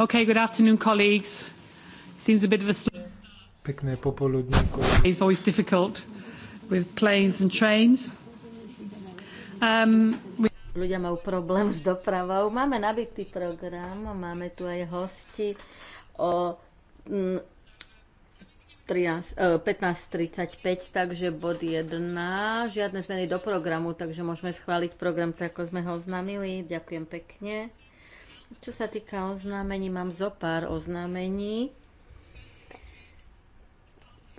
Okay, good afternoon, colleagues. Seems a bit of a slow start. Pekné popoludne. It's always difficult with planes and trains. Um, we... Ľudia majú problém s dopravou. Máme nabitý program, máme tu aj hosti o 15.35, mm, e, takže bod 1. Žiadne zmeny do programu, takže môžeme schváliť program tak, ako sme ho oznámili. Ďakujem pekne. Čo sa týka oznámení, mám zo pár oznámení.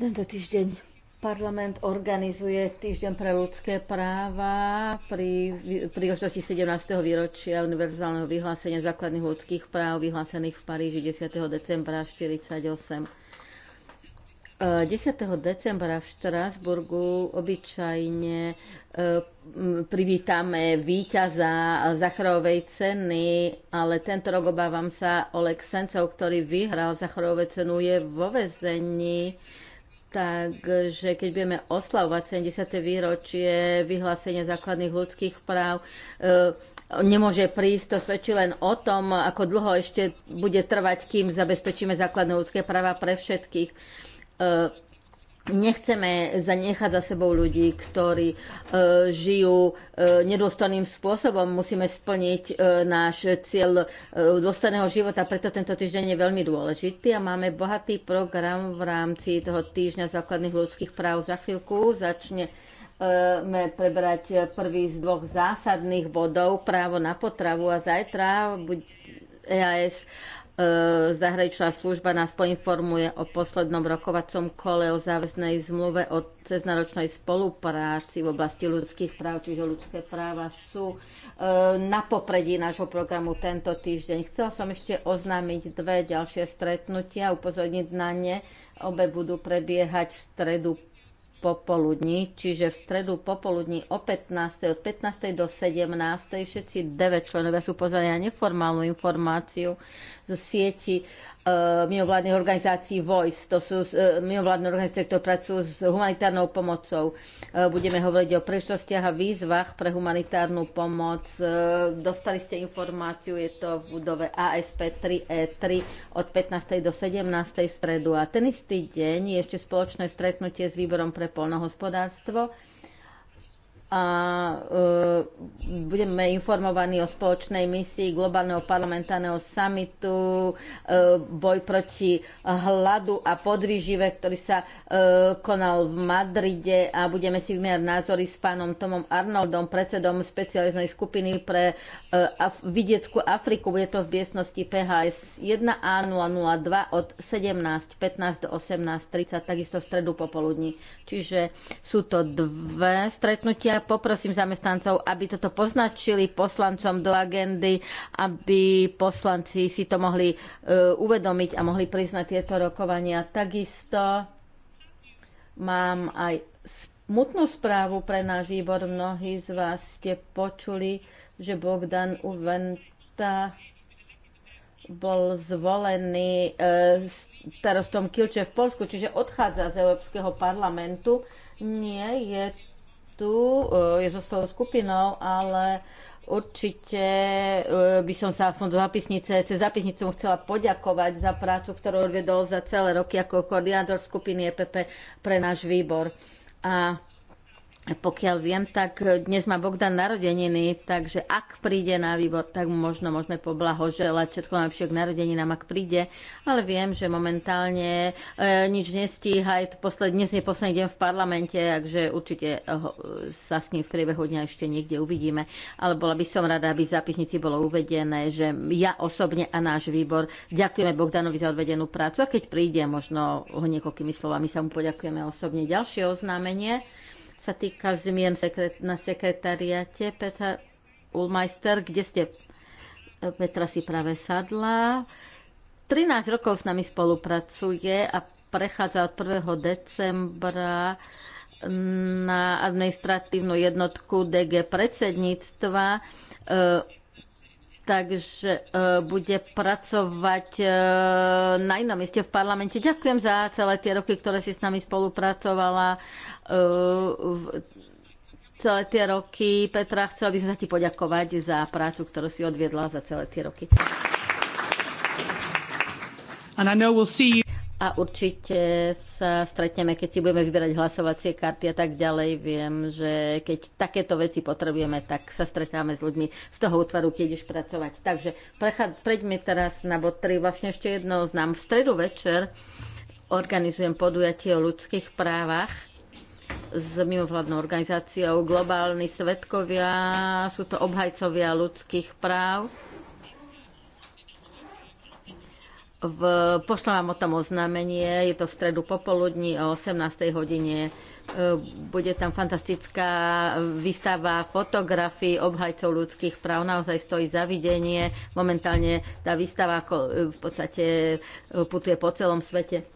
Tento týždeň Parlament organizuje Týždeň pre ľudské práva pri príležitosti 17. výročia univerzálneho vyhlásenia základných ľudských práv vyhlásených v Paríži 10. decembra 1948. 10. decembra v Štrásburgu obyčajne e, privítame víťaza Zachorovej ceny, ale tento rok obávam sa Oleg Sencov, ktorý vyhral Zachorovej cenu, je vo vezení. Takže keď budeme oslavovať 70. výročie vyhlásenia základných ľudských práv, e, nemôže prísť. To svedčí len o tom, ako dlho ešte bude trvať, kým zabezpečíme základné ľudské práva pre všetkých E, nechceme zanechať za sebou ľudí, ktorí e, žijú e, nedôstojným spôsobom. Musíme splniť e, náš cieľ e, dôstojného života, preto tento týždeň je veľmi dôležitý a máme bohatý program v rámci toho týždňa základných ľudských práv. Za chvíľku začne prebrať prvý z dvoch zásadných bodov právo na potravu a zajtra EAS E, zahraničná služba nás poinformuje o poslednom rokovacom kole o záväznej zmluve o ceznáročnej spolupráci v oblasti ľudských práv, čiže ľudské práva sú e, na popredí nášho programu tento týždeň. Chcela som ešte oznámiť dve ďalšie stretnutia, upozorniť na ne. Obe budú prebiehať v stredu popoludní, čiže v stredu popoludní o 15. od 15. do 17. Všetci 9 členovia sú pozvaní na neformálnu informáciu z sieti E, mimovládnych organizácií Voice. To sú e, mimovládne organizácie, ktoré pracujú s humanitárnou pomocou. E, budeme hovoriť o príležitostiach a výzvach pre humanitárnu pomoc. Dostali ste informáciu, je to v budove ASP 3E3 od 15. do 17. stredu. A ten istý deň je ešte spoločné stretnutie s výborom pre polnohospodárstvo a e, budeme informovaní o spoločnej misii globálneho parlamentárneho samitu, e, boj proti hladu a podvýžive, ktorý sa e, konal v Madride a budeme si vymieňať názory s pánom Tomom Arnoldom, predsedom specializnej skupiny pre e, Af- vidieckú Afriku. Bude to v biestnosti PHS 1A002 od 17.15 do 18.30, takisto v stredu popoludní. Čiže sú to dve stretnutia poprosím zamestnancov, aby toto poznačili poslancom do agendy, aby poslanci si to mohli uh, uvedomiť a mohli priznať tieto rokovania. Takisto mám aj smutnú správu pre náš výbor. Mnohí z vás ste počuli, že Bogdan Uventa bol zvolený e, starostom Kilče v Polsku, čiže odchádza z Európskeho parlamentu. Nie je tu eh, je so svojou skupinou, ale určite eh, by som sa aspoň do zapisnice, cez zapisnicu mu chcela poďakovať za prácu, ktorú odvedol za celé roky ako koordinátor skupiny EPP pre náš výbor. A pokiaľ viem, tak dnes má Bogdan narodeniny, takže ak príde na výbor, tak možno môžeme poblahoželať všetko najlepšie k narodeninám, ak príde. Ale viem, že momentálne e, nič nestíha, je to posled, dnes je posledný deň v parlamente, takže určite e, ho, sa s ním v priebehu dňa ešte niekde uvidíme. Ale bola by som rada, aby v zápisnici bolo uvedené, že ja osobne a náš výbor ďakujeme Bogdanovi za odvedenú prácu a keď príde, možno ho niekoľkými slovami sa mu poďakujeme osobne. Ďalšie oznámenie sa týka zmien na sekretariate. Petra Ulmeister, kde ste? E, Petra si práve sadla. 13 rokov s nami spolupracuje a prechádza od 1. decembra na administratívnu jednotku DG predsedníctva e, takže e, bude pracovať e, na inom mieste v parlamente. Ďakujem za celé tie roky, ktoré si s nami spolupracovala. E, celé tie roky. Petra, chcela by som sa ti poďakovať za prácu, ktorú si odviedla za celé tie roky. And I know we'll see you a určite sa stretneme, keď si budeme vyberať hlasovacie karty a tak ďalej. Viem, že keď takéto veci potrebujeme, tak sa stretáme s ľuďmi z toho útvaru, keď ideš pracovať. Takže prejdeme teraz na bod 3. Vlastne ešte jedno znám. V stredu večer organizujem podujatie o ľudských právach s mimovládnou organizáciou Globálni svetkovia. Sú to obhajcovia ľudských práv v, pošlem vám o tom oznámenie, je to v stredu popoludní o 18. hodine. E, bude tam fantastická výstava fotografií obhajcov ľudských práv, naozaj stojí za videnie. Momentálne tá výstava ako e, v podstate e, putuje po celom svete.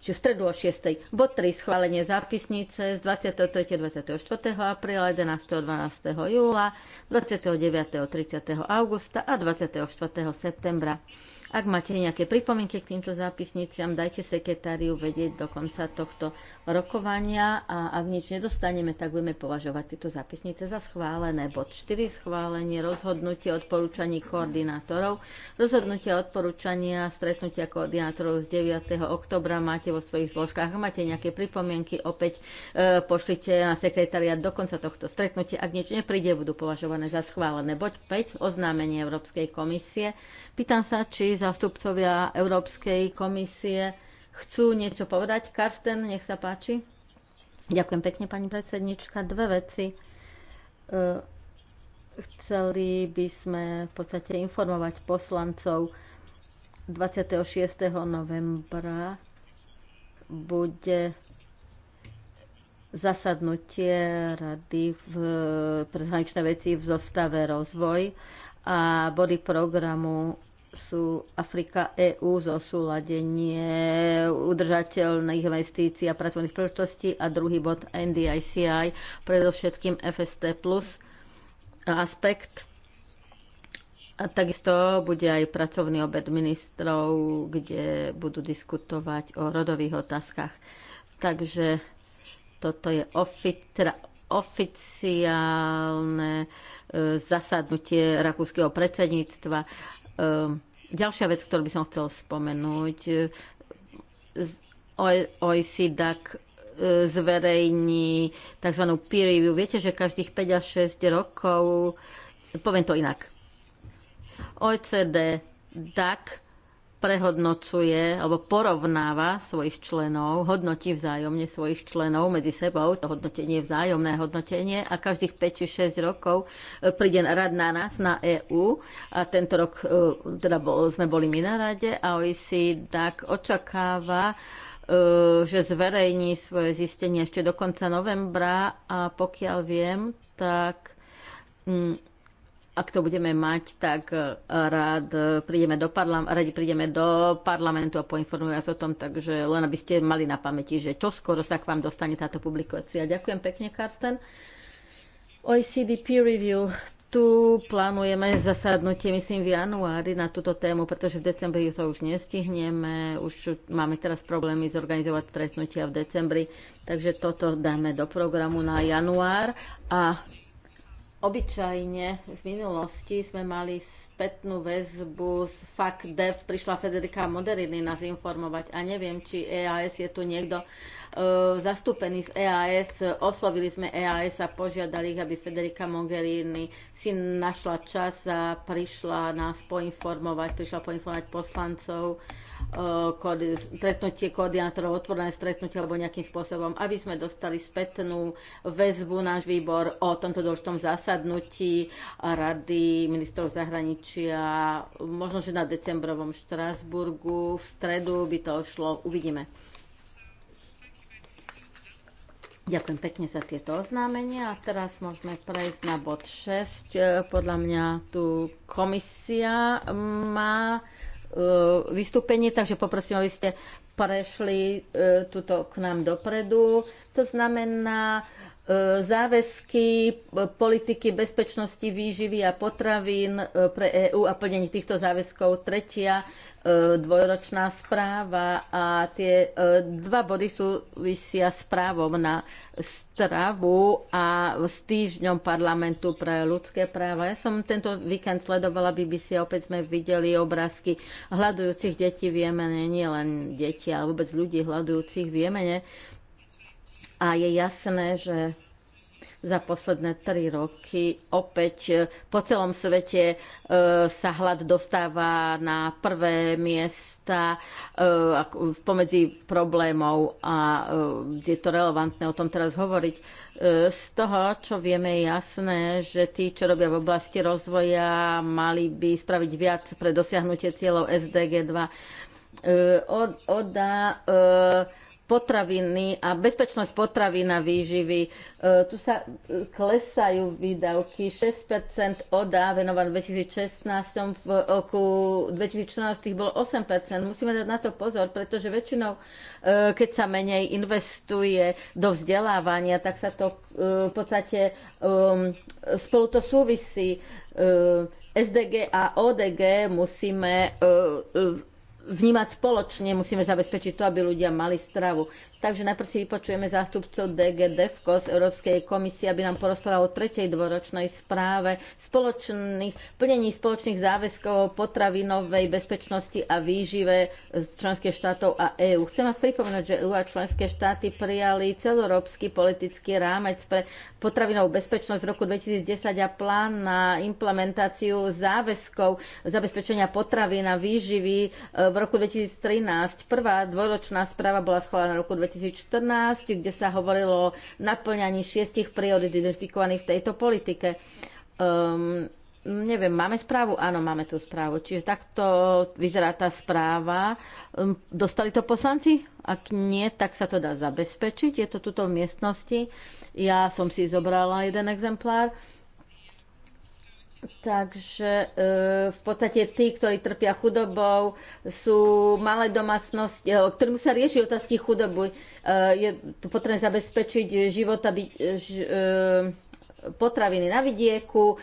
Čiže v stredu o 6. Bod 3. Schválenie zápisnice z 23. 24. apríla, 11. 12. júla, 29. 30. augusta a 24. septembra. Ak máte nejaké pripomienky k týmto zápisniciam, dajte sekretáriu vedieť do konca tohto rokovania a ak nič nedostaneme, tak budeme považovať tieto zápisnice za schválené. Bod 4. Schválenie rozhodnutie odporúčaní koordinátorov. Rozhodnutie odporúčania stretnutia koordinátorov z 9. oktobra máte vo svojich zložkách. Ak máte nejaké pripomienky, opäť e, pošlite na sekretariat do konca tohto stretnutia. Ak nič nepríde, budú považované za schválené. Bod 5. Oznámenie Európskej komisie. Pýtam sa, či zástupcovia Európskej komisie chcú niečo povedať. Karsten, nech sa páči. Ďakujem pekne, pani predsednička. Dve veci. E, chceli by sme v podstate informovať poslancov 26. novembra bude zasadnutie rady v prezhraničné veci v zostave rozvoj a body programu sú Afrika EU zo súladenie udržateľných investícií a pracovných príležitostí a druhý bod NDICI, predovšetkým FST+, plus aspekt. A takisto bude aj pracovný obed ministrov, kde budú diskutovať o rodových otázkach. Takže toto je ofitra, teda oficiálne e, zasadnutie rakúskeho predsedníctva. E, Ďalšia vec, ktorú by som chcel spomenúť, e, OECDAC e e, zverejní tzv. peer review. Viete, že každých 5 až 6 rokov, poviem to inak, OECD DAC prehodnocuje alebo porovnáva svojich členov, hodnotí vzájomne svojich členov medzi sebou, to hodnotenie je vzájomné hodnotenie a každých 5 či 6 rokov e, príde rad na nás, na EÚ a tento rok e, teda bol, sme boli my na rade a OECD tak očakáva, e, že zverejní svoje zistenie ešte do konca novembra a pokiaľ viem, tak mm, ak to budeme mať, tak e, rád e, prídeme do parlam- radi prídeme do parlamentu a poinformujú vás o tom, takže len aby ste mali na pamäti, že čo skoro sa k vám dostane táto publikácia. Ďakujem pekne, Karsten. OECD Peer Review. Tu plánujeme zasadnutie, myslím, v januári na túto tému, pretože v decembri to už nestihneme. Už máme teraz problémy zorganizovať stretnutia v decembri, takže toto dáme do programu na január. A Obyčajne v minulosti sme mali spätnú väzbu z FACDEV, prišla Federika Moderini nás informovať a neviem, či EAS je tu niekto e, zastúpený z EAS. Oslovili sme EAS a požiadali ich, aby Federika Mogherini si našla čas a prišla nás poinformovať, prišla poinformovať poslancov Eh, stretnutie koordinátorov, otvorené stretnutie alebo nejakým spôsobom, aby sme dostali spätnú väzbu náš výbor o tomto dôležitom zasadnutí Rady ministrov zahraničia, možno, že na decembrovom Štrásburgu, v stredu by to šlo, uvidíme. Ďakujem pekne za tieto oznámenia a teraz môžeme prejsť na bod 6. Podľa mňa tu komisia má Eh, vystúpenie, takže poprosím, aby ste prešli eh, tuto k nám dopredu. To znamená eh, záväzky politiky bezpečnosti výživy a potravín pre EÚ a plnenie týchto záväzkov. Tretia E, dvojročná správa a tie e, dva body súvisia s právom na stravu a s týždňom parlamentu pre ľudské práva. Ja som tento víkend sledovala BBC a opäť sme videli obrázky hľadujúcich detí v Jemene, nie len deti, ale vôbec ľudí hľadujúcich v Jemene. A je jasné, že za posledné tri roky opäť e, po celom svete e, sa hlad dostáva na prvé miesta e, pomedzi problémov a je to relevantné o tom teraz hovoriť. Z toho, čo vieme, je jasné, že tí, čo robia v oblasti rozvoja, mali by spraviť viac pre dosiahnutie cieľov SDG 2. Od, oda potraviny a bezpečnosť a výživy. E, tu sa e, klesajú výdavky. 6% ODA venované 2016, v oku 2014 bolo 8%. Musíme dať na to pozor, pretože väčšinou, e, keď sa menej investuje do vzdelávania, tak sa to v podstate um, spolu to súvisí. SDG a ODG musíme vnímať spoločne, musíme zabezpečiť to, aby ľudia mali stravu. Takže najprv si vypočujeme zástupcov DG DEFCO z Európskej komisie, aby nám porozprával o tretej dvoročnej správe spoločných, plnení spoločných záväzkov potravinovej bezpečnosti a výžive členských štátov a EÚ. Chcem vás pripomenúť, že EÚ a členské štáty prijali celoeurópsky politický rámec pre potravinovú bezpečnosť v roku 2010 a plán na implementáciu záväzkov zabezpečenia potravín a výživy e, v roku 2013. Prvá dvoročná správa bola schválená v roku 2013 2014, kde sa hovorilo o naplňaní šiestich priorit identifikovaných v tejto politike. Um, neviem, máme správu? Áno, máme tú správu. Čiže takto vyzerá tá správa. Ehm, dostali to poslanci? Ak nie, tak sa to dá zabezpečiť. Je to tuto v miestnosti. Ja som si zobrala jeden exemplár. Takže e, v podstate tí, ktorí trpia chudobou, sú malé domácnosti, e, ktorým sa rieši otázky chudoby. E, je potrebné zabezpečiť život, aby potraviny na vidieku,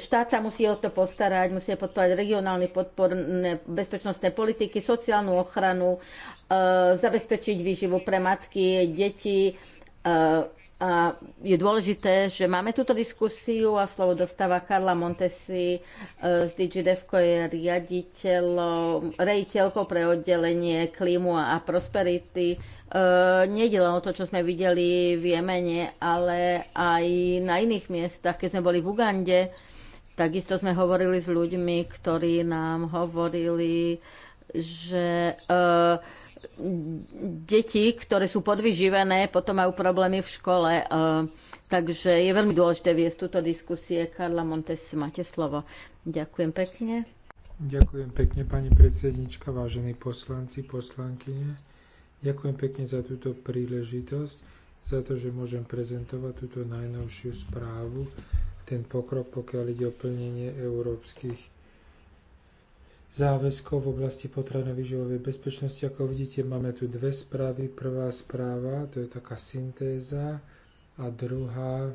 štát sa musí o to postarať, musí podporať regionálne podporné bezpečnostné politiky, sociálnu ochranu, zabezpečiť výživu pre matky, deti, a je dôležité, že máme túto diskusiu a slovo dostáva Karla Montesi e, z DigiDevko je riaditeľom, rejiteľkou pre oddelenie klímu a prosperity. E, nejde len o to, čo sme videli v Jemene, ale aj na iných miestach. Keď sme boli v Ugande, takisto sme hovorili s ľuďmi, ktorí nám hovorili, že uh, deti, ktoré sú podvyživené, potom majú problémy v škole. E, takže je veľmi dôležité viesť túto diskusie. Karla Montes, máte slovo. Ďakujem pekne. Ďakujem pekne, pani predsednička, vážení poslanci, poslankyne. Ďakujem pekne za túto príležitosť, za to, že môžem prezentovať túto najnovšiu správu, ten pokrok, pokiaľ ide o plnenie európskych záväzkov v oblasti potravinovej výživovej bezpečnosti. Ako vidíte, máme tu dve správy. Prvá správa, to je taká syntéza, a druhá,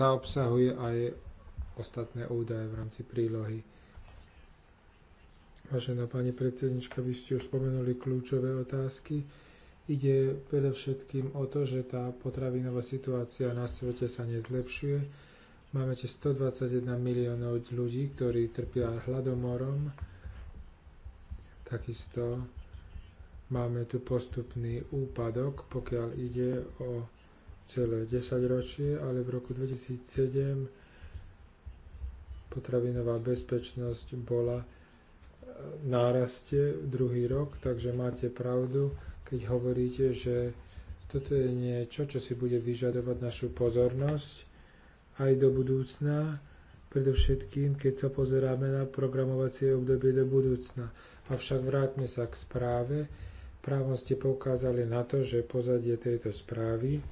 tá obsahuje aj ostatné údaje v rámci prílohy. Vážená pani predsednička, vy ste už spomenuli kľúčové otázky. Ide predovšetkým o to, že tá potravinová situácia na svete sa nezlepšuje Máme tu 121 miliónov ľudí, ktorí trpia hladomorom. Takisto máme tu postupný úpadok, pokiaľ ide o celé 10 ročie, ale v roku 2007 potravinová bezpečnosť bola e, náraste druhý rok, takže máte pravdu, keď hovoríte, že toto je niečo, čo si bude vyžadovať našu pozornosť aj do budúcna, predovšetkým keď sa pozeráme na programovacie obdobie do budúcna. Avšak vrátme sa k správe. Právom ste poukázali na to, že pozadie tejto správy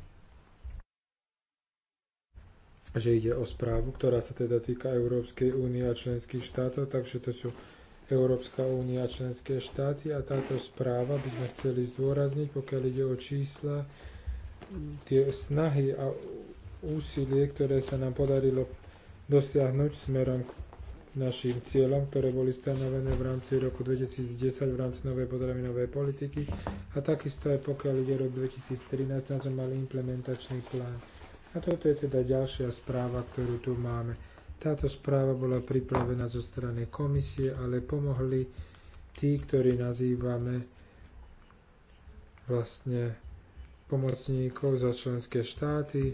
že ide o správu, ktorá sa teda týka Európskej únie a členských štátov, takže to sú Európska únia a členské štáty a táto správa by sme chceli zdôrazniť, pokiaľ ide o čísla, tie snahy a úsilie, ktoré sa nám podarilo dosiahnuť smerom k našim cieľom, ktoré boli stanovené v rámci roku 2010 v rámci novej potravinovej politiky a takisto aj pokiaľ ide rok 2013, tam sme mali implementačný plán. A toto je teda ďalšia správa, ktorú tu máme. Táto správa bola pripravená zo strany komisie, ale pomohli tí, ktorí nazývame vlastne pomocníkov za členské štáty,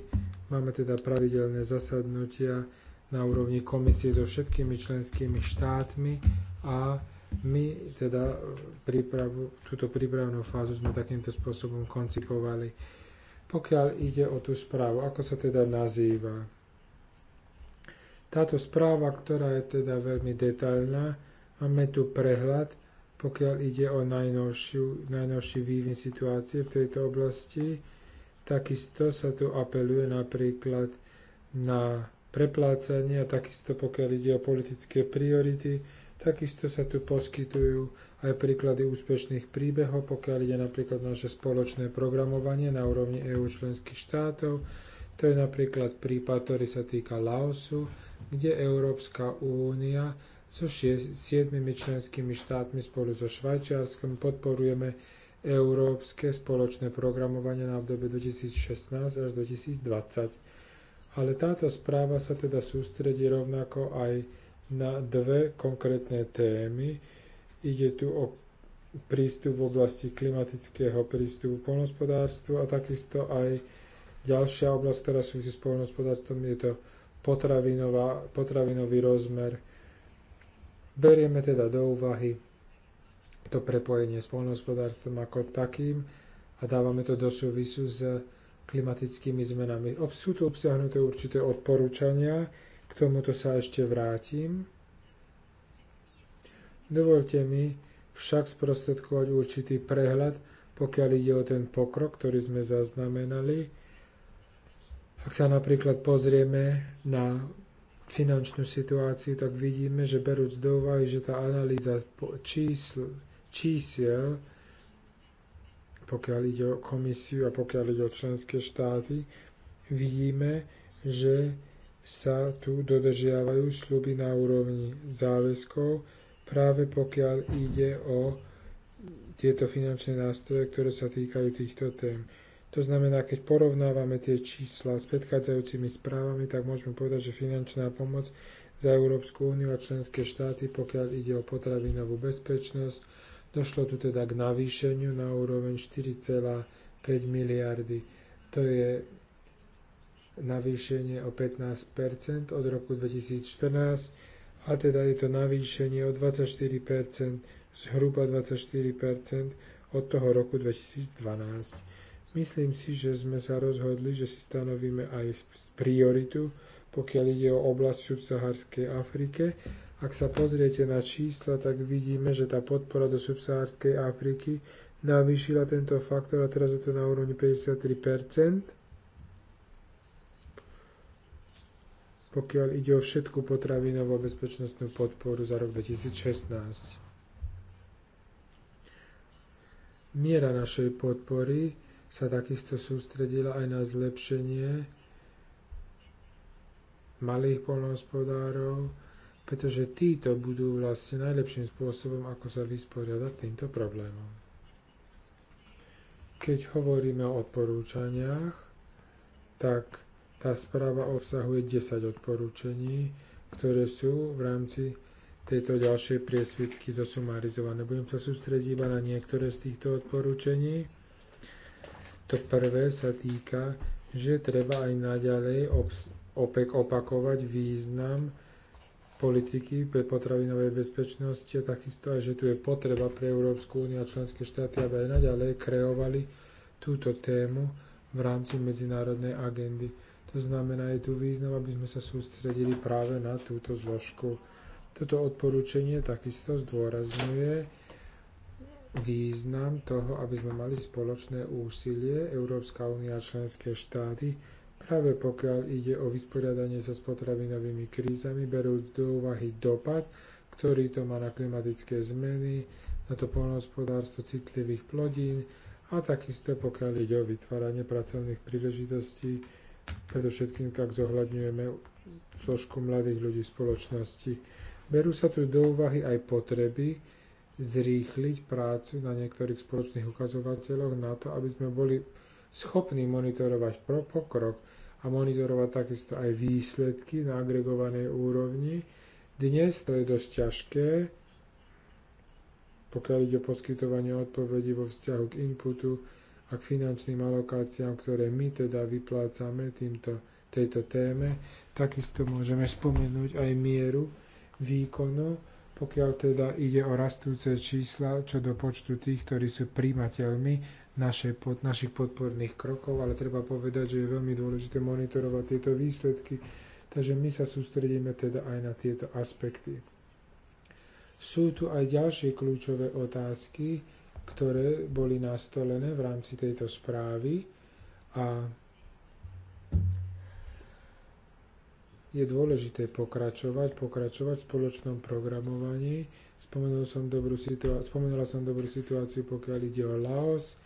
Máme teda pravidelné zasadnutia na úrovni komisie so všetkými členskými štátmi a my teda prípravu, túto prípravnú fázu sme takýmto spôsobom koncipovali. Pokiaľ ide o tú správu, ako sa teda nazýva? Táto správa, ktorá je teda veľmi detailná, máme tu prehľad, pokiaľ ide o najnovšiu, najnovší vývin situácie v tejto oblasti, Takisto sa tu apeluje napríklad na preplácanie a takisto pokiaľ ide o politické priority, takisto sa tu poskytujú aj príklady úspešných príbehov, pokiaľ ide napríklad naše spoločné programovanie na úrovni EU členských štátov. To je napríklad prípad, ktorý sa týka Laosu, kde Európska únia so 7 členskými štátmi spolu so Švajčiarskom podporujeme európske spoločné programovanie na obdobie 2016 až 2020. Ale táto správa sa teda sústredí rovnako aj na dve konkrétne témy. Ide tu o prístup v oblasti klimatického prístupu k poľnohospodárstvu a takisto aj ďalšia oblasť, ktorá súvisí s poľnohospodárstvom, je to potravinový rozmer. Berieme teda do úvahy to prepojenie s polnohospodárstvom ako takým a dávame to do súvisu s klimatickými zmenami. Sú tu obsiahnuté určité odporúčania, k tomuto sa ešte vrátim. Dovolte mi však sprostredkovať určitý prehľad, pokiaľ ide o ten pokrok, ktorý sme zaznamenali. Ak sa napríklad pozrieme na finančnú situáciu, tak vidíme, že berúc do úvahy, že tá analýza čísl čísiel, pokiaľ ide o komisiu a pokiaľ ide o členské štáty, vidíme, že sa tu dodržiavajú sluby na úrovni záväzkov, práve pokiaľ ide o tieto finančné nástroje, ktoré sa týkajú týchto tém. To znamená, keď porovnávame tie čísla s predchádzajúcimi správami, tak môžeme povedať, že finančná pomoc za Európsku úniu a členské štáty, pokiaľ ide o potravinovú bezpečnosť, Došlo tu teda k navýšeniu na úroveň 4,5 miliardy. To je navýšenie o 15 od roku 2014 a teda je to navýšenie o 24 zhruba 24 od toho roku 2012. Myslím si, že sme sa rozhodli, že si stanovíme aj prioritu, pokiaľ ide o oblasť v subsaharskej Afrike ak sa pozriete na čísla, tak vidíme, že tá podpora do subsahárskej Afriky navýšila tento faktor a teraz je to na úrovni 53%. pokiaľ ide o všetku potravinovú bezpečnostnú podporu za rok 2016. Miera našej podpory sa takisto sústredila aj na zlepšenie malých polnohospodárov, pretože títo budú vlastne najlepším spôsobom, ako sa vysporiadať s týmto problémom. Keď hovoríme o odporúčaniach, tak tá správa obsahuje 10 odporúčení, ktoré sú v rámci tejto ďalšej priesvitky zosumarizované. Budem sa sústrediť iba na niektoré z týchto odporúčení. To prvé sa týka, že treba aj naďalej opäk opakovať význam politiky pre potravinovej bezpečnosti a takisto aj, že tu je potreba pre Európsku úniu a členské štáty, aby aj naďalej kreovali túto tému v rámci medzinárodnej agendy. To znamená, je tu význam, aby sme sa sústredili práve na túto zložku. Toto odporúčanie takisto zdôrazňuje význam toho, aby sme mali spoločné úsilie Európska únia a členské štáty Práve pokiaľ ide o vysporiadanie sa s potravinovými krízami, berú do úvahy dopad, ktorý to má na klimatické zmeny, na to poľnohospodárstvo citlivých plodín a takisto pokiaľ ide o vytváranie pracovných príležitostí, predovšetkým ak zohľadňujeme zložku mladých ľudí v spoločnosti. Berú sa tu do úvahy aj potreby zrýchliť prácu na niektorých spoločných ukazovateľoch na to, aby sme boli schopní monitorovať pokrok a monitorovať takisto aj výsledky na agregovanej úrovni. Dnes to je dosť ťažké, pokiaľ ide o poskytovanie odpovedí vo vzťahu k inputu a k finančným alokáciám, ktoré my teda vyplácame týmto, tejto téme. Takisto môžeme spomenúť aj mieru výkonu, pokiaľ teda ide o rastúce čísla čo do počtu tých, ktorí sú príjmateľmi naše, pod, našich podporných krokov, ale treba povedať, že je veľmi dôležité monitorovať tieto výsledky, takže my sa sústredíme teda aj na tieto aspekty. Sú tu aj ďalšie kľúčové otázky, ktoré boli nastolené v rámci tejto správy a je dôležité pokračovať, pokračovať v spoločnom programovaní. Spomenul som dobrú situá- spomenula som dobrú situáciu, pokiaľ ide o Laos.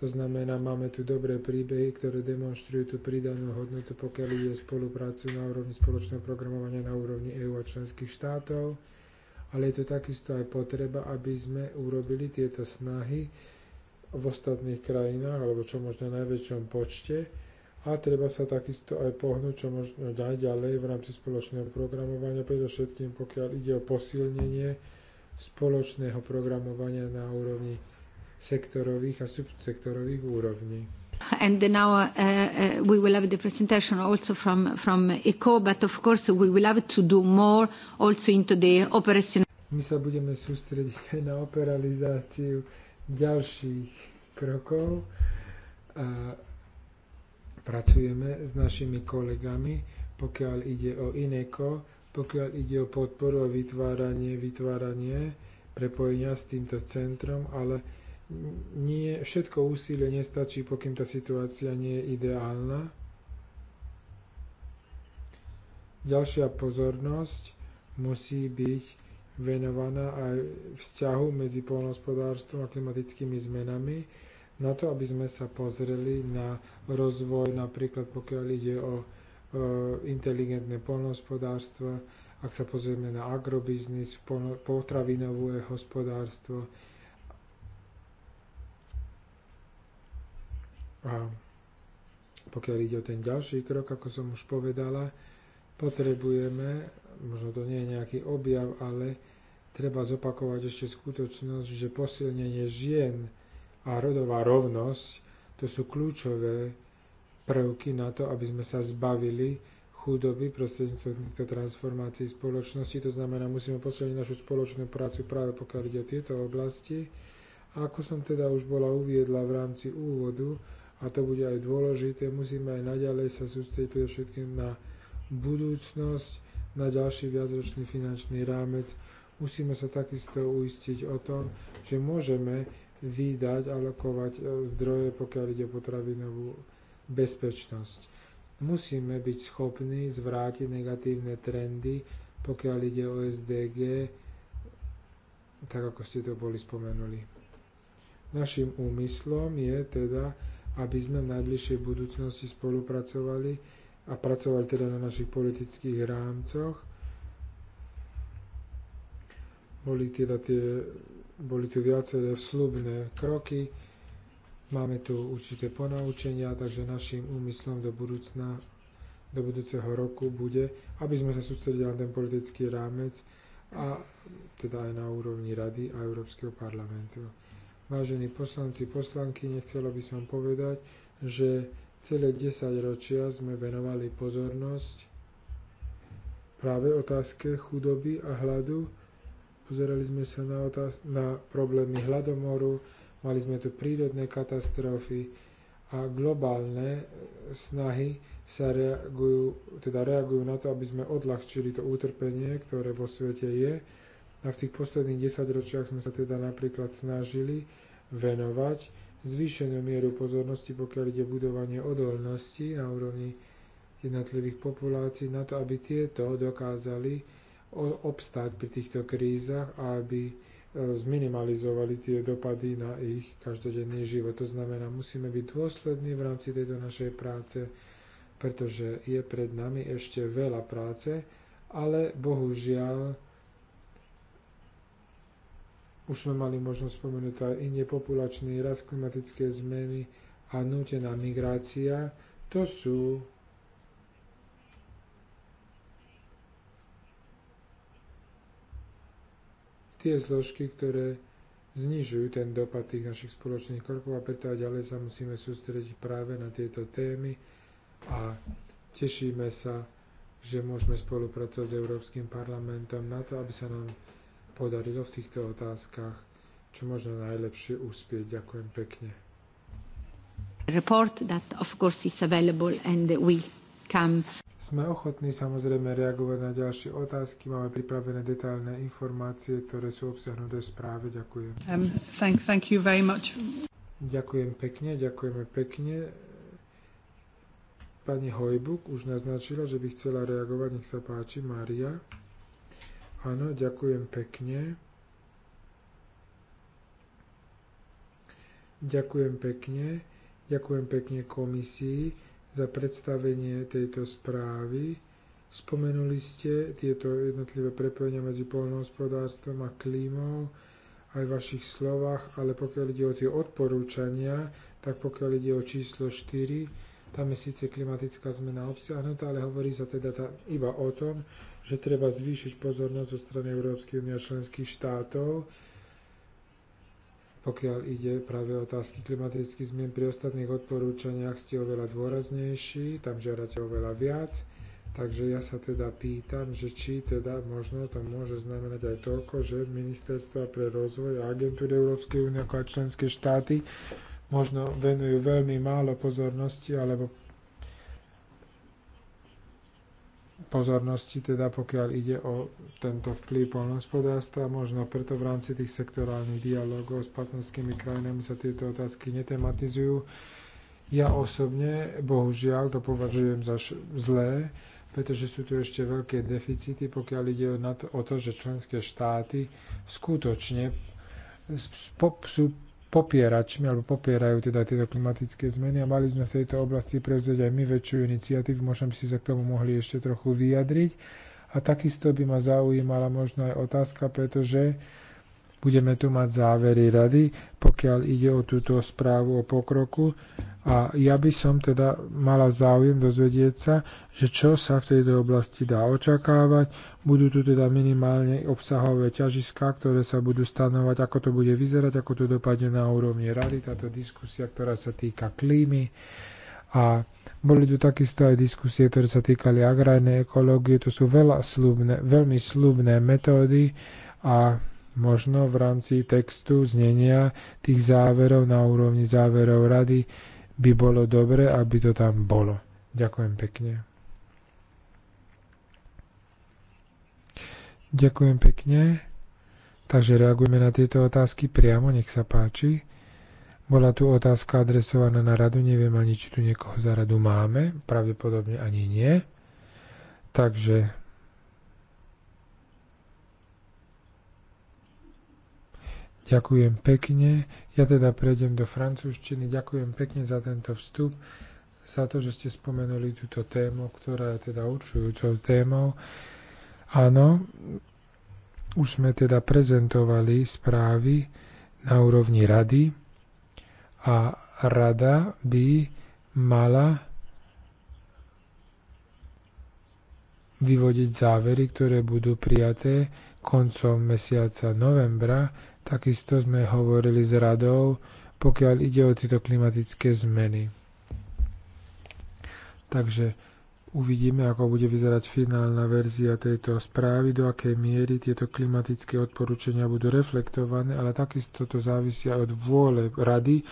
To znamená, máme tu dobré príbehy, ktoré demonstrujú tú pridanú hodnotu, pokiaľ ide spoluprácu na úrovni spoločného programovania na úrovni EÚ a členských štátov. Ale je to takisto aj potreba, aby sme urobili tieto snahy v ostatných krajinách, alebo čo možno v najväčšom počte. A treba sa takisto aj pohnúť, čo možno dať ďalej v rámci spoločného programovania, predovšetkým pokiaľ ide o posilnenie spoločného programovania na úrovni sektorových a subsektorových úrovní. And now uh, uh, we will have the presentation also from, from ECO, but of course we will have to do more also into the operation. My sa budeme sústrediť aj na operalizáciu ďalších krokov. A pracujeme s našimi kolegami, pokiaľ ide o INECO, pokiaľ ide o podporu a vytváranie, vytváranie prepojenia s týmto centrom, ale nie, všetko úsilie nestačí, pokým tá situácia nie je ideálna. Ďalšia pozornosť musí byť venovaná aj vzťahu medzi polnohospodárstvom a klimatickými zmenami, na to, aby sme sa pozreli na rozvoj, napríklad pokiaľ ide o e, inteligentné polnohospodárstvo, ak sa pozrieme na agrobiznis, potravinové hospodárstvo, A pokiaľ ide o ten ďalší krok, ako som už povedala, potrebujeme, možno to nie je nejaký objav, ale treba zopakovať ešte skutočnosť, že posilnenie žien a rodová rovnosť to sú kľúčové prvky na to, aby sme sa zbavili chudoby prostredníctvom týchto transformácií spoločnosti. To znamená, musíme posilniť našu spoločnú prácu práve pokiaľ ide o tieto oblasti. A ako som teda už bola uviedla v rámci úvodu, a to bude aj dôležité, musíme aj naďalej sa sústrediť predovšetkým na budúcnosť, na ďalší viacročný finančný rámec. Musíme sa takisto uistiť o tom, že môžeme a alokovať e, zdroje, pokiaľ ide o potravinovú bezpečnosť. Musíme byť schopní zvrátiť negatívne trendy, pokiaľ ide o SDG, tak ako ste to boli spomenuli. Našim úmyslom je teda aby sme v najbližšej budúcnosti spolupracovali a pracovali teda na našich politických rámcoch. Boli, teda tie, boli tu viaceré vslubné kroky, máme tu určité ponaučenia, takže našim úmyslom do budúcna do budúceho roku bude, aby sme sa sústredili na ten politický rámec a teda aj na úrovni Rady a Európskeho parlamentu. Vážení poslanci, poslanky, nechcela by som povedať, že celé 10 ročia sme venovali pozornosť práve otázke chudoby a hladu. Pozerali sme sa na, otáz- na problémy hladomoru, mali sme tu prírodné katastrofy a globálne snahy sa reagujú, teda reagujú na to, aby sme odľahčili to utrpenie, ktoré vo svete je a v tých posledných desaťročiach sme sa teda napríklad snažili venovať zvýšenú mieru pozornosti, pokiaľ ide budovanie odolnosti na úrovni jednotlivých populácií, na to, aby tieto dokázali obstáť pri týchto krízach a aby e, zminimalizovali tie dopady na ich každodenný život. To znamená, musíme byť dôslední v rámci tejto našej práce, pretože je pred nami ešte veľa práce, ale bohužiaľ už sme mali možnosť spomenúť aj iný populačný rast, klimatické zmeny a nutená migrácia. To sú tie zložky, ktoré znižujú ten dopad tých našich spoločných krokov a preto aj ďalej sa musíme sústrediť práve na tieto témy a tešíme sa, že môžeme spolupracovať s Európskym parlamentom na to, aby sa nám podarilo v týchto otázkach čo možno najlepšie uspieť. Ďakujem pekne. Report that of course is available and come. Sme ochotní samozrejme reagovať na ďalšie otázky. Máme pripravené detailné informácie, ktoré sú obsahnuté v správe. Ďakujem. Um, thank, thank you very much. Ďakujem pekne, ďakujeme pekne. Pani Hojbuk už naznačila, že by chcela reagovať. Nech sa páči, Mária. Áno, ďakujem pekne. Ďakujem pekne. Ďakujem pekne komisii za predstavenie tejto správy. Spomenuli ste tieto jednotlivé prepojenia medzi poľnohospodárstvom a klímou aj v vašich slovách, ale pokiaľ ide o tie odporúčania, tak pokiaľ ide o číslo 4, tam je síce klimatická zmena obsiahnutá, ale hovorí sa teda iba o tom, že treba zvýšiť pozornosť zo strany Európskej únie a členských štátov, pokiaľ ide práve otázky klimatických zmien. Pri ostatných odporúčaniach ste oveľa dôraznejší, tam žiadate oveľa viac. Takže ja sa teda pýtam, že či teda možno to môže znamenať aj toľko, že ministerstva pre rozvoj a agentúry Európskej únie ako aj členské štáty možno venujú veľmi málo pozornosti alebo pozornosti, teda pokiaľ ide o tento vplyv poľnohospodárstva. Možno preto v rámci tých sektorálnych dialogov s partnerskými krajinami sa tieto otázky netematizujú. Ja osobne, bohužiaľ, to považujem za zlé, pretože sú tu ešte veľké deficity, pokiaľ ide o to, o to že členské štáty skutočne sú popieračmi alebo popierajú teda tieto klimatické zmeny a mali sme v tejto oblasti prevziať aj my väčšiu iniciatívu, možno by si sa k tomu mohli ešte trochu vyjadriť. A takisto by ma zaujímala možno aj otázka, pretože Budeme tu mať závery rady, pokiaľ ide o túto správu o pokroku. A ja by som teda mala záujem dozvedieť sa, že čo sa v tejto oblasti dá očakávať. Budú tu teda minimálne obsahové ťažiska, ktoré sa budú stanovať, ako to bude vyzerať, ako to dopadne na úrovni rady, táto diskusia, ktorá sa týka klímy. A boli tu takisto aj diskusie, ktoré sa týkali agrárnej ekológie. To sú veľa slubné, veľmi slubné metódy a možno v rámci textu znenia tých záverov na úrovni záverov rady by bolo dobre, aby to tam bolo. Ďakujem pekne. Ďakujem pekne. Takže reagujeme na tieto otázky priamo, nech sa páči. Bola tu otázka adresovaná na radu, neviem ani, či tu niekoho za radu máme, pravdepodobne ani nie. Takže Ďakujem pekne. Ja teda prejdem do francúzštiny. Ďakujem pekne za tento vstup, za to, že ste spomenuli túto tému, ktorá je teda určujúcou témou. Áno, už sme teda prezentovali správy na úrovni rady a rada by mala vyvodiť závery, ktoré budú prijaté koncom mesiaca novembra Takisto sme hovorili s radou, pokiaľ ide o tieto klimatické zmeny. Takže uvidíme, ako bude vyzerať finálna verzia tejto správy, do akej miery tieto klimatické odporúčania budú reflektované, ale takisto to závisia od vôle rady,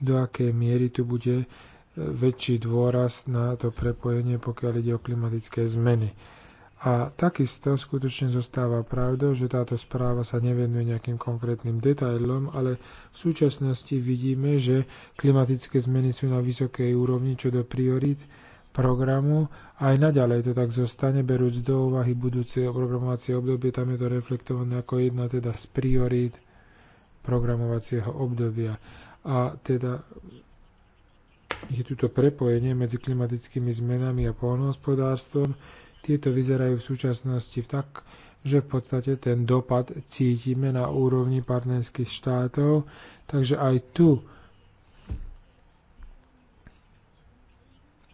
do akej miery tu bude e, väčší dôraz na to prepojenie, pokiaľ ide o klimatické zmeny. A takisto skutočne zostáva pravdou, že táto správa sa nevenuje nejakým konkrétnym detailom, ale v súčasnosti vidíme, že klimatické zmeny sú na vysokej úrovni čo do priorít programu. Aj naďalej to tak zostane, berúc do úvahy budúce programovacie obdobie, tam je to reflektované ako jedna teda z priorít programovacieho obdobia. A teda je tuto prepojenie medzi klimatickými zmenami a poľnohospodárstvom, tieto vyzerajú v súčasnosti tak, že v podstate ten dopad cítime na úrovni partnerských štátov, takže aj tu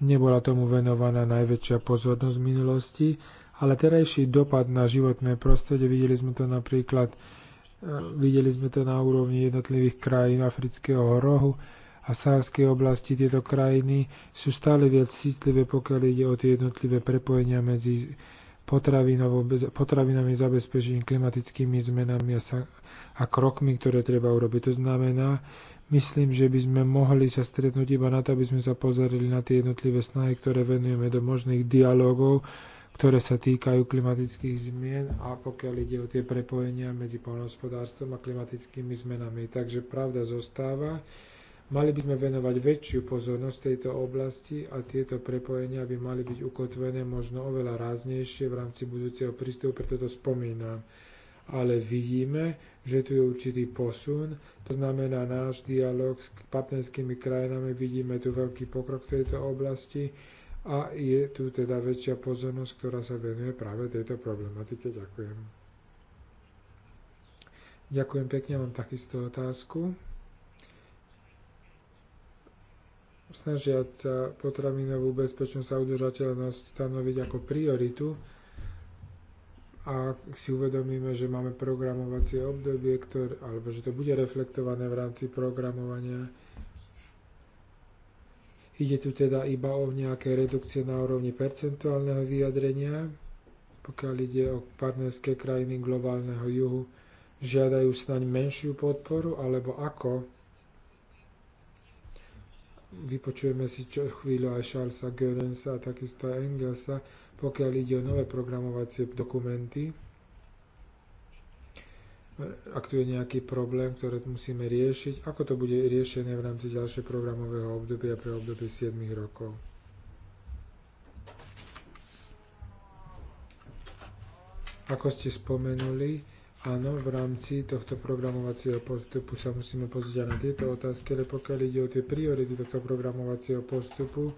nebola tomu venovaná najväčšia pozornosť v minulosti, ale terajší dopad na životné prostredie, videli sme to napríklad, e, videli sme to na úrovni jednotlivých krajín Afrického rohu, a sárskej oblasti tieto krajiny sú stále viac citlivé, pokiaľ ide o tie jednotlivé prepojenia medzi potravinami zabezpečením, klimatickými zmenami a, sa, a krokmi, ktoré treba urobiť. To znamená, myslím, že by sme mohli sa stretnúť iba na to, aby sme sa pozerali na tie jednotlivé snahy, ktoré venujeme do možných dialogov, ktoré sa týkajú klimatických zmien a pokiaľ ide o tie prepojenia medzi poľnohospodárstvom a klimatickými zmenami. Takže pravda zostáva, Mali by sme venovať väčšiu pozornosť tejto oblasti a tieto prepojenia by mali byť ukotvené možno oveľa ráznejšie v rámci budúceho prístupu, preto to spomínam. Ale vidíme, že tu je určitý posun, to znamená náš dialog s partnerskými krajinami, vidíme tu veľký pokrok v tejto oblasti a je tu teda väčšia pozornosť, ktorá sa venuje práve tejto problematike. Ďakujem. Ďakujem pekne, mám takisto otázku. snažiať sa potravinovú bezpečnosť a udržateľnosť stanoviť ako prioritu a si uvedomíme, že máme programovacie obdobie, ktoré, alebo že to bude reflektované v rámci programovania, ide tu teda iba o nejaké redukcie na úrovni percentuálneho vyjadrenia, pokiaľ ide o partnerské krajiny globálneho juhu, žiadajú snaň menšiu podporu, alebo ako vypočujeme si čo chvíľu aj Charlesa Goerensa a takisto aj Engelsa, pokiaľ ide o nové programovacie dokumenty. Ak tu je nejaký problém, ktoré musíme riešiť, ako to bude riešené v rámci ďalšieho programového obdobia pre obdobie 7 rokov. Ako ste spomenuli, Áno, v rámci tohto programovacieho postupu sa musíme pozrieť aj na tieto otázky, ale pokiaľ ide o tie priority tohto programovacieho postupu,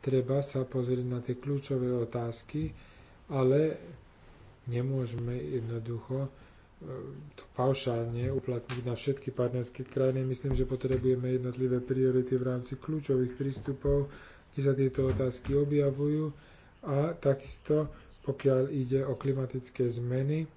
treba sa pozrieť na tie kľúčové otázky, ale nemôžeme jednoducho e, to paušálne uplatniť na všetky partnerské krajiny. Myslím, že potrebujeme jednotlivé priority v rámci kľúčových prístupov, kde sa tieto otázky objavujú a takisto, pokiaľ ide o klimatické zmeny,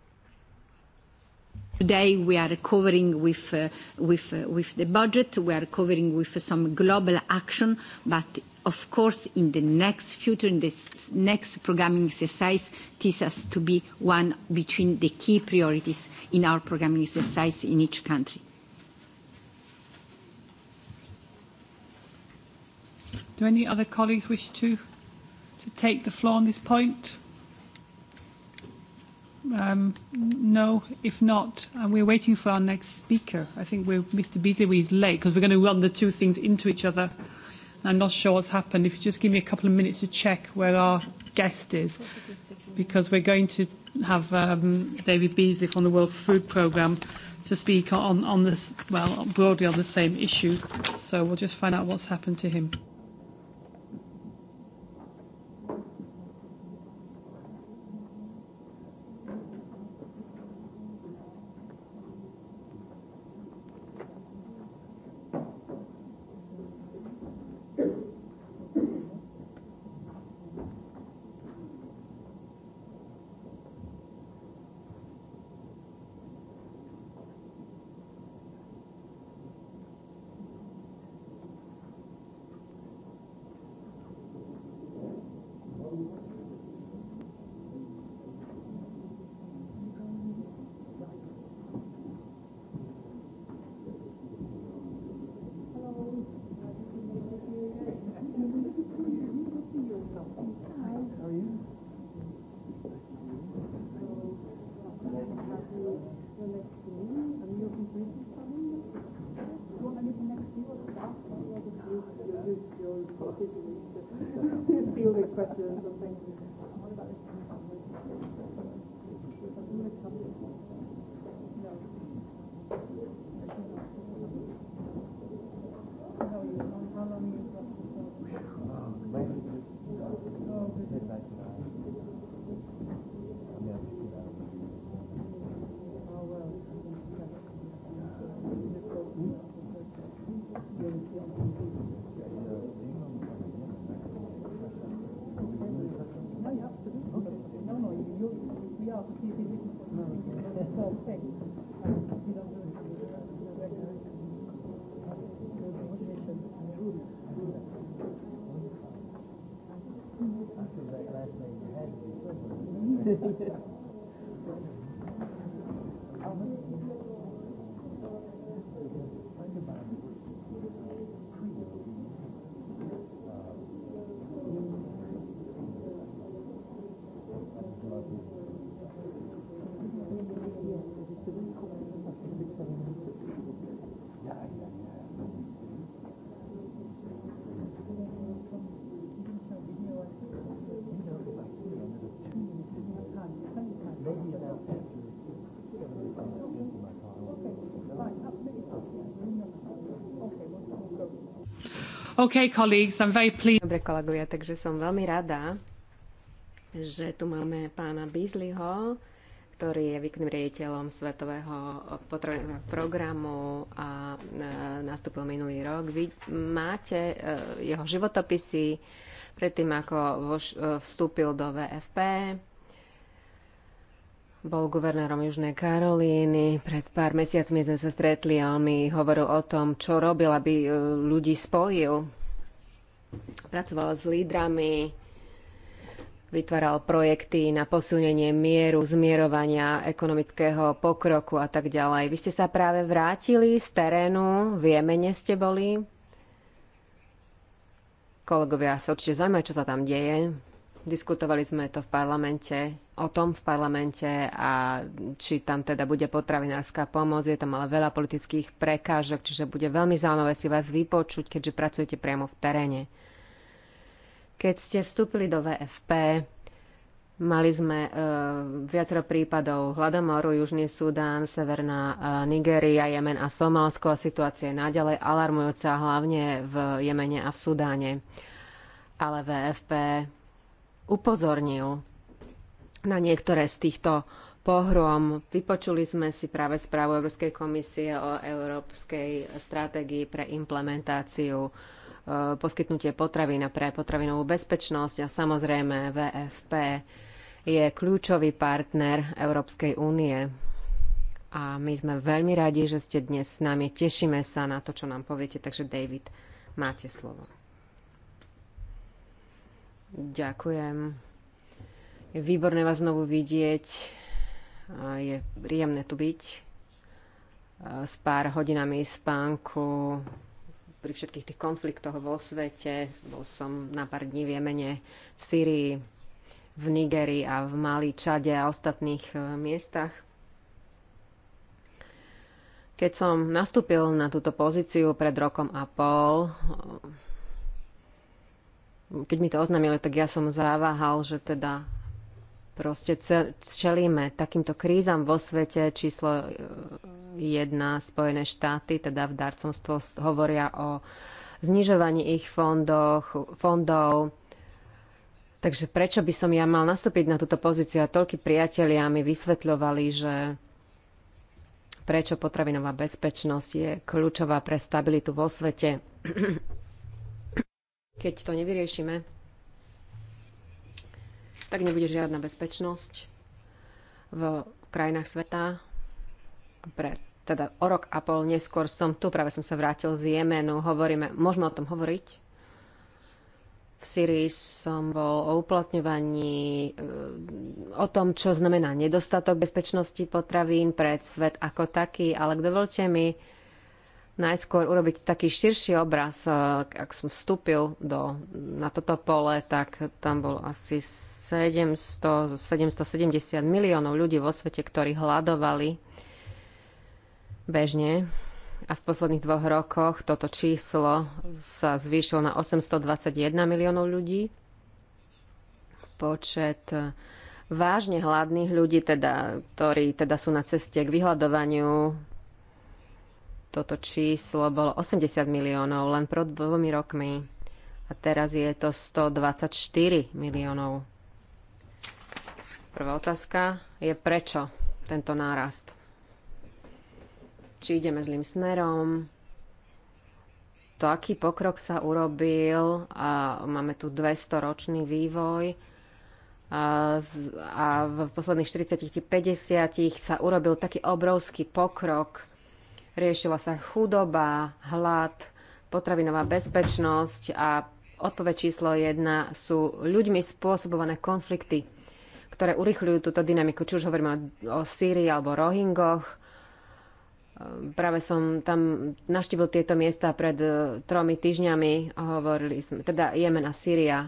Today we are recovering with, uh, with, uh, with the budget, we are recovering with some global action, but of course in the next future, in this next programming exercise, this has to be one between the key priorities in our programming exercise in each country. Do any other colleagues wish to take the floor on this point? Um, no, if not, uh, we're waiting for our next speaker. I think we're, Mr. Beasley is late because we're going to run the two things into each other. I'm not sure what's happened. If you just give me a couple of minutes to check where our guest is, because we're going to have um, David Beasley from the World Food Programme to speak on, on this, well, broadly on the same issue. So we'll just find out what's happened to him. Okay, colleagues, I'm very pleased. Dobre kolegovia, takže som veľmi rada, že tu máme pána Beasleyho, ktorý je výkonným riaditeľom Svetového potravinového programu a e, nastúpil minulý rok. Vy máte e, jeho životopisy predtým, ako e, vstúpil do VFP bol guvernérom Južnej Karolíny. Pred pár mesiacmi sme sa stretli a on mi hovoril o tom, čo robil, aby e, ľudí spojil. Pracoval s lídrami, vytváral projekty na posilnenie mieru, zmierovania, ekonomického pokroku a tak ďalej. Vy ste sa práve vrátili z terénu, v Jemene ste boli. Kolegovia sa určite zaujímajú, čo sa tam deje. Diskutovali sme to v parlamente, o tom v parlamente a či tam teda bude potravinárska pomoc. Je tam ale veľa politických prekážok, čiže bude veľmi zaujímavé si vás vypočuť, keďže pracujete priamo v teréne. Keď ste vstúpili do VFP, mali sme e, viacero prípadov Hladomoru, Južný Sudán, Severná e, Nigéria, Jemen a Somálsko a situácia je naďalej alarmujúca, hlavne v Jemene a v Sudáne. Ale VFP upozornil na niektoré z týchto pohrom. Vypočuli sme si práve správu Európskej komisie o európskej stratégii pre implementáciu e, poskytnutie potravín a pre potravinovú bezpečnosť a samozrejme VFP je kľúčový partner Európskej únie. A my sme veľmi radi, že ste dnes s nami. Tešíme sa na to, čo nám poviete. Takže David, máte slovo. Ďakujem. Je výborné vás znovu vidieť. Je príjemné tu byť. S pár hodinami spánku pri všetkých tých konfliktoch vo svete. Bol som na pár dní v Jemene, v Syrii, v Nigerii a v Mali, Čade a ostatných e, miestach. Keď som nastúpil na túto pozíciu pred rokom a pol, keď mi to oznámili, tak ja som zaváhal, že teda proste čelíme takýmto krízam vo svete. Číslo e, jedna Spojené štáty, teda v darcomstvo hovoria o znižovaní ich fondoch, fondov. Takže prečo by som ja mal nastúpiť na túto pozíciu? A toľky priatelia mi vysvetľovali, že prečo potravinová bezpečnosť je kľúčová pre stabilitu vo svete. Keď to nevyriešime, tak nebude žiadna bezpečnosť v krajinách sveta. Pre, teda o rok a pol neskôr som tu, práve som sa vrátil z Jemenu, hovoríme, môžeme o tom hovoriť, v Syrii som bol o uplatňovaní, eh, o tom, čo znamená nedostatok bezpečnosti potravín pre svet ako taký, ale dovolte mi najskôr urobiť taký širší obraz. Eh, ak som vstúpil do, na toto pole, tak tam bolo asi 700, 770 miliónov ľudí vo svete, ktorí hľadovali bežne. A v posledných dvoch rokoch toto číslo sa zvýšilo na 821 miliónov ľudí. Počet eh, vážne hladných ľudí, teda, ktorí teda sú na ceste k vyhľadovaniu, toto číslo bolo 80 miliónov len pred dvomi rokmi a teraz je to 124 miliónov. Prvá otázka je prečo tento nárast? Či ideme zlým smerom? To, aký pokrok sa urobil a máme tu 200-ročný vývoj, a, a v posledných 40-50 sa urobil taký obrovský pokrok Riešila sa chudoba, hlad, potravinová bezpečnosť a odpoveď číslo jedna sú ľuďmi spôsobované konflikty, ktoré urychľujú túto dynamiku. Či už hovoríme o, o Sýrii alebo Rohingoch. Ehm, práve som tam naštívil tieto miesta pred e, tromi týždňami. Hovorili sme, teda Jemen a Sýria,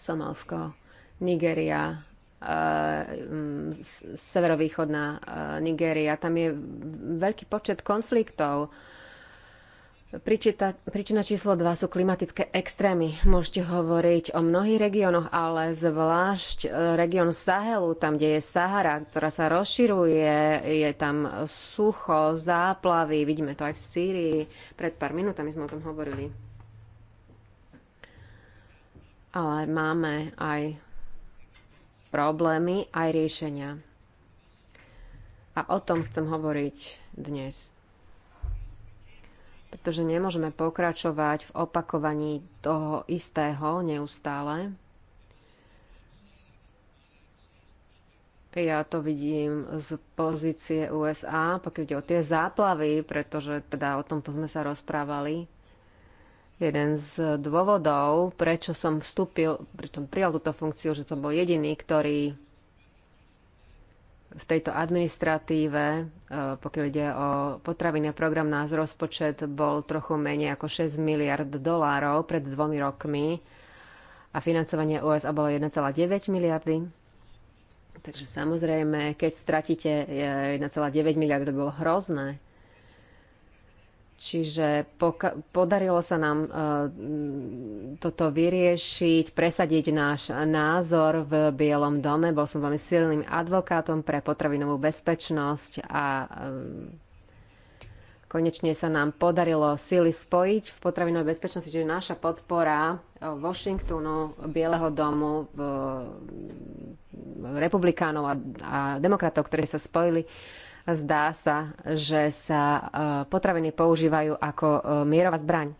Somálsko, Nigeria, E, severovýchodná e, Nigéria. Tam je veľký počet konfliktov. Pričita, príčina číslo 2 sú klimatické extrémy. Môžete hovoriť o mnohých regiónoch, ale zvlášť e, región Sahelu, tam, kde je Sahara, ktorá sa rozširuje, je tam sucho, záplavy, vidíme to aj v Sýrii. Pred pár minútami sme o tom hovorili. Ale máme aj problémy, aj riešenia. A o tom chcem hovoriť dnes. Pretože nemôžeme pokračovať v opakovaní toho istého neustále. Ja to vidím z pozície USA, pokiaľ ide o tie záplavy, pretože teda o tomto sme sa rozprávali jeden z dôvodov, prečo som vstúpil, prečo som prijal túto funkciu, že som bol jediný, ktorý v tejto administratíve, e, pokiaľ ide o potraviny a program, nás rozpočet bol trochu menej ako 6 miliard dolárov pred dvomi rokmi a financovanie USA bolo 1,9 miliardy. Takže samozrejme, keď stratíte 1,9 e, miliardy, to bolo hrozné. Čiže podarilo sa nám e, toto vyriešiť, presadiť náš názor v Bielom dome. Bol som veľmi silným advokátom pre potravinovú bezpečnosť a e, konečne sa nám podarilo síly spojiť v potravinovej bezpečnosti, čiže naša podpora e, Washingtonu, Bieleho domu, v, republikánov a, a demokratov, ktorí sa spojili, Zdá sa, že sa e, potraviny používajú ako e, mierová zbraň.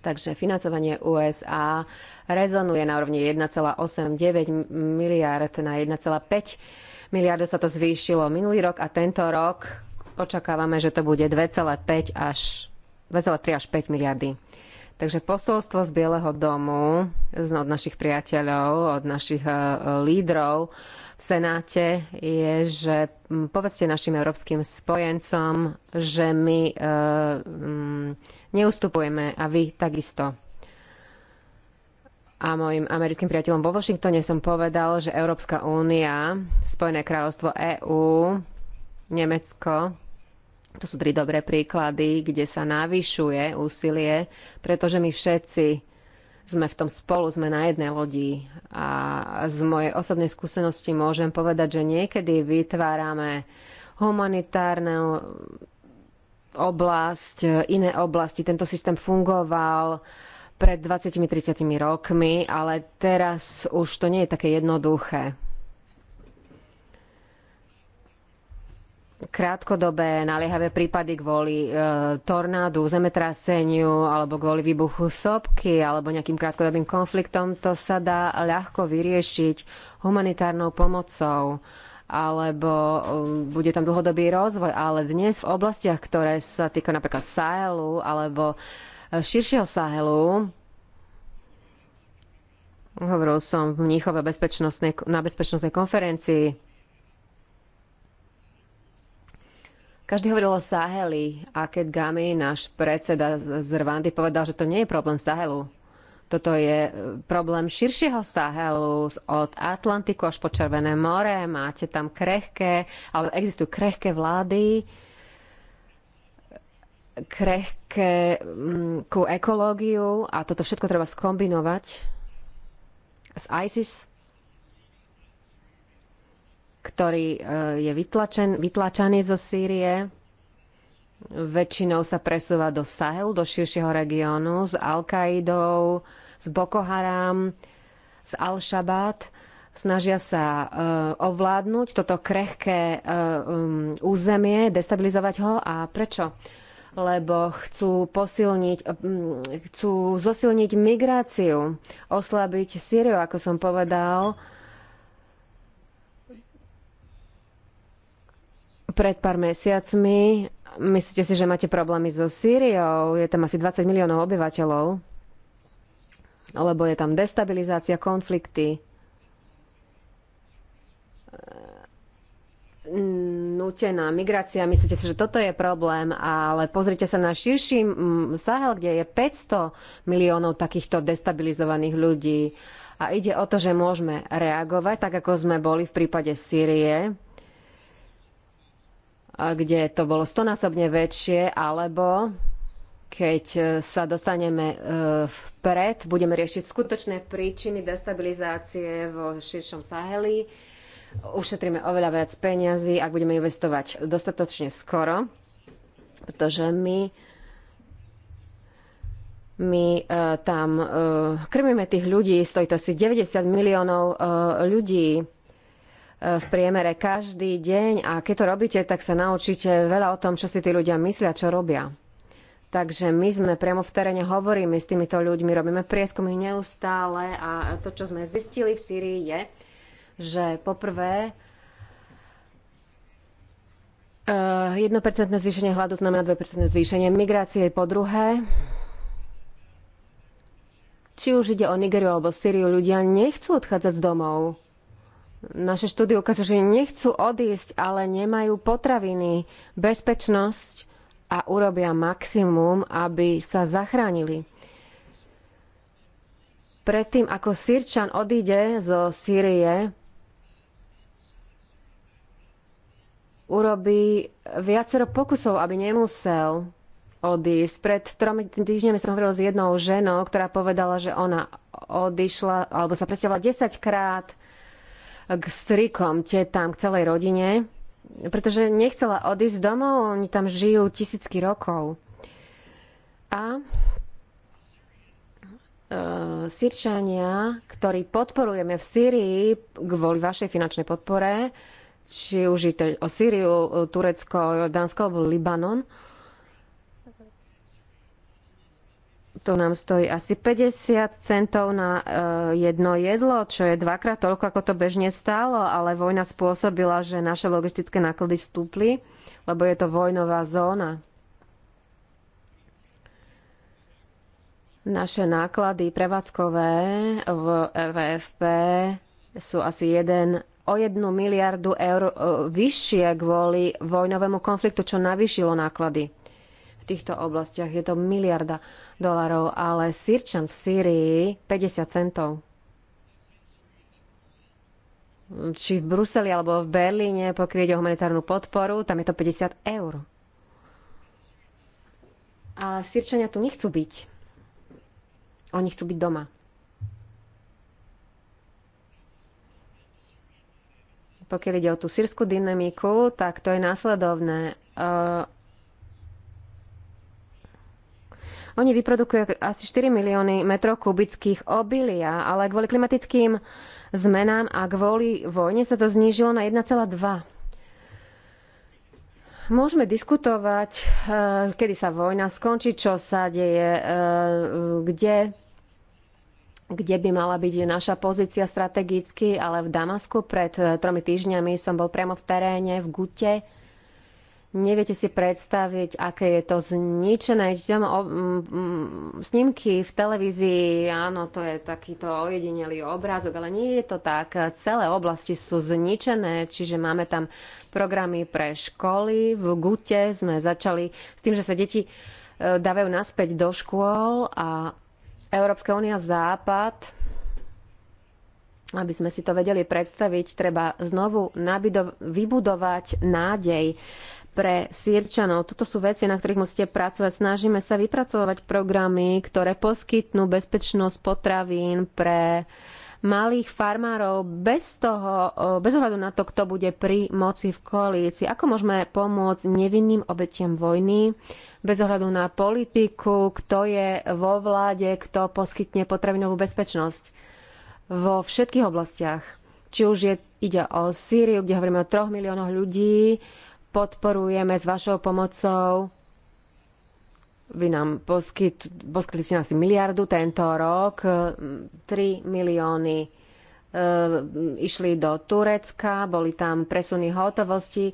Takže financovanie USA rezonuje na úrovni 1,89 miliard na 1,5 miliardu sa to zvýšilo minulý rok a tento rok očakávame, že to bude 2,5 až 2,3 až 5 miliardy. Takže posolstvo z Bieleho domu, od našich priateľov, od našich e, lídrov, Senáte, je, že povedzte našim európskym spojencom, že my e, neustupujeme a vy takisto. A mojim americkým priateľom vo Washingtone som povedal, že Európska únia, Spojené kráľovstvo EÚ, Nemecko, to sú tri dobré príklady, kde sa navyšuje úsilie, pretože my všetci sme v tom spolu, sme na jednej lodi. A z mojej osobnej skúsenosti môžem povedať, že niekedy vytvárame humanitárne oblasť, iné oblasti. Tento systém fungoval pred 20-30 rokmi, ale teraz už to nie je také jednoduché. krátkodobé naliehavé prípady kvôli e, tornádu, zemetraseniu alebo kvôli výbuchu sopky alebo nejakým krátkodobým konfliktom, to sa dá ľahko vyriešiť humanitárnou pomocou alebo e, bude tam dlhodobý rozvoj. Ale dnes v oblastiach, ktoré sa týka napríklad Sahelu alebo e, širšieho Sahelu, hovoril som v Mníchove bezpečnostnej, na bezpečnostnej konferencii, Každý hovoril o Saheli a keď Gami, náš predseda z Rwandy, povedal, že to nie je problém Sahelu. Toto je e, problém širšieho Sahelu od Atlantiku až po Červené more. Máte tam krehké, ale existujú krehké vlády, mm, ku ekológiu a toto všetko treba skombinovať s ISIS ktorý e, je vytlačen, vytlačaný zo Sýrie. Väčšinou sa presúva do Sahelu, do širšieho regiónu, s Al-Kaidou, s Boko Haram, s Al-Shabaab. Snažia sa e, ovládnuť toto krehké e, um, územie, destabilizovať ho. A prečo? lebo chcú posilniť, chcú zosilniť migráciu, oslabiť Sýriu, ako som povedal, pred pár mesiacmi. Myslíte si, že máte problémy so Sýriou? Je tam asi 20 miliónov obyvateľov. Lebo je tam destabilizácia, konflikty. nutená migrácia. Myslíte si, že toto je problém, ale pozrite sa na širší Sahel, kde je 500 miliónov takýchto destabilizovaných ľudí. A ide o to, že môžeme reagovať, tak ako sme boli v prípade Sýrie, kde to bolo stonásobne väčšie, alebo keď e, sa dostaneme e, vpred, budeme riešiť skutočné príčiny destabilizácie vo širšom Saheli, ušetríme oveľa viac peňazí, ak budeme investovať dostatočne skoro, pretože my my e, tam krmíme tých ľudí, stojí to asi 90 miliónov ľudí, v priemere každý deň a keď to robíte, tak sa naučíte veľa o tom, čo si tí ľudia myslia, čo robia. Takže my sme priamo v teréne, hovoríme s týmito ľuďmi, robíme prieskumy neustále a to, čo sme zistili v Sýrii je, že poprvé 1% eh, zvýšenie hladu znamená 2% zvýšenie migrácie po druhé. Či už ide o Nigeriu alebo Syriu, ľudia nechcú odchádzať z domov. Naše štúdie ukazujú, že nechcú odísť, ale nemajú potraviny, bezpečnosť a urobia maximum, aby sa zachránili. Predtým, ako Sýrčan odíde zo Sýrie, urobí viacero pokusov, aby nemusel odísť. Pred tromi týždňami som hovorila s jednou ženou, ktorá povedala, že ona odišla alebo sa presťahovala 10 krát k strikom, tetám, k celej rodine, pretože nechcela odísť domov, oni tam žijú tisícky rokov. A e, Sirčania, ktorí podporujeme v Sýrii kvôli vašej finančnej podpore, či už je to o Sýriu, Turecko, Dánsko alebo Libanon, to nám stojí asi 50 centov na e, jedno jedlo, čo je dvakrát toľko, ako to bežne stálo, ale vojna spôsobila, že naše logistické náklady stúpli, lebo je to vojnová zóna. Naše náklady prevádzkové v e VFP sú asi 1 o 1 miliardu eur e, vyššie kvôli vojnovému konfliktu, čo navýšilo náklady v týchto oblastiach. Je to miliarda dolarov, ale sirčan v Sýrii 50 centov. Či v Bruseli alebo v Berlíne pokryť humanitárnu podporu, tam je to 50 eur. A sirčania tu nechcú byť. Oni chcú byť doma. Pokiaľ ide o tú sírskú dynamiku, tak to je následovné. E, Oni vyprodukujú asi 4 milióny metrov kubických obilia, ale kvôli klimatickým zmenám a kvôli vojne sa to znížilo na 1,2. Môžeme diskutovať, e, kedy sa vojna skončí, čo sa deje, e, kde kde by mala byť naša pozícia strategicky, ale v Damasku pred e, tromi týždňami som bol priamo v teréne, v Gute, Neviete si predstaviť, aké je to zničené. Tam o, m, snímky v televízii, áno, to je takýto ojedinelý obrázok, ale nie je to tak. Celé oblasti sú zničené, čiže máme tam programy pre školy. V Gute sme začali s tým, že sa deti e, dávajú naspäť do škôl a Európska únia Západ aby sme si to vedeli predstaviť, treba znovu nabido- vybudovať nádej pre sírčanov. Toto sú veci, na ktorých musíte pracovať. Snažíme sa vypracovať programy, ktoré poskytnú bezpečnosť potravín pre malých farmárov bez toho, bez ohľadu na to, kto bude pri moci v koalícii. Ako môžeme pomôcť nevinným obetiam vojny bez ohľadu na politiku, kto je vo vláde, kto poskytne potravinovú bezpečnosť vo všetkých oblastiach. Či už je, ide o Sýriu, kde hovoríme o troch miliónoch ľudí, podporujeme s vašou pomocou. Vy nám poskyt, poskytli ste asi miliardu tento rok, 3 milióny e, išli do Turecka, boli tam presuny hotovosti.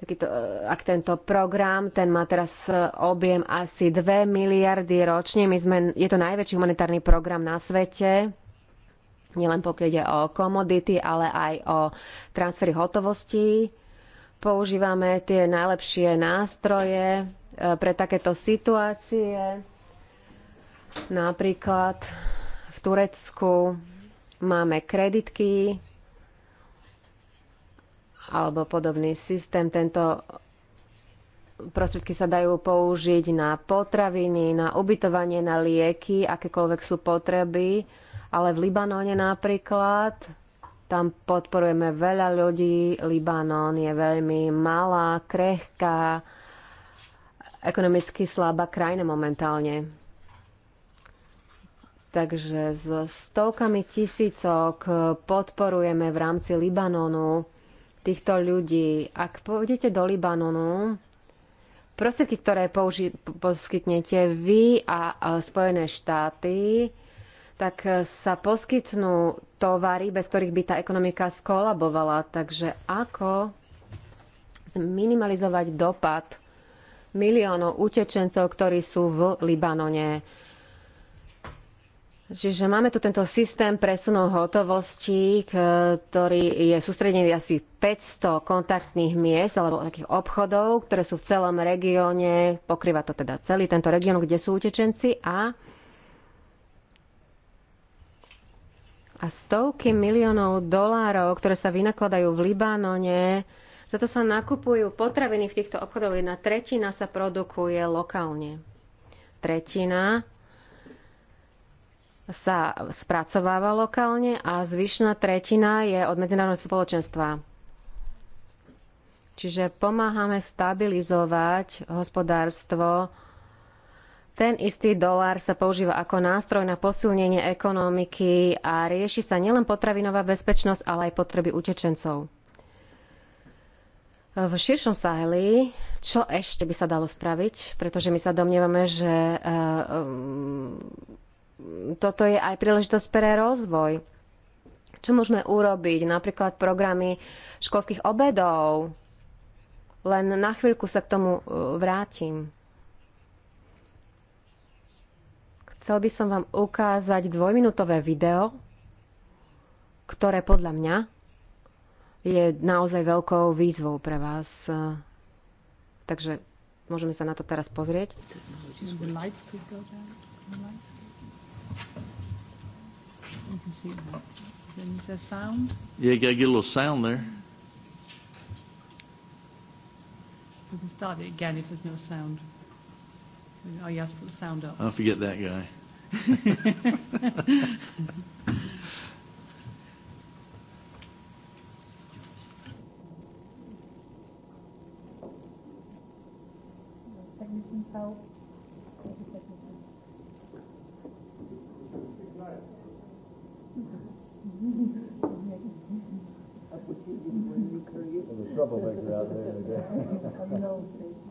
Takýto, e, ak tento program, ten má teraz e, objem asi 2 miliardy ročne. My sme, je to najväčší humanitárny program na svete, nielen pokiaľ ide o komodity, ale aj o transfery hotovosti používame tie najlepšie nástroje e, pre takéto situácie. Napríklad v Turecku máme kreditky alebo podobný systém. Tento prostriedky sa dajú použiť na potraviny, na ubytovanie, na lieky, akékoľvek sú potreby, ale v Libanone napríklad tam podporujeme veľa ľudí. Libanon je veľmi malá, krehká, ekonomicky slabá krajina momentálne. Takže so stovkami tisícok podporujeme v rámci Libanonu týchto ľudí. Ak pôjdete do Libanonu, prostriedky, ktoré poskytnete vy a Spojené štáty, tak e, sa poskytnú tovary, bez ktorých by tá ekonomika skolabovala. Takže ako zminimalizovať dopad miliónov utečencov, ktorí sú v Libanone. Čiže máme tu tento systém presunov hotovosti, ktorý je sústredený asi 500 kontaktných miest alebo takých obchodov, ktoré sú v celom regióne. Pokrýva to teda celý tento región, kde sú utečenci a a stovky miliónov dolárov, ktoré sa vynakladajú v Libanone, za to sa nakupujú potraviny v týchto obchodoch. Jedna tretina sa produkuje lokálne. Tretina sa spracováva lokálne a zvyšná tretina je od medzinárodného spoločenstva. Čiže pomáhame stabilizovať hospodárstvo ten istý dolár sa používa ako nástroj na posilnenie ekonomiky a rieši sa nielen potravinová bezpečnosť, ale aj potreby utečencov. V širšom Saheli, čo ešte by sa dalo spraviť, pretože my sa domnievame, že ehm, toto je aj príležitosť pre rozvoj. Čo môžeme urobiť? Napríklad programy školských obedov. Len na chvíľku sa k tomu e, vrátim. Chcel by som vám ukázať dvojminútové video, ktoré podľa mňa je naozaj veľkou výzvou pre vás. Takže môžeme sa na to teraz pozrieť. You can see that. Is there Yeah, you gotta get a little sound there. We can start it again if there's no sound. Oh, yes, put the sound up. I'll forget that guy. Technician's help. out there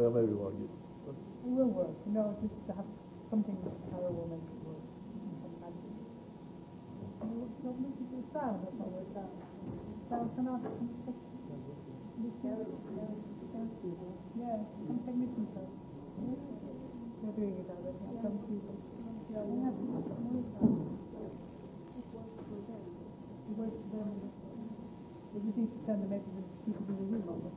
Well, maybe we get. will work. know, just to have something that will make it work. Not looking for style, that's not can Yeah, some are. They're doing it out there. Some people. Yeah, we have to work for them. We just need to send the message to people in the room.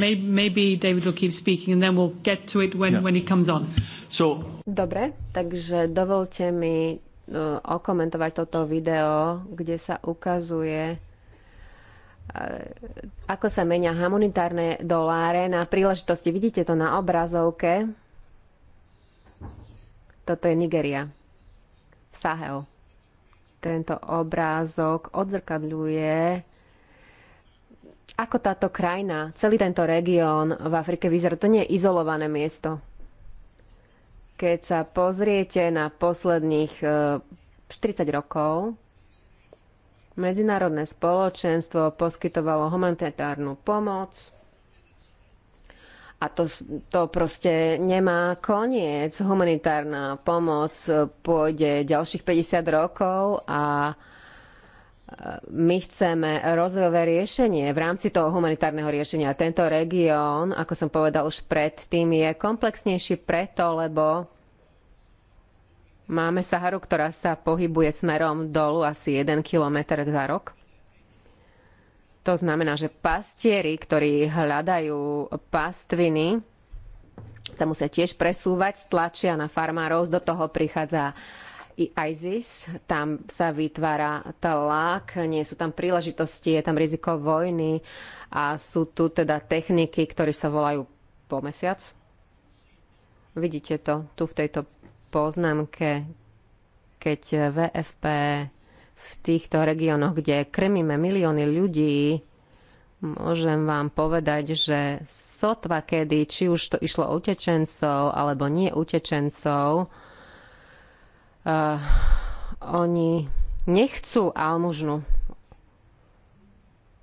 Maybe, David will keep speaking and then we'll get to it when, yeah. when comes on. So... Dobre, takže dovolte mi uh, okomentovať toto video, kde sa ukazuje e, ako sa menia humanitárne doláre na príležitosti. Vidíte to na obrazovke. Toto je Nigeria. Sahel. Tento obrázok odzrkadľuje ako táto krajina, celý tento región v Afrike vyzerá, to nie je izolované miesto. Keď sa pozriete na posledných 40 e, rokov, medzinárodné spoločenstvo poskytovalo humanitárnu pomoc, a to, to proste nemá koniec. Humanitárna pomoc e, pôjde ďalších 50 rokov a my chceme rozvojové riešenie v rámci toho humanitárneho riešenia. Tento región, ako som povedal už predtým, je komplexnejší preto, lebo máme Saharu, ktorá sa pohybuje smerom dolu asi 1 km za rok. To znamená, že pastieri, ktorí hľadajú pastviny, sa musia tiež presúvať, tlačia na farmárov, do toho prichádza uh, i ISIS. Tam sa vytvára tlak, nie sú tam príležitosti, je tam riziko vojny a sú tu teda techniky, ktoré sa volajú mesiac. Vidíte to tu v tejto poznámke, keď VFP v týchto regiónoch, kde krmíme milióny ľudí, Môžem vám povedať, že sotva kedy, či už to išlo o utečencov alebo nie utečencov, Uh, oni nechcú almužnu.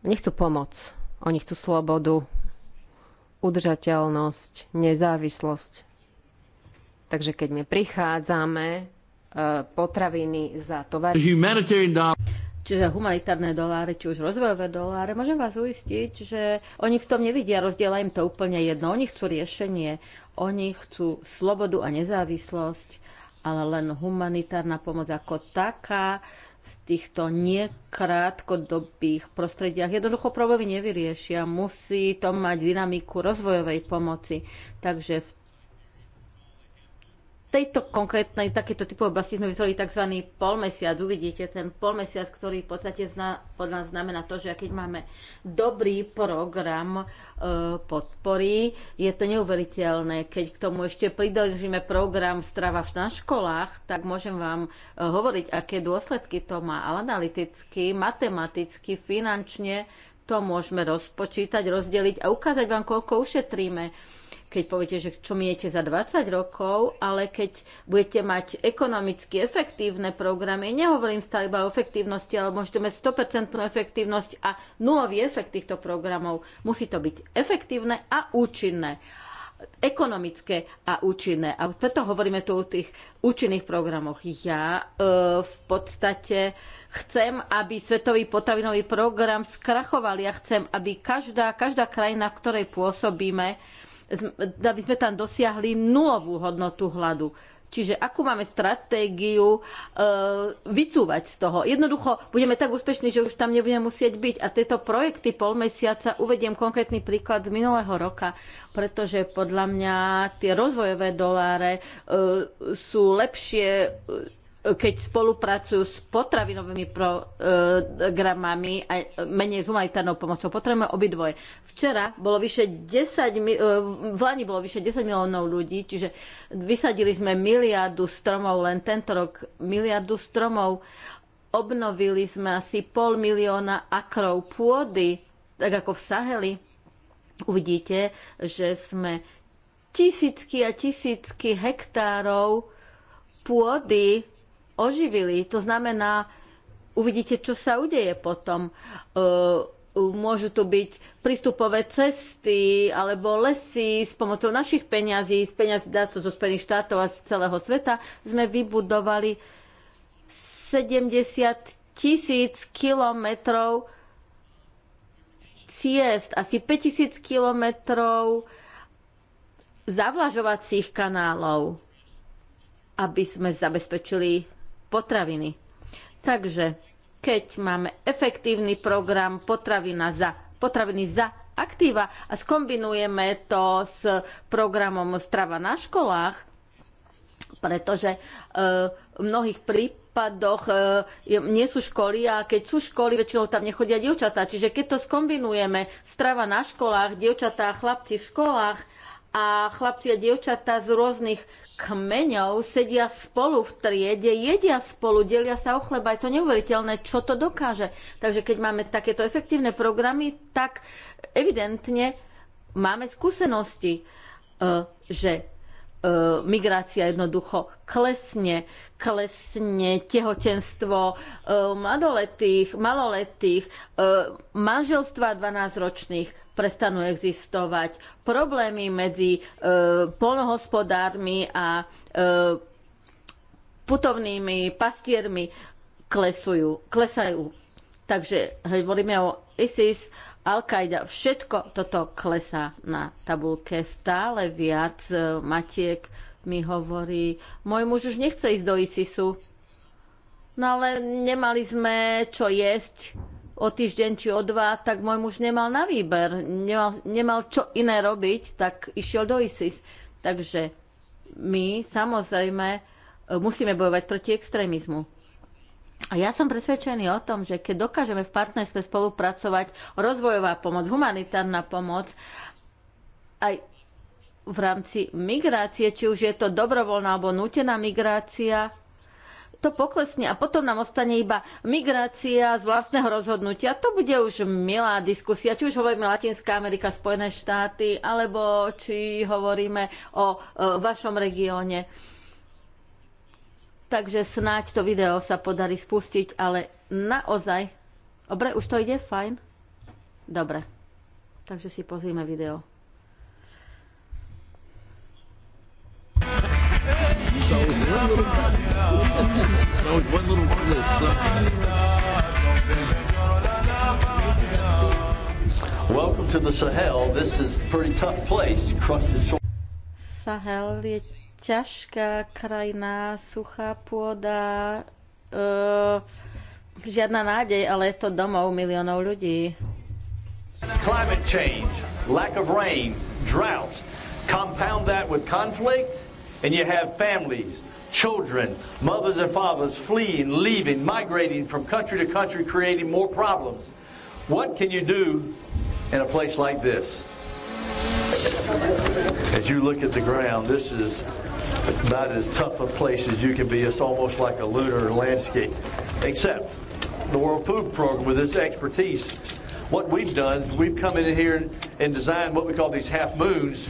Nechcú pomoc. Oni chcú slobodu, udržateľnosť, nezávislosť. Takže keď my prichádzame uh, potraviny za tovar... Čiže humanitárne doláre, či už rozvojové doláre, môžem vás uistiť, že oni v tom nevidia rozdiel, im to úplne jedno. Oni chcú riešenie, oni chcú slobodu a nezávislosť ale len humanitárna pomoc ako taká z týchto nekrátkodobých prostrediach jednoducho problémy nevyriešia. Musí to mať dynamiku rozvojovej pomoci. Takže v tejto konkrétnej, takéto typu oblasti sme vytvorili tzv. polmesiac. Uvidíte ten polmesiac, ktorý v podstate zna, podľa nás znamená to, že keď máme dobrý program e, podpory, je to neuveriteľné. Keď k tomu ešte pridržíme program strava na školách, tak môžem vám e, hovoriť, aké dôsledky to má ale analyticky, matematicky, finančne. To môžeme rozpočítať, rozdeliť a ukázať vám, koľko ušetríme keď poviete, že čo miete za 20 rokov, ale keď budete mať ekonomicky efektívne programy, nehovorím stále iba o efektívnosti, ale môžete mať 100% efektívnosť a nulový efekt týchto programov. Musí to byť efektívne a účinné ekonomické a účinné. A preto hovoríme tu o tých účinných programoch. Ja e, v podstate chcem, aby Svetový potravinový program skrachoval. Ja chcem, aby každá, každá krajina, v ktorej pôsobíme, aby sme tam dosiahli nulovú hodnotu hladu. Čiže akú máme stratégiu e, vycúvať z toho. Jednoducho budeme tak úspešní, že už tam nebudeme musieť byť. A tieto projekty pol mesiaca uvediem konkrétny príklad z minulého roka, pretože podľa mňa tie rozvojové doláre e, sú lepšie e, keď spolupracujú s potravinovými programami a menej s humanitárnou pomocou. Potrebujeme obidvoje. Včera bolo vyše 10, e, v Lani bolo vyše 10 miliónov ľudí, čiže vysadili sme miliardu stromov, len tento rok miliardu stromov. Obnovili sme asi pol milióna akrov pôdy, tak ako v Saheli. Uvidíte, že sme tisícky a tisícky hektárov pôdy oživili. To znamená, uvidíte, čo sa udeje potom. E, môžu tu byť prístupové cesty alebo lesy s pomocou našich peňazí, z peňazí dáto zo Spojených štátov a z celého sveta. Sme vybudovali 70 tisíc kilometrov ciest, asi 5000 kilometrov zavlažovacích kanálov, aby sme zabezpečili potraviny. Takže keď máme efektívny program potravina za, potraviny za aktíva a skombinujeme to s programom Strava na školách, pretože e, v mnohých prípadoch e, nie sú školy a keď sú školy, väčšinou tam nechodia dievčatá. Čiže keď to skombinujeme, strava na školách, dievčatá chlapci v školách, a chlapci a dievčatá z rôznych kmeňov sedia spolu v triede, jedia spolu, delia sa o chleba. Je to neuveriteľné, čo to dokáže. Takže keď máme takéto efektívne programy, tak evidentne máme skúsenosti, e, že e, migrácia jednoducho klesne, klesne tehotenstvo e, mladoletých, maloletých, manželstva 12-ročných, prestanú existovať. Problémy medzi e, polnohospodármi a e, putovnými pastiermi klesujú, klesajú. Takže hovoríme o ISIS, Al-Qaida, všetko toto klesá na tabulke. Stále viac e, Matiek mi hovorí, môj muž už nechce ísť do ISISu. No ale nemali sme čo jesť, o týždeň či o dva, tak môj muž nemal na výber, nemal, nemal čo iné robiť, tak išiel do ISIS. Takže my samozrejme e, musíme bojovať proti extrémizmu. A ja som presvedčený o tom, že keď dokážeme v partnerstve spolupracovať, rozvojová pomoc, humanitárna pomoc, aj v rámci migrácie, či už je to dobrovoľná alebo nutená migrácia, to poklesne a potom nám ostane iba migrácia z vlastného rozhodnutia. To bude už milá diskusia, či už hovoríme Latinská Amerika, Spojené štáty, alebo či hovoríme o, o e, vašom regióne. Takže snáď to video sa podarí spustiť, ale naozaj... Dobre, už to ide? Fajn? Dobre. Takže si pozrieme video. So, one little So. Welcome to the Sahel. This is a pretty tough place. Sahel je ťažká krajina, suchá pôda, uh, žiadna nádej, ale je to domov miliónov ľudí. Climate change, lack of rain, droughts. Compound that with conflict and you have families children, mothers and fathers fleeing, leaving, migrating from country to country, creating more problems. What can you do in a place like this? As you look at the ground, this is about as tough a place as you can be. It's almost like a lunar landscape, except the World Food Program with its expertise. What we've done is we've come in here and designed what we call these half moons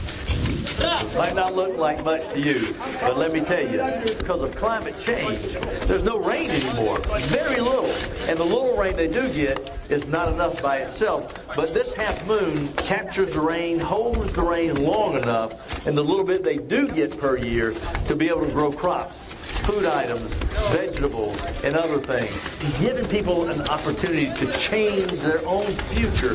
Might not look like much to you, but let me tell you, because of climate change, there's no rain anymore. Very little. And the little rain they do get is not enough by itself. But this half moon captures the rain, holds the rain long enough, and the little bit they do get per year to be able to grow crops food items, vegetables, and other things, giving people an opportunity to change their own future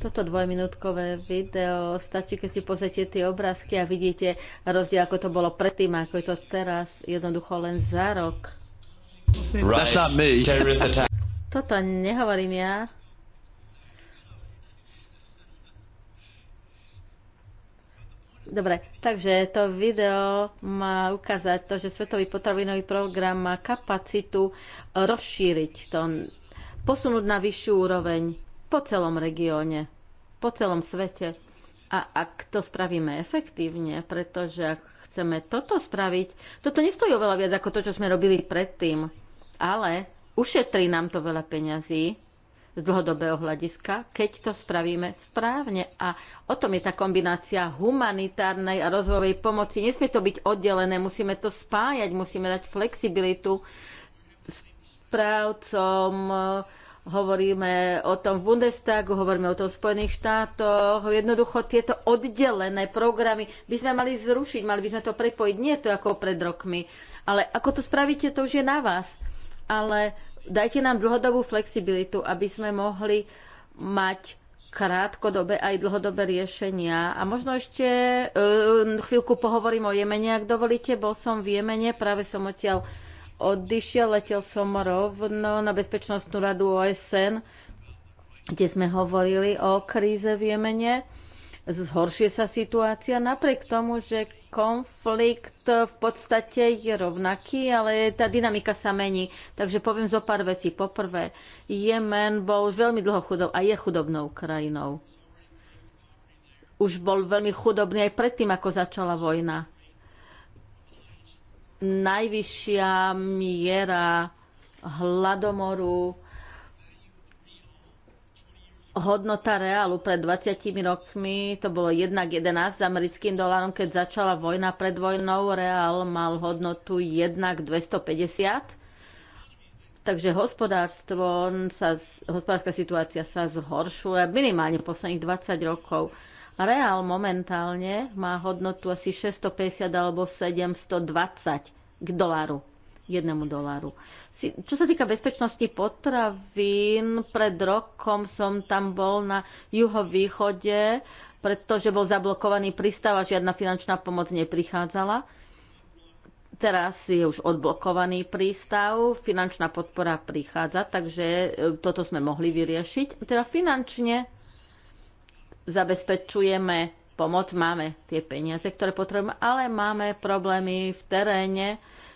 Toto dvojminútkové video stačí, keď si pozrite tie obrázky a vidíte rozdiel, ako to bolo predtým, ako je to teraz, jednoducho len za rok. Right. Toto nehovorím ja. Dobre, takže to video má ukázať to, že Svetový potravinový program má kapacitu rozšíriť to, posunúť na vyššiu úroveň po celom regióne, po celom svete. A ak to spravíme efektívne, pretože ak chceme toto spraviť, toto nestojí oveľa viac ako to, čo sme robili predtým, ale ušetrí nám to veľa peňazí, z dlhodobého hľadiska, keď to spravíme správne. A o tom je tá kombinácia humanitárnej a rozvojovej pomoci. Nesmie to byť oddelené, musíme to spájať, musíme dať flexibilitu správcom, hovoríme o tom v Bundestagu, hovoríme o tom v Spojených štátoch. Jednoducho tieto oddelené programy by sme mali zrušiť, mali by sme to prepojiť. Nie to ako pred rokmi, ale ako to spravíte, to už je na vás. Ale dajte nám dlhodobú flexibilitu, aby sme mohli mať krátkodobé aj dlhodobé riešenia. A možno ešte uh, chvíľku pohovorím o Jemene, ak dovolíte. Bol som v Jemene, práve som odtiaľ odišiel, letel som rovno na Bezpečnostnú radu OSN, kde sme hovorili o kríze v Jemene. Zhoršuje sa situácia napriek tomu, že konflikt v podstate je rovnaký, ale tá dynamika sa mení. Takže poviem zo pár vecí. Poprvé, Jemen bol už veľmi dlho chudob a je chudobnou krajinou. Už bol veľmi chudobný aj predtým, ako začala vojna. Najvyššia miera hladomoru hodnota reálu pred 20 rokmi, to bolo 1,11 s americkým dolárom, keď začala vojna pred vojnou, reál mal hodnotu 1,250. Takže hospodárstvo sa, hospodárska situácia sa zhoršuje minimálne posledných 20 rokov. Reál momentálne má hodnotu asi 650 alebo 720 k dolaru jednému doláru. Čo sa týka bezpečnosti potravín, pred rokom som tam bol na juhovýchode, pretože bol zablokovaný prístav a žiadna finančná pomoc neprichádzala. Teraz je už odblokovaný prístav, finančná podpora prichádza, takže e, toto sme mohli vyriešiť. Teda finančne zabezpečujeme pomoc, máme tie peniaze, ktoré potrebujeme, ale máme problémy v teréne,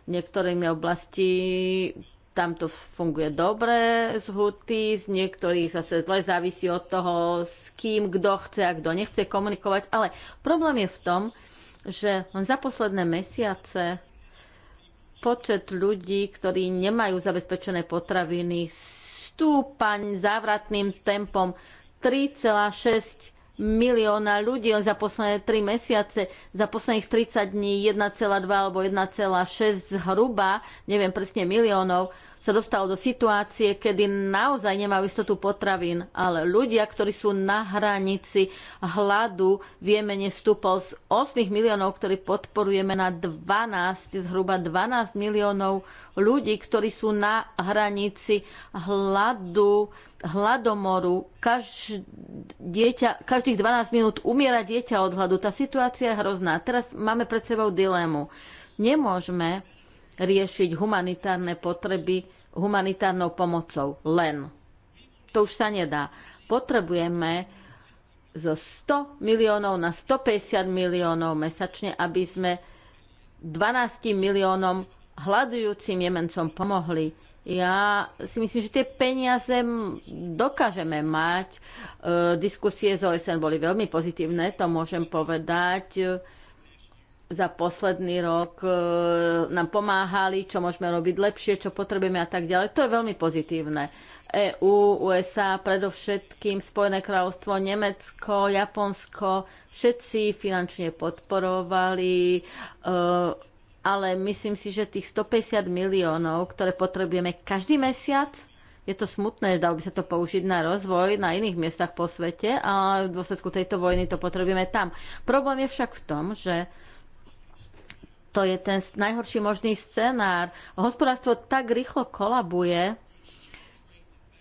niektorými oblasti tam to funguje dobre z huty, z niektorých zase zle závisí od toho, s kým kto chce a kto nechce komunikovať. Ale problém je v tom, že len za posledné mesiace počet ľudí, ktorí nemajú zabezpečené potraviny, stúpaň závratným tempom 3,6 milióna ľudí len za posledné 3 mesiace, za posledných 30 dní 1,2 alebo 1,6 zhruba, neviem presne miliónov, sa dostalo do situácie, kedy naozaj nemajú istotu potravín, ale ľudia, ktorí sú na hranici hladu, vieme Jemene z 8 miliónov, ktorí podporujeme na 12, zhruba 12 miliónov ľudí, ktorí sú na hranici hladu hladomoru. každý, dieťa, každých 12 minút umiera dieťa od hladu. Tá situácia je hrozná. Teraz máme pred sebou dilemu. Nemôžeme riešiť humanitárne potreby humanitárnou pomocou. Len. To už sa nedá. Potrebujeme zo 100 miliónov na 150 miliónov mesačne, aby sme 12 miliónom hľadujúcim Jemencom pomohli ja si myslím, že tie peniaze dokážeme mať. E, diskusie z OSN boli veľmi pozitívne, to môžem povedať. E, za posledný rok e, nám pomáhali, čo môžeme robiť lepšie, čo potrebujeme a tak ďalej. To je veľmi pozitívne. EU, USA, predovšetkým Spojené kráľovstvo, Nemecko, Japonsko, všetci finančne podporovali ale myslím si, že tých 150 miliónov, ktoré potrebujeme každý mesiac, je to smutné, dalo by sa to použiť na rozvoj na iných miestach po svete a v dôsledku tejto vojny to potrebujeme tam. Problém je však v tom, že to je ten najhorší možný scenár. Hospodárstvo tak rýchlo kolabuje,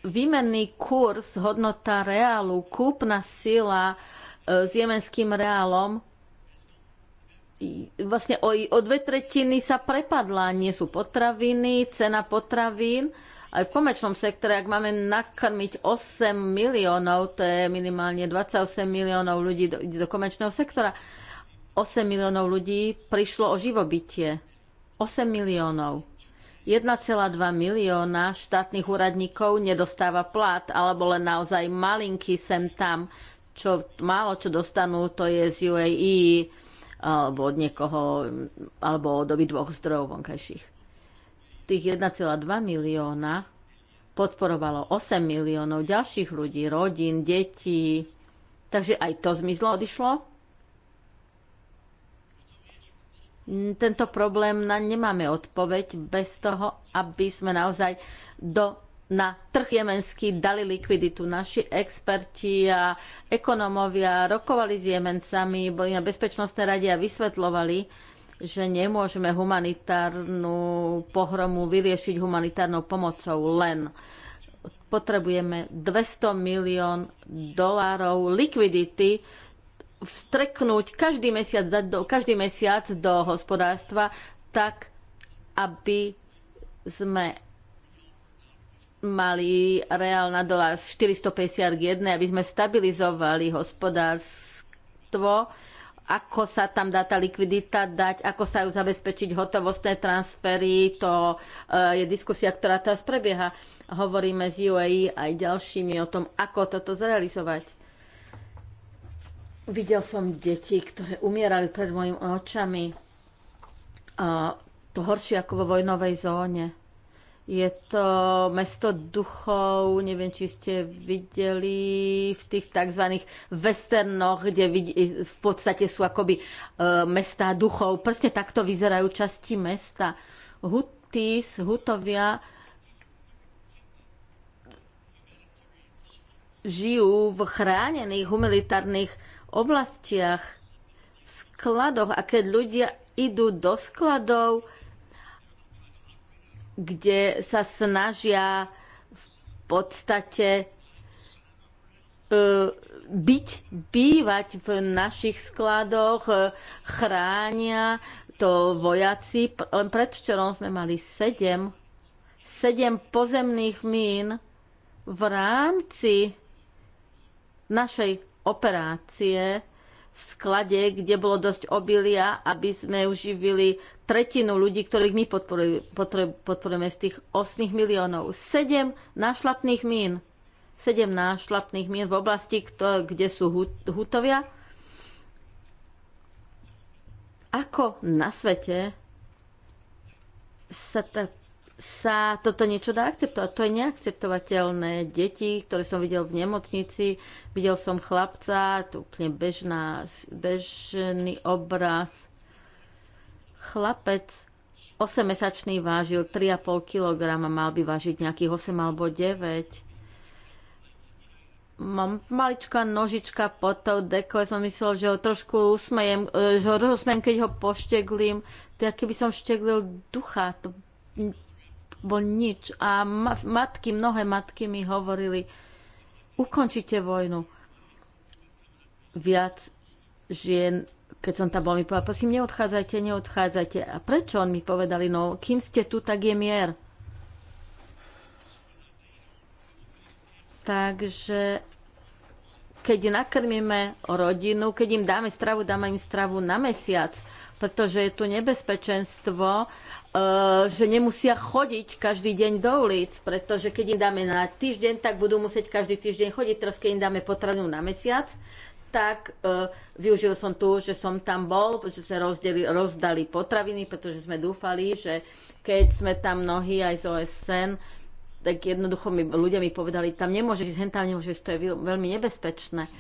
výmenný kurz, hodnota reálu, kúpna sila e, s jemenským reálom vlastne o, o dve tretiny sa prepadla. Nie sú potraviny, cena potravín. Aj v komerčnom sektore, ak máme nakrmiť 8 miliónov, to je minimálne 28 miliónov ľudí do, do komerčného sektora, 8 miliónov ľudí prišlo o živobytie. 8 miliónov. 1,2 milióna štátnych úradníkov nedostáva plat, alebo len naozaj malinký sem tam, čo málo čo dostanú, to je z UAE alebo od niekoho, alebo od obidvoch zdrojov vonkajších. Tých 1,2 milióna podporovalo 8 miliónov ďalších ľudí, rodín, detí. Takže aj to zmizlo, odišlo. Tento problém na, nemáme odpoveď bez toho, aby sme naozaj do na trh jemenský, dali likviditu. Naši experti a ekonomovia rokovali s jemencami, boli na bezpečnostné rade a vysvetlovali, že nemôžeme humanitárnu pohromu vyriešiť humanitárnou pomocou len potrebujeme 200 milión dolárov likvidity vstreknúť každý mesiac, do, každý mesiac do hospodárstva tak, aby sme mali reál na dolár 450 k 1, aby sme stabilizovali hospodárstvo, ako sa tam dá tá likvidita dať, ako sa ju zabezpečiť hotovostné transfery, to e, je diskusia, ktorá teraz prebieha. Hovoríme s UAE aj ďalšími o tom, ako toto zrealizovať. Videl som deti, ktoré umierali pred mojimi očami. To horšie ako vo vojnovej zóne je to mesto duchov, neviem, či ste videli v tých tzv. westernoch, kde v podstate sú akoby e, mesta duchov. Presne takto vyzerajú časti mesta. Hutis, Hutovia žijú v chránených humanitárnych oblastiach, v skladoch a keď ľudia idú do skladov, kde sa snažia v podstate e, byť, bývať v našich skladoch, e, chránia to vojaci. Len predvčerom sme mali sedem, sedem pozemných mín v rámci našej operácie v sklade, kde bolo dosť obilia, aby sme uživili tretinu ľudí, ktorých my podporujeme z tých 8 miliónov. 7 nášlapných mín. 7 nášlapných mín v oblasti, kde sú hutovia. Ako na svete sa táto sa toto niečo dá akceptovať. To je neakceptovateľné. Deti, ktoré som videl v nemocnici, videl som chlapca, to úplne bežná, bežný obraz. Chlapec 8-mesačný vážil 3,5 kg, mal by vážiť nejakých 8 alebo 9 mám maličká nožička pod tou dekou, ja som myslel, že ho trošku usmejem, e, že ho usmejem, keď ho pošteglím. To je, keby som šteglil ducha, to bol nič. A matky, mnohé matky mi hovorili, ukončite vojnu. Viac žien, keď som tam bol, mi povedal, prosím, neodchádzajte, neodchádzajte. A prečo? On mi povedali, no, kým ste tu, tak je mier. Takže keď nakrmíme rodinu, keď im dáme stravu, dáme im stravu na mesiac, pretože je tu nebezpečenstvo, e, že nemusia chodiť každý deň do ulic, pretože keď im dáme na týždeň, tak budú musieť každý týždeň chodiť. Teraz, keď im dáme potravinu na mesiac, tak e, využil som tu, že som tam bol, že sme rozdeli, rozdali potraviny, pretože sme dúfali, že keď sme tam mnohí aj z OSN, tak jednoducho mi, ľudia mi povedali, tam nemôžeš ísť, tam nemôžeš, to je veľmi nebezpečné.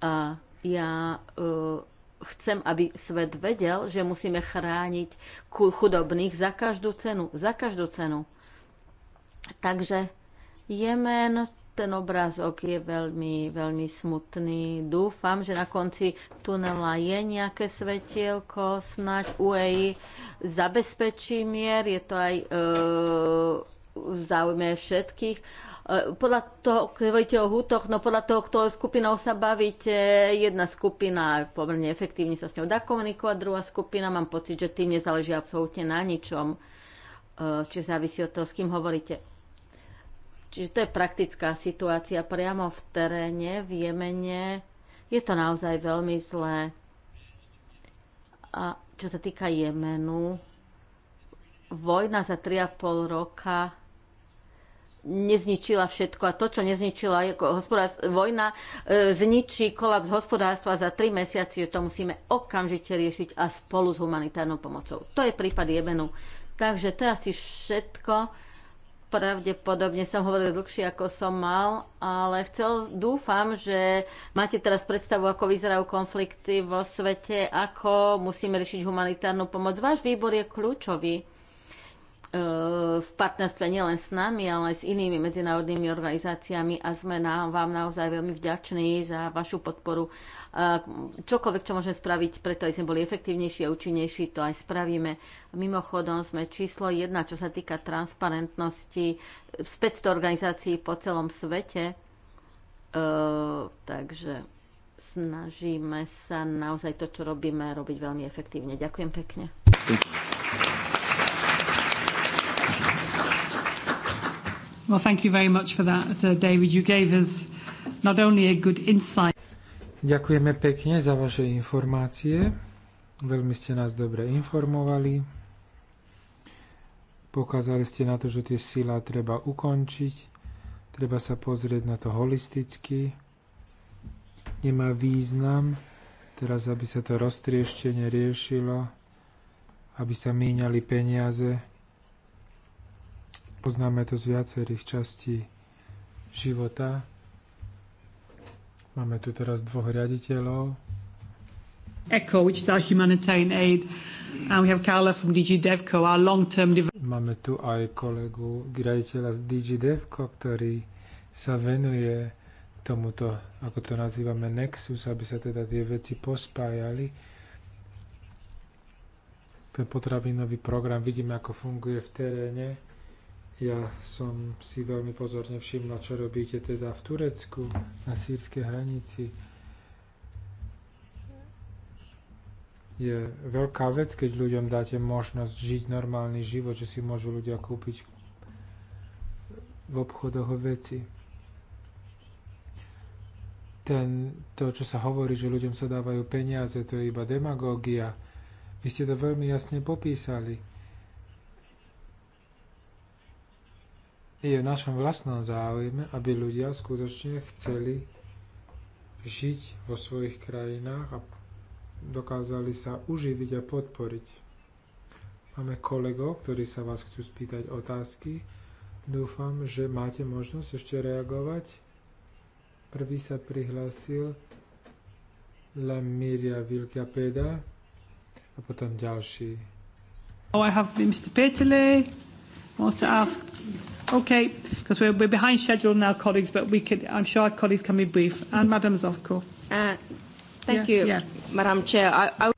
A ja e, chcem, aby svet vedel, že musíme chrániť chudobných za každú cenu. Za každú cenu. Takže Jemen, ten obrázok je veľmi, veľmi smutný. Dúfam, že na konci tunela je nejaké svetielko, snáď UEI zabezpečí mier, je to aj e, v záujme všetkých Eh, podľa toho, keď hovoríte o hútoch, no podľa toho, ktorou skupinou sa bavíte, jedna skupina pomerne efektívne sa s ňou dá komunikovať, druhá skupina, mám pocit, že tým nezáleží absolútne na ničom, eh, čiže závisí od toho, s kým hovoríte. Čiže to je praktická situácia priamo v teréne, v Jemene. Je to naozaj veľmi zlé. A čo sa týka Jemenu, vojna za 3,5 roka nezničila všetko a to, čo nezničila ako vojna, e, zničí kolaps hospodárstva za tri mesiace, to musíme okamžite riešiť a spolu s humanitárnou pomocou. To je prípad Jemenu. Takže to je asi všetko. Pravdepodobne som hovoril dlhšie, ako som mal, ale chcel, dúfam, že máte teraz predstavu, ako vyzerajú konflikty vo svete, ako musíme riešiť humanitárnu pomoc. Váš výbor je kľúčový Eh, v partnerstve nielen s nami, ale aj s inými medzinárodnými organizáciami a sme na, vám naozaj veľmi vďační za vašu podporu. Eh, čokoľvek, čo môžeme spraviť, preto aj sme boli efektívnejší a účinnejší, to aj spravíme. Mimochodom sme číslo jedna, čo sa týka transparentnosti z 500 organizácií po celom svete. Eh, takže snažíme sa naozaj to, čo robíme, robiť veľmi efektívne. Ďakujem pekne. Ďakujem. Well, thank you very much for that, uh, David. You gave us not only a good insight. Ďakujeme pekne za vaše informácie. Veľmi ste nás dobre informovali. Pokázali ste na to, že tie síla treba ukončiť. Treba sa pozrieť na to holisticky. Nemá význam teraz, aby sa to roztrieštenie riešilo, aby sa míňali peniaze Poznáme to z viacerých častí života. Máme tu teraz dvoch riaditeľov. ECHO, which is our humanitarian aid, and we have Carla from DG DevCo, our long-term Máme tu aj kolegu riaditeľa z DG DevCo, ktorý sa venuje tomuto, ako to nazývame, nexus, aby sa teda tie veci pospájali ten potravinový program, vidíme, ako funguje v teréne. Ja som si veľmi pozorne všimla, čo robíte teda v Turecku, na sírskej hranici. Je veľká vec, keď ľuďom dáte možnosť žiť normálny život, že si môžu ľudia kúpiť v obchodoch veci. Ten, to, čo sa hovorí, že ľuďom sa dávajú peniaze, to je iba demagógia. Vy ste to veľmi jasne popísali je v našom vlastnom záujme, aby ľudia skutočne chceli žiť vo svojich krajinách a dokázali sa uživiť a podporiť. Máme kolegov, ktorí sa vás chcú spýtať otázky. Dúfam, že máte možnosť ešte reagovať. Prvý sa prihlásil Lamiria Peda a potom ďalší. Oh, I have Mr. Petele, wants to ask? Okay, because we're, we're behind schedule now, colleagues, but we could, I'm sure our colleagues can be brief. And uh, Madam Zovko. Uh, thank yeah, you, yeah. Madam Chair. I, I...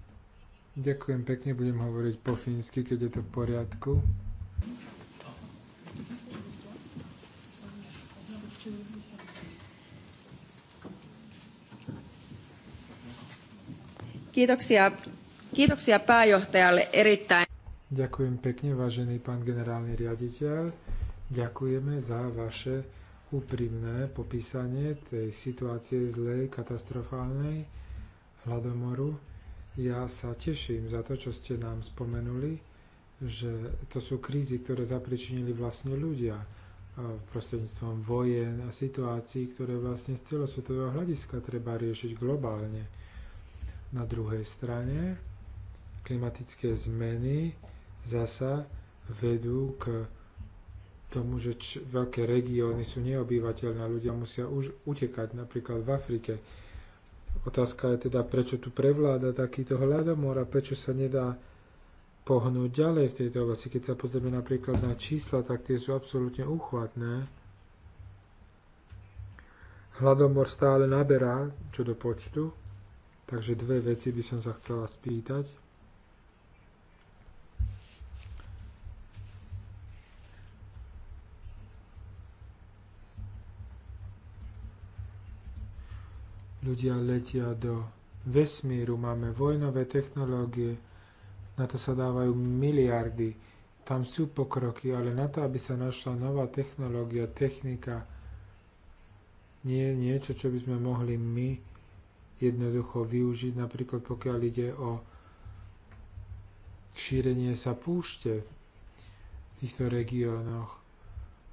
Ďakujem pekne, budem hovoriť po fínsky, keď je to v poriadku. Kiitoksia, kiitoksia pääjohtajalle erittäin. Ďakujem pekne, vážený pán generálny riaditeľ. Ďakujeme za vaše úprimné popísanie tej situácie zlej, katastrofálnej hladomoru. Ja sa teším za to, čo ste nám spomenuli, že to sú krízy, ktoré zapričinili vlastne ľudia prostredníctvom vojen a situácií, ktoré vlastne z celosvetového hľadiska treba riešiť globálne. Na druhej strane klimatické zmeny zasa vedú k tomu, že veľké regióny sú neobyvateľné, ľudia musia už utekať, napríklad v Afrike. Otázka je teda, prečo tu prevláda takýto hľadomor a prečo sa nedá pohnúť ďalej v tejto oblasti. Keď sa pozrieme napríklad na čísla, tak tie sú absolútne uchvatné. Hladomor stále naberá čo do počtu, takže dve veci by som sa chcela spýtať. Ľudia letia do vesmíru, máme vojnové technológie, na to sa dávajú miliardy. Tam sú pokroky, ale na to, aby sa našla nová technológia, technika, nie je niečo, čo by sme mohli my jednoducho využiť, napríklad pokiaľ ide o šírenie sa púšte v týchto regiónoch.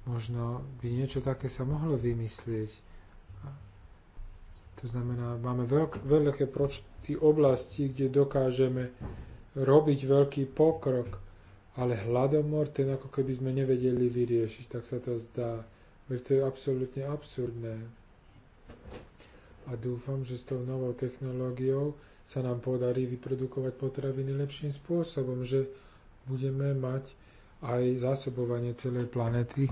Možno by niečo také sa mohlo vymyslieť. To znamená, máme veľk, veľké počty oblasti, kde dokážeme robiť veľký pokrok, ale hladomor, ten ako keby sme nevedeli vyriešiť, tak sa to zdá. Veď to je absolútne absurdné. A dúfam, že s tou novou technológiou sa nám podarí vyprodukovať potraviny lepším spôsobom, že budeme mať aj zásobovanie celej planety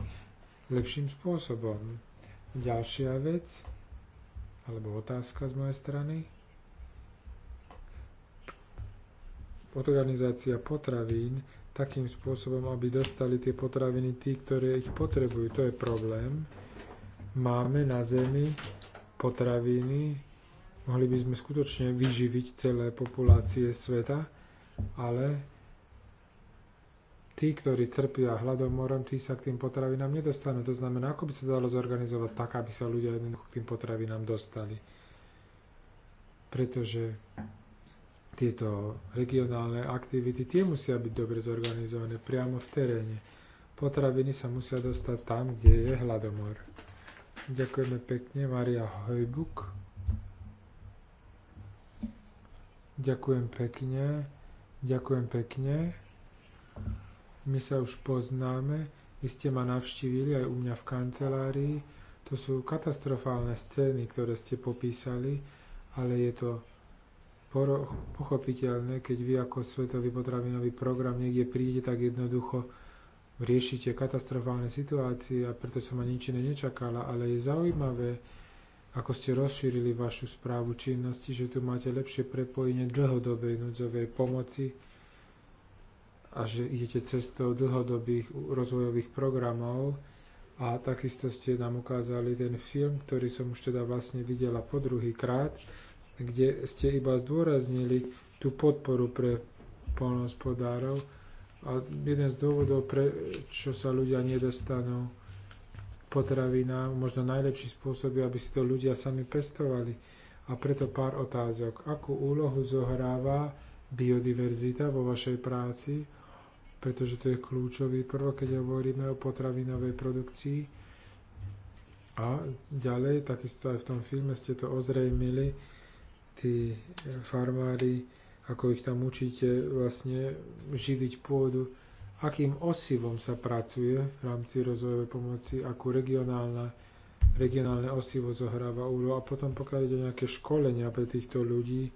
lepším spôsobom. Ďalšia vec, alebo otázka z mojej strany. Organizácia potravín takým spôsobom, aby dostali tie potraviny tí, ktorí ich potrebujú. To je problém. Máme na Zemi potraviny, mohli by sme skutočne vyživiť celé populácie sveta, ale tí, ktorí trpia hladomorom, tí sa k tým potravinám nedostanú. To znamená, ako by sa dalo zorganizovať tak, aby sa ľudia jednoducho k tým potravinám dostali. Pretože tieto regionálne aktivity, tie musia byť dobre zorganizované priamo v teréne. Potraviny sa musia dostať tam, kde je hladomor. Ďakujeme pekne, Maria Hojbuk. Ďakujem pekne. Ďakujem pekne. My sa už poznáme, vy ste ma navštívili aj u mňa v kancelárii. To sú katastrofálne scény, ktoré ste popísali, ale je to pochopiteľné, keď vy ako Svetový potravinový program niekde príde, tak jednoducho riešite katastrofálne situácie a preto som ani nič iné nečakala, ale je zaujímavé, ako ste rozšírili vašu správu činnosti, že tu máte lepšie prepojenie dlhodobej núdzovej pomoci a že idete cestou dlhodobých rozvojových programov a takisto ste nám ukázali ten film, ktorý som už teda vlastne videla po druhý krát, kde ste iba zdôraznili tú podporu pre polnohospodárov a jeden z dôvodov, prečo sa ľudia nedostanú potravinám, možno najlepší spôsob je, aby si to ľudia sami pestovali. A preto pár otázok. Akú úlohu zohráva biodiverzita vo vašej práci? pretože to je kľúčový prvok, keď hovoríme o potravinovej produkcii. A ďalej, takisto aj v tom filme ste to ozrejmili, tí farmári, ako ich tam učíte vlastne živiť pôdu, akým osivom sa pracuje v rámci rozvojovej pomoci, akú regionálna, regionálne osivo zohráva úlohu. A potom pokiaľ ide nejaké školenia pre týchto ľudí,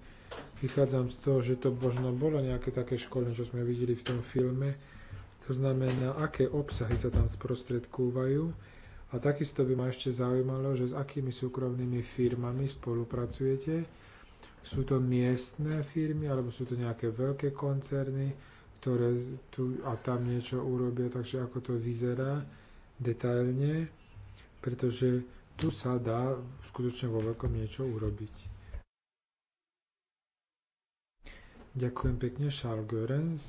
Vychádzam z toho, že to možno bolo nejaké také školné, čo sme videli v tom filme. To znamená, aké obsahy sa tam sprostredkúvajú. A takisto by ma ešte zaujímalo, že s akými súkromnými firmami spolupracujete. Sú to miestne firmy, alebo sú to nejaké veľké koncerny, ktoré tu a tam niečo urobia, takže ako to vyzerá detailne, pretože tu sa dá skutočne vo veľkom niečo urobiť. Ďakujem pekne, Charles Görens.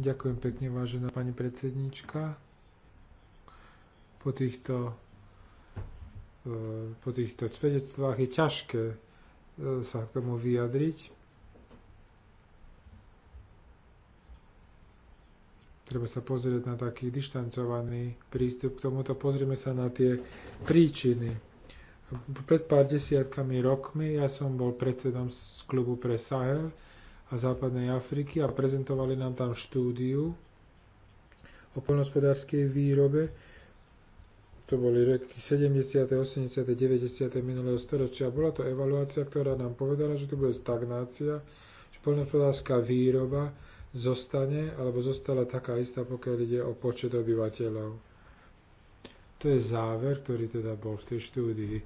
Ďakujem pekne, vážená pani predsednička. Po týchto, e, po týchto svedectvách je ťažké e, sa k tomu vyjadriť. Treba sa pozrieť na taký dištancovaný prístup k tomuto. Pozrieme sa na tie príčiny. Pred pár desiatkami rokmi ja som bol predsedom klubu pre Sahel, a Západnej Afriky a prezentovali nám tam štúdiu o poľnohospodárskej výrobe. To boli roky 70., 80., 90. minulého storočia. Bola to evaluácia, ktorá nám povedala, že tu bude stagnácia, že poľnohospodárska výroba zostane alebo zostala taká istá, pokiaľ ide o počet obyvateľov. To je záver, ktorý teda bol v tej štúdii.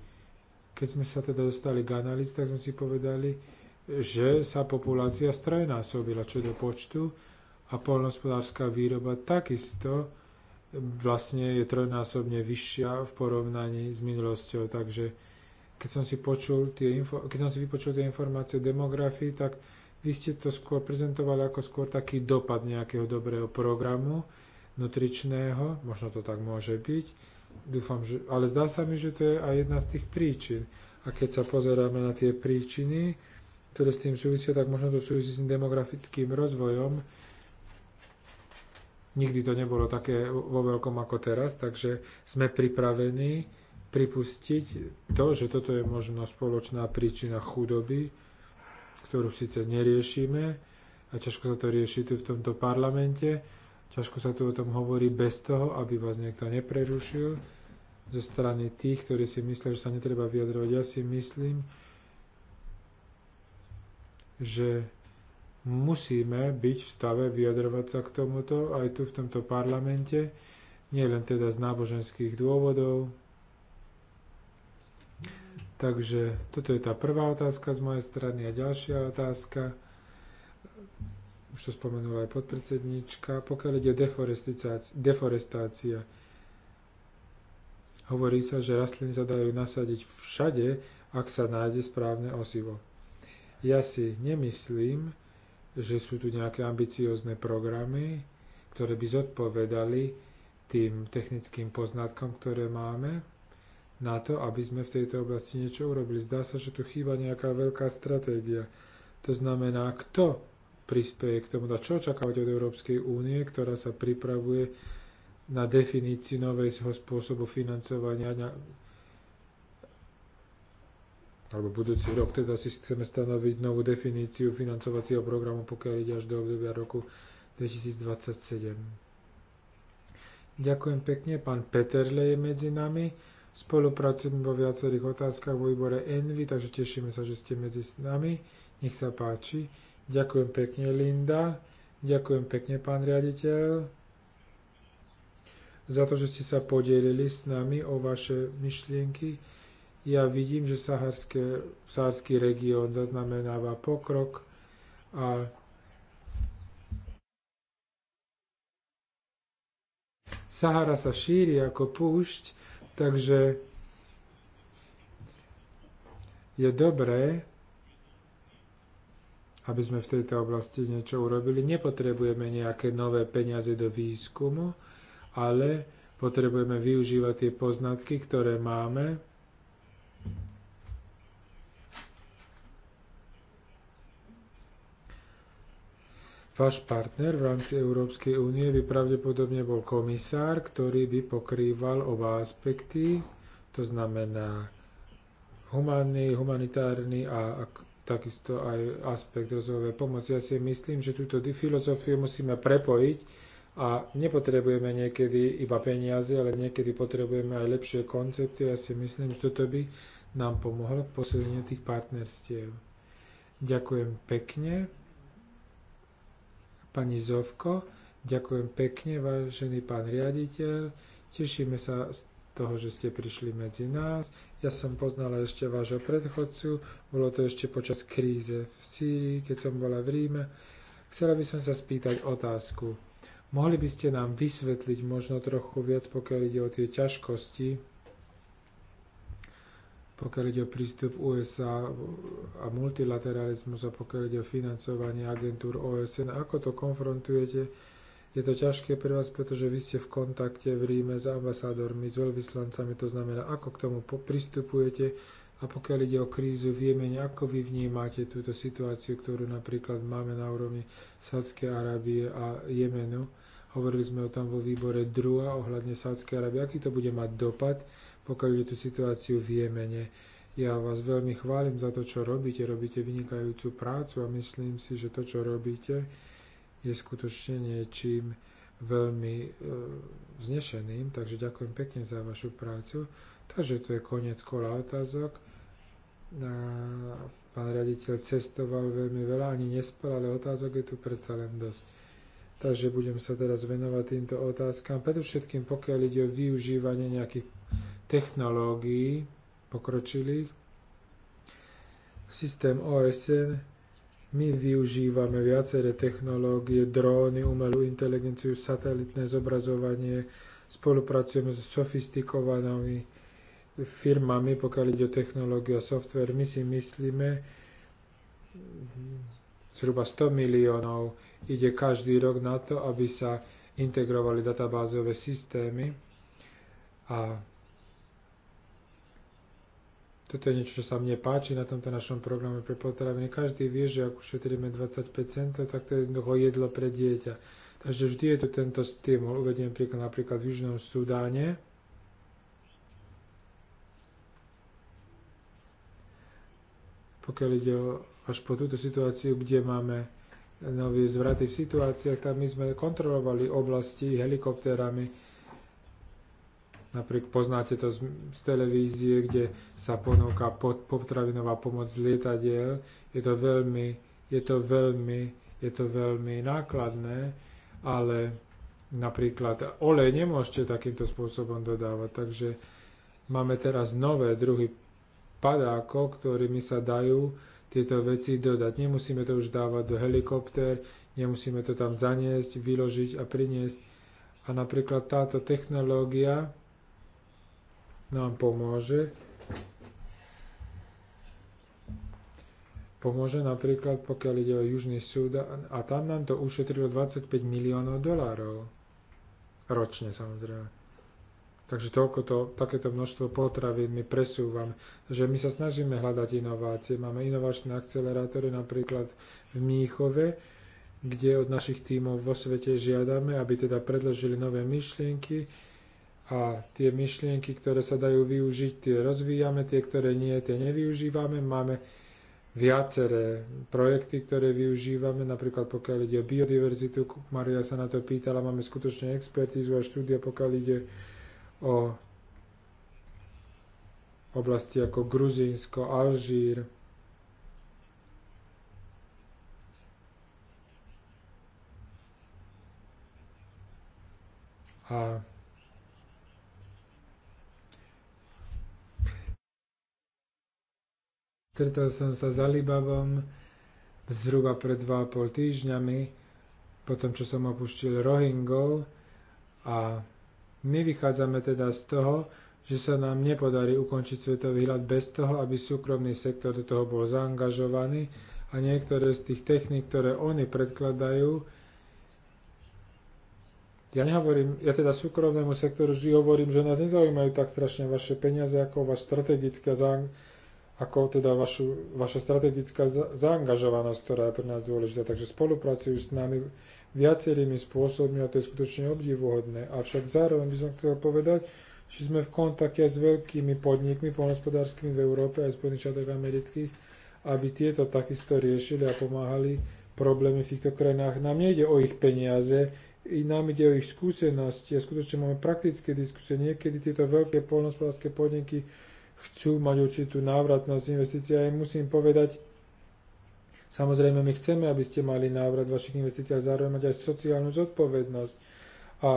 Keď sme sa teda dostali k analýz, tak sme si povedali, že sa populácia strojnásobila čo do počtu a polnospodárska výroba takisto vlastne je trojnásobne vyššia v porovnaní s minulosťou. Takže keď som si, počul tie info, keď som si vypočul tie informácie o demografii, tak vy ste to skôr prezentovali ako skôr taký dopad nejakého dobrého programu nutričného, možno to tak môže byť, dúfam, že, ale zdá sa mi, že to je aj jedna z tých príčin. A keď sa pozeráme na tie príčiny, ktoré s tým súvisia, tak možno to súvisí s demografickým rozvojom. Nikdy to nebolo také vo veľkom ako teraz, takže sme pripravení pripustiť to, že toto je možno spoločná príčina chudoby, ktorú síce neriešime a ťažko sa to rieši tu v tomto parlamente, ťažko sa tu o tom hovorí bez toho, aby vás niekto neprerušil zo strany tých, ktorí si myslia, že sa netreba vyjadrovať. Ja si myslím, že musíme byť v stave vyjadrovať sa k tomuto aj tu v tomto parlamente, nie len teda z náboženských dôvodov. Takže toto je tá prvá otázka z mojej strany a ďalšia otázka, už to spomenula aj podpredsednička. pokiaľ ide deforestácia. Hovorí sa, že rastliny sa dajú nasadiť všade, ak sa nájde správne osivo. Ja si nemyslím, že sú tu nejaké ambiciózne programy, ktoré by zodpovedali tým technickým poznatkom, ktoré máme, na to, aby sme v tejto oblasti niečo urobili. Zdá sa, že tu chýba nejaká veľká stratégia. To znamená, kto prispieje k tomu, čo očakávať od Európskej únie, ktorá sa pripravuje na definíciu nového spôsobu financovania alebo budúci rok teda si chceme stanoviť novú definíciu financovacieho programu, pokiaľ ide až do obdobia roku 2027. Ďakujem pekne, pán Peterle je medzi nami. Spolupracujeme vo viacerých otázkach vo výbore Envy, takže tešíme sa, že ste medzi nami. Nech sa páči. Ďakujem pekne, Linda. Ďakujem pekne, pán riaditeľ, za to, že ste sa podelili s nami o vaše myšlienky ja vidím, že saharské, saharský región zaznamenáva pokrok a Sahara sa šíri ako púšť, takže je dobré, aby sme v tejto oblasti niečo urobili. Nepotrebujeme nejaké nové peniaze do výskumu, ale potrebujeme využívať tie poznatky, ktoré máme Váš partner v rámci Európskej únie by pravdepodobne bol komisár, ktorý by pokrýval oba aspekty, to znamená humánny, humanitárny a takisto aj aspekt rozvojovej pomoci. Ja si myslím, že túto filozofiu musíme prepojiť a nepotrebujeme niekedy iba peniaze, ale niekedy potrebujeme aj lepšie koncepty. Ja si myslím, že toto by nám pomohlo k posilneniu tých partnerstiev. Ďakujem pekne. Pani Zovko, ďakujem pekne, vážený pán riaditeľ. Tešíme sa z toho, že ste prišli medzi nás. Ja som poznala ešte vášho predchodcu, bolo to ešte počas kríze v Sýrii, keď som bola v Ríme. Chcela by som sa spýtať otázku. Mohli by ste nám vysvetliť možno trochu viac, pokiaľ ide o tie ťažkosti, pokiaľ ide o prístup USA a multilateralizmus a pokiaľ ide o financovanie agentúr OSN. Ako to konfrontujete? Je to ťažké pre vás, pretože vy ste v kontakte v Ríme s ambasádormi, s veľvyslancami, to znamená, ako k tomu pristupujete a pokiaľ ide o krízu v Jemene, ako vy vnímate túto situáciu, ktorú napríklad máme na úrovni Sádskej Arábie a Jemenu. Hovorili sme o tom vo výbore Drua ohľadne Sádskej Arábie, aký to bude mať dopad pokiaľ je tú situáciu v Jemene. Ja vás veľmi chválim za to, čo robíte. Robíte vynikajúcu prácu a myslím si, že to, čo robíte, je skutočne niečím veľmi e, vznešeným. Takže ďakujem pekne za vašu prácu. Takže to je koniec kola otázok. A pán raditeľ cestoval veľmi veľa, ani nespal, ale otázok je tu predsa len dosť. Takže budem sa teraz venovať týmto otázkam, predovšetkým pokiaľ ide o využívanie nejakých technológií pokročilých. Systém OSN my využívame viaceré technológie, dróny, umelú inteligenciu, satelitné zobrazovanie, spolupracujeme s sofistikovanými firmami, pokiaľ ide o technológiu a software. My si myslíme, zhruba 100 miliónov ide každý rok na to, aby sa integrovali databázové systémy a toto je niečo, čo sa mne páči na tomto našom programe pre potraviny. Každý vie, že ak ušetríme 25 centov, tak to je jednoducho jedlo pre dieťa. Takže vždy je to tento stimul. Uvediem príklad napríklad v Južnom Sudáne. Pokiaľ ide o, až po túto situáciu, kde máme nové zvraty v situáciách, tak my sme kontrolovali oblasti helikoptérami, Napriek poznáte to z, z televízie, kde sa ponúka pod, potravinová pomoc z lietadiel. Je to veľmi, je to veľmi, je to veľmi nákladné, ale napríklad olej nemôžete takýmto spôsobom dodávať. Takže máme teraz nové druhy padákov, ktorými sa dajú tieto veci dodať. Nemusíme to už dávať do helikopter, nemusíme to tam zaniesť, vyložiť a priniesť. A napríklad táto technológia nám pomôže. Pomôže napríklad, pokiaľ ide o Južný súd a tam nám to ušetrilo 25 miliónov dolárov. Ročne samozrejme. Takže toľko to, takéto množstvo potravín my presúvam. Že my sa snažíme hľadať inovácie. Máme inovačné akcelerátory napríklad v Míchove, kde od našich tímov vo svete žiadame, aby teda predložili nové myšlienky, a tie myšlienky, ktoré sa dajú využiť, tie rozvíjame, tie, ktoré nie, tie nevyužívame. Máme viaceré projekty, ktoré využívame, napríklad pokiaľ ide o biodiverzitu, Maria sa na to pýtala, máme skutočne expertízu a štúdia, pokiaľ ide o oblasti ako Gruzínsko, Alžír, a Stretol som sa s Alibabom zhruba pred 2,5 týždňami, potom čo som opustil Rohingov a my vychádzame teda z toho, že sa nám nepodarí ukončiť svetový hľad bez toho, aby súkromný sektor do toho bol zaangažovaný a niektoré z tých techník, ktoré oni predkladajú, ja nehovorím, ja teda súkromnému sektoru vždy hovorím, že nás nezaujímajú tak strašne vaše peniaze, ako vaš strategický a ako teda vašu, vaša strategická zaangažovanosť, ktorá je pre nás dôležitá. Takže spolupracujú s nami viacerými spôsobmi a to je skutočne obdivuhodné. Avšak zároveň by som chcel povedať, že sme v kontakte s veľkými podnikmi poľnohospodárskymi v Európe aj Spojených štátoch amerických, aby tieto takisto riešili a pomáhali problémy v týchto krajinách. Nám nejde o ich peniaze, i nám ide o ich skúsenosti a skutočne máme praktické diskusie. Niekedy tieto veľké poľnohospodárske podniky chcú mať určitú návratnosť investícií. Ja im musím povedať, samozrejme my chceme, aby ste mali návrat vašich investícií, ale zároveň mať aj sociálnu zodpovednosť. A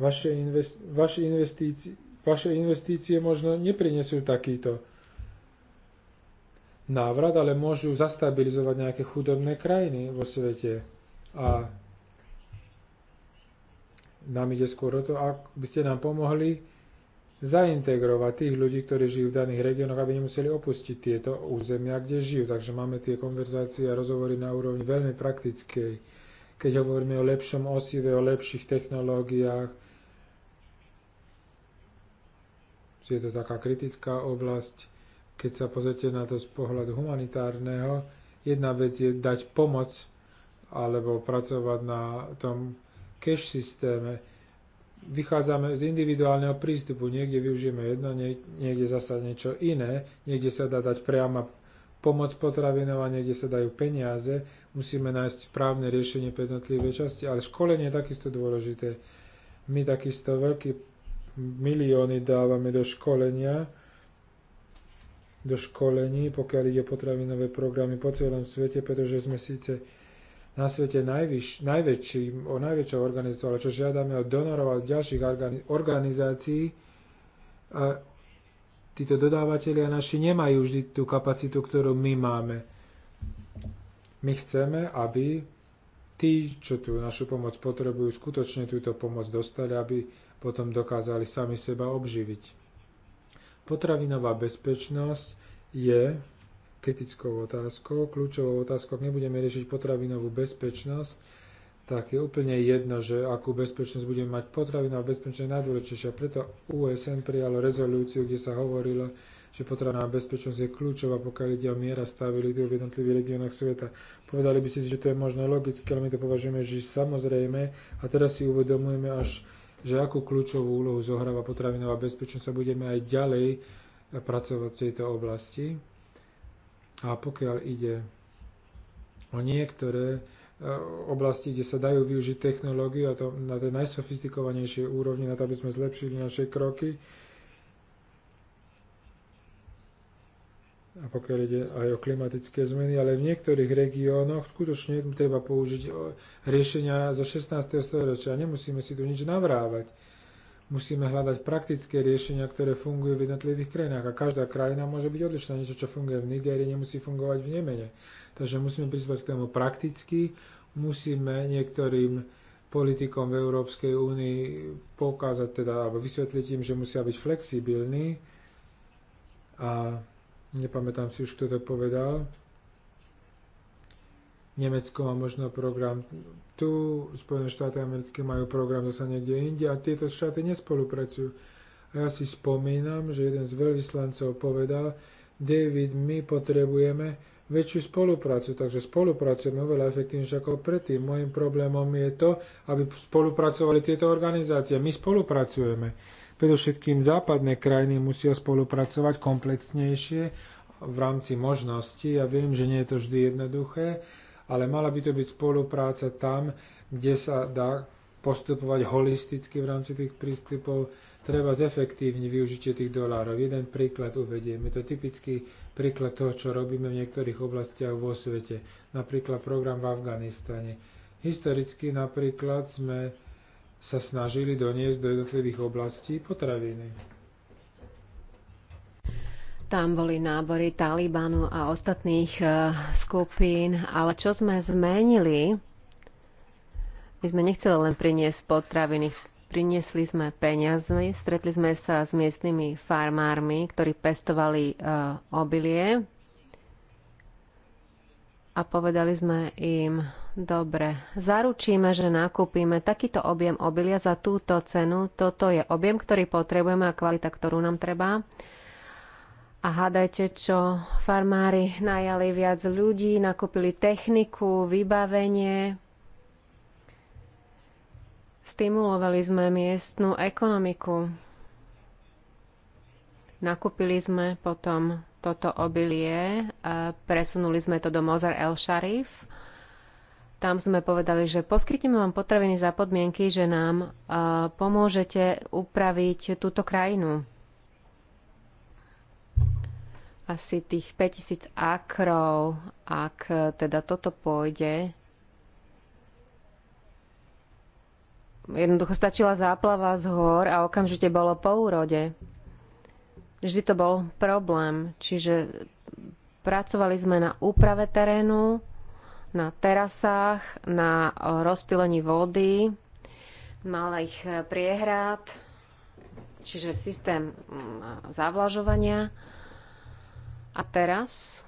vaše, invest, vaše, investície, vaše investície možno neprinesú takýto návrat, ale môžu zastabilizovať nejaké chudobné krajiny vo svete. A nám ide skôr o to, ak by ste nám pomohli zaintegrovať tých ľudí, ktorí žijú v daných regiónoch, aby nemuseli opustiť tieto územia, kde žijú. Takže máme tie konverzácie a rozhovory na úrovni veľmi praktickej. Keď hovoríme o lepšom osive, o lepších technológiách, je to taká kritická oblasť. Keď sa pozrite na to z pohľadu humanitárneho, jedna vec je dať pomoc alebo pracovať na tom cash systéme, vychádzame z individuálneho prístupu. Niekde využijeme jedno, niekde zasa niečo iné, niekde sa dá dať priama pomoc potravinová, niekde sa dajú peniaze, musíme nájsť právne riešenie pre jednotlivé časti, ale školenie je takisto dôležité. My takisto veľké milióny dávame do školenia, do školení, pokiaľ ide potravinové programy po celom svete, pretože sme síce na svete najvyš, najväčším, o najväčšou organizáciou, ale čo žiadame od donorov a ďalších organizácií, a títo dodávateľia naši nemajú vždy tú kapacitu, ktorú my máme. My chceme, aby tí, čo tú našu pomoc potrebujú, skutočne túto pomoc dostali, aby potom dokázali sami seba obživiť. Potravinová bezpečnosť je kritickou otázkou, kľúčovou otázkou, ak nebudeme riešiť potravinovú bezpečnosť, tak je úplne jedno, že akú bezpečnosť budeme mať. Potravinová bezpečnosť je najdôležitejšia, preto USN prijalo rezolúciu, kde sa hovorilo, že potravinová bezpečnosť je kľúčová, pokiaľ ide o miera stability v jednotlivých regiónoch sveta. Povedali by si, že to je možno logické, ale my to považujeme, že samozrejme a teraz si uvedomujeme až, že akú kľúčovú úlohu zohráva potravinová bezpečnosť a budeme aj ďalej pracovať v tejto oblasti. A pokiaľ ide o niektoré e, oblasti, kde sa dajú využiť technológiu a to na tej najsofistikovanejšej úrovni, na to, aby sme zlepšili naše kroky. A pokiaľ ide aj o klimatické zmeny, ale v niektorých regiónoch skutočne treba použiť e, riešenia zo 16. storočia. Nemusíme si tu nič navrávať Musíme hľadať praktické riešenia, ktoré fungujú v jednotlivých krajinách. A každá krajina môže byť odlišná. Niečo, čo funguje v Nigérii, nemusí fungovať v Nemene. Takže musíme prispôsobiť k tomu prakticky. Musíme niektorým politikom v Európskej únii poukázať teda, alebo vysvetliť im, že musia byť flexibilní. A nepamätám si už, kto to povedal, Nemecko má možno program tu, Spojené štáty americké majú program zase niekde inde a tieto štáty nespolupracujú. A ja si spomínam, že jeden z veľvyslancov povedal, David, my potrebujeme väčšiu spoluprácu, takže spolupracujeme oveľa efektívnejšie ako predtým. Mojím problémom je to, aby spolupracovali tieto organizácie. My spolupracujeme. Predovšetkým západné krajiny musia spolupracovať komplexnejšie v rámci možností. Ja viem, že nie je to vždy jednoduché, ale mala by to byť spolupráca tam, kde sa dá postupovať holisticky v rámci tých prístupov, treba zefektívne využitie tých dolárov. Jeden príklad uvediem. Je to typický príklad toho, čo robíme v niektorých oblastiach vo svete. Napríklad program v Afganistane. Historicky napríklad sme sa snažili doniesť do jednotlivých oblastí potraviny tam boli nábory Talibanu a ostatných e, skupín, ale čo sme zmenili, my sme nechceli len priniesť potraviny, priniesli sme peniazmi, stretli sme sa s miestnymi farmármi, ktorí pestovali e, obilie a povedali sme im, dobre, zaručíme, že nakúpime takýto objem obilia za túto cenu, toto je objem, ktorý potrebujeme a kvalita, ktorú nám treba. A hádajte, čo farmári najali viac ľudí, nakúpili techniku, vybavenie. Stimulovali sme miestnú ekonomiku. Nakúpili sme potom toto obilie, e, presunuli sme to do Mozar El Sharif. Tam sme povedali, že poskytíme vám potraviny za podmienky, že nám e, pomôžete upraviť túto krajinu asi tých 5000 akrov, ak e, teda toto pôjde. Jednoducho stačila záplava z hor a okamžite bolo po úrode. Vždy to bol problém, čiže pracovali sme na úprave terénu, na terasách, na e, rozptýlení vody, malých e, priehrad, čiže systém mm, zavlažovania. A teraz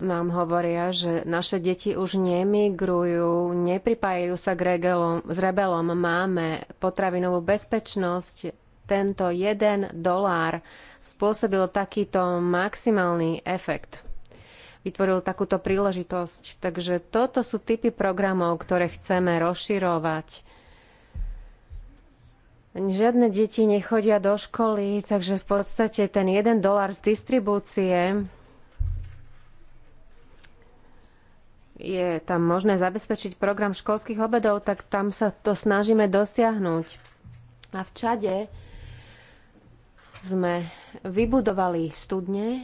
nám hovoria, že naše deti už nemigrujú, nepripájajú sa k regelom, s rebelom, máme potravinovú bezpečnosť. Tento jeden dolár spôsobil takýto maximálny efekt. Vytvoril takúto príležitosť. Takže toto sú typy programov, ktoré chceme rozširovať Žiadne deti nechodia do školy, takže v podstate ten 1 dolár z distribúcie je tam možné zabezpečiť program školských obedov, tak tam sa to snažíme dosiahnuť. A v Čade sme vybudovali studne,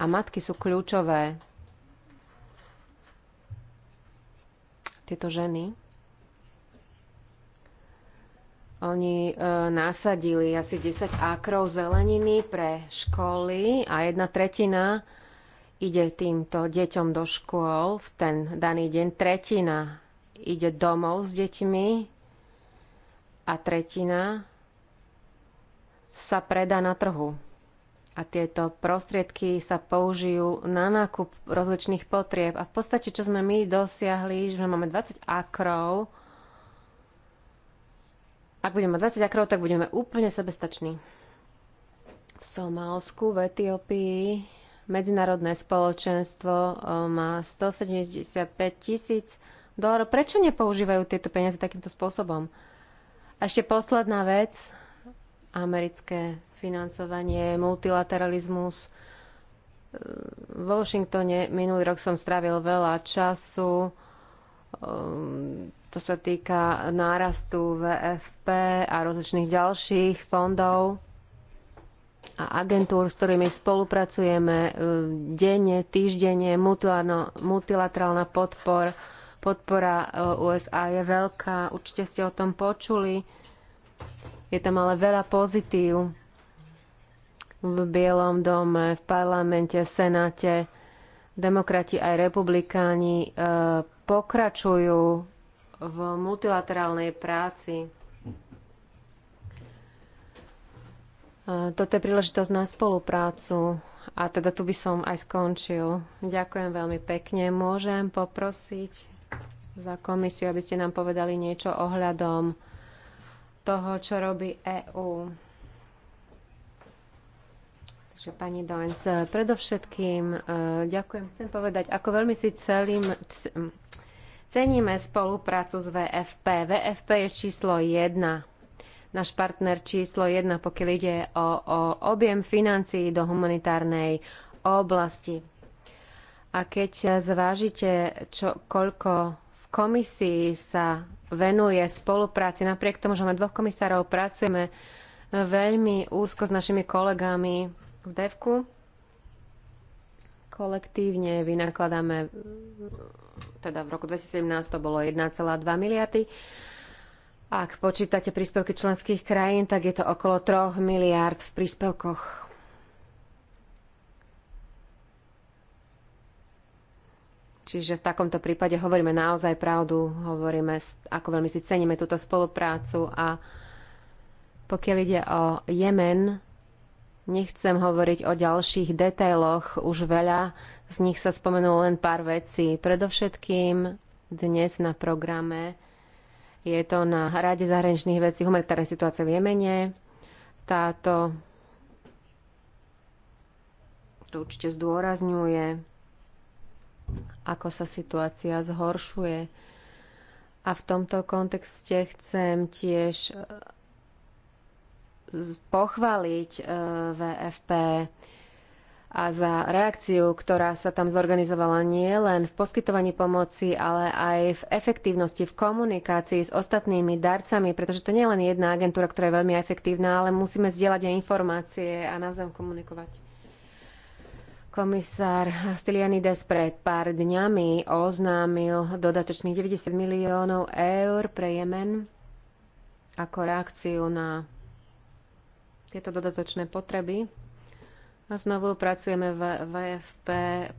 a matky sú kľúčové. tieto ženy, oni e, nasadili asi 10 akrov zeleniny pre školy a jedna tretina ide týmto deťom do škôl v ten daný deň, tretina ide domov s deťmi a tretina sa predá na trhu a tieto prostriedky sa použijú na nákup rozličných potrieb. A v podstate, čo sme my dosiahli, že máme 20 akrov, ak budeme mať 20 akrov, tak budeme úplne sebestační. V Somálsku, v Etiópii medzinárodné spoločenstvo eh, má 175 tisíc dolárov. Prečo nepoužívajú tieto peniaze takýmto spôsobom? A ešte posledná vec. Americké financovanie, multilateralizmus. E, v Washingtone minulý rok som strávil veľa času. E, to sa týka nárastu VFP a rozličných ďalších fondov a agentúr, s ktorými spolupracujeme e, denne, týždenne. Multilaterálna podpor, podpora USA je veľká. Určite ste o tom počuli. Je tam ale veľa pozitív v Bielom dome, v parlamente, senáte. Demokrati aj republikáni e, pokračujú v multilaterálnej práci. E, toto je príležitosť na spoluprácu a teda tu by som aj skončil. Ďakujem veľmi pekne. Môžem poprosiť za komisiu, aby ste nám povedali niečo ohľadom toho, čo robí EÚ Takže pani Doens, eh, predovšetkým eh, ďakujem. Chcem povedať, ako veľmi si celým ceníme spoluprácu s VFP. VFP je číslo 1 náš partner číslo 1, pokiaľ ide o, o objem financií do humanitárnej oblasti. A keď zvážite, čo, koľko v komisii sa venuje spolupráci, napriek tomu, že máme dvoch komisárov, pracujeme eh, veľmi úzko s našimi kolegami v devku. Kolektívne vynakladáme, teda v roku 2017 to bolo 1,2 miliardy. Ak počítate príspevky členských krajín, tak je to okolo 3 miliard v príspevkoch. Čiže v takomto prípade hovoríme naozaj pravdu, hovoríme, ako veľmi si ceníme túto spoluprácu a pokiaľ ide o Jemen, Nechcem hovoriť o ďalších detailoch, už veľa z nich sa spomenulo len pár vecí. Predovšetkým dnes na programe je to na Rade zahraničných vecí humanitárne situácie v Jemene. Táto to určite zdôrazňuje, ako sa situácia zhoršuje. A v tomto kontexte chcem tiež pochváliť e, VFP a za reakciu, ktorá sa tam zorganizovala nie len v poskytovaní pomoci, ale aj v efektívnosti, v komunikácii s ostatnými darcami, pretože to nie je len jedna agentúra, ktorá je veľmi efektívna, ale musíme zdieľať aj informácie a navzájom komunikovať. Komisár Stylianides pred pár dňami oznámil dodatočných 90 miliónov eur pre Jemen ako reakciu na tieto dodatočné potreby. A znovu pracujeme v VFP,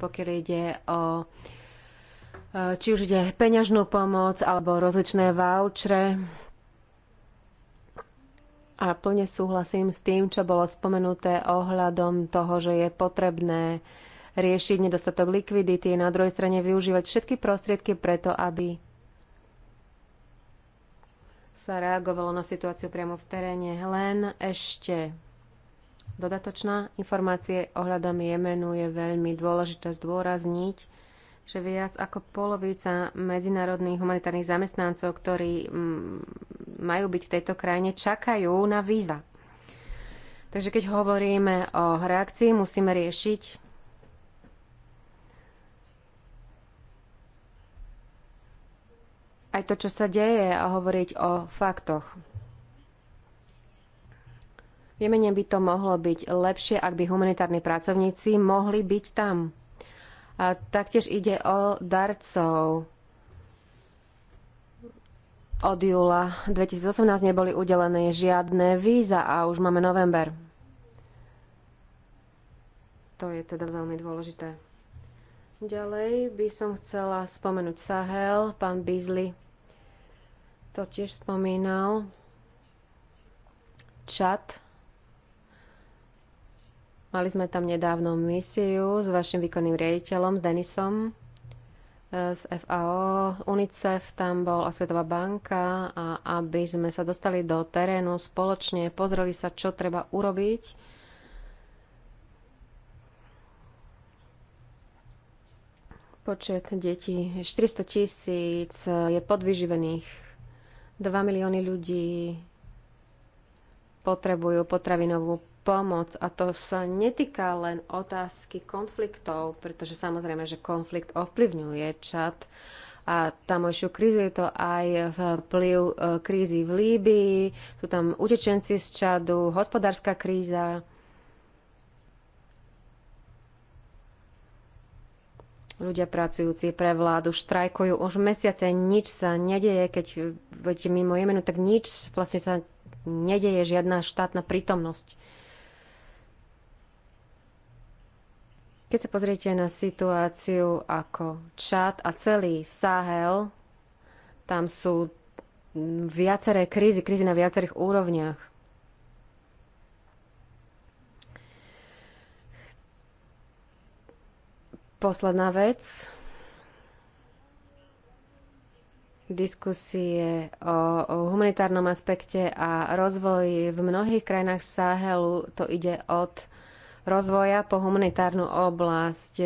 pokiaľ ide o e, či už ide peňažnú pomoc alebo rozličné vouchere. A plne súhlasím s tým, čo bolo spomenuté ohľadom toho, že je potrebné riešiť nedostatok likvidity, na druhej strane využívať všetky prostriedky preto, aby sa reagovalo na situáciu priamo v teréne. Len ešte dodatočná informácie ohľadom Jemenu je veľmi dôležité zdôrazniť, že viac ako polovica medzinárodných humanitárnych zamestnancov, ktorí mm, majú byť v tejto krajine, čakajú na víza. Takže keď hovoríme o reakcii, musíme riešiť aj to, čo sa deje a hovoriť o faktoch. V Jemene by to mohlo byť lepšie, ak by humanitárni pracovníci mohli byť tam. A taktiež ide o darcov. Od júla 2018 neboli udelené žiadne víza a už máme november. To je teda veľmi dôležité. Ďalej by som chcela spomenúť Sahel, pán Beasley to tiež spomínal. Čat. Mali sme tam nedávno misiu s vašim výkonným riaditeľom, s Denisom e, z FAO, UNICEF tam bol a Svetová banka a aby sme sa dostali do terénu spoločne, pozreli sa, čo treba urobiť. Počet detí 400 tisíc je podvyživených 2 milióny ľudí potrebujú potravinovú pomoc a to sa netýka len otázky konfliktov, pretože samozrejme, že konflikt ovplyvňuje čat a tamojšiu krízu je to aj vplyv eh, krízy v Líbii, sú tam utečenci z Čadu, hospodárska kríza, Ľudia pracujúci pre vládu štrajkujú už mesiace, nič sa nedeje, keď viete mimo Jemenu, tak nič vlastne sa nedeje, žiadna štátna prítomnosť. Keď sa pozriete na situáciu ako Čad a celý Sahel, tam sú viaceré krízy, krízy na viacerých úrovniach. Posledná vec. Diskusie o, o humanitárnom aspekte a rozvoji. V mnohých krajinách Sahelu to ide od rozvoja po humanitárnu oblasť. E,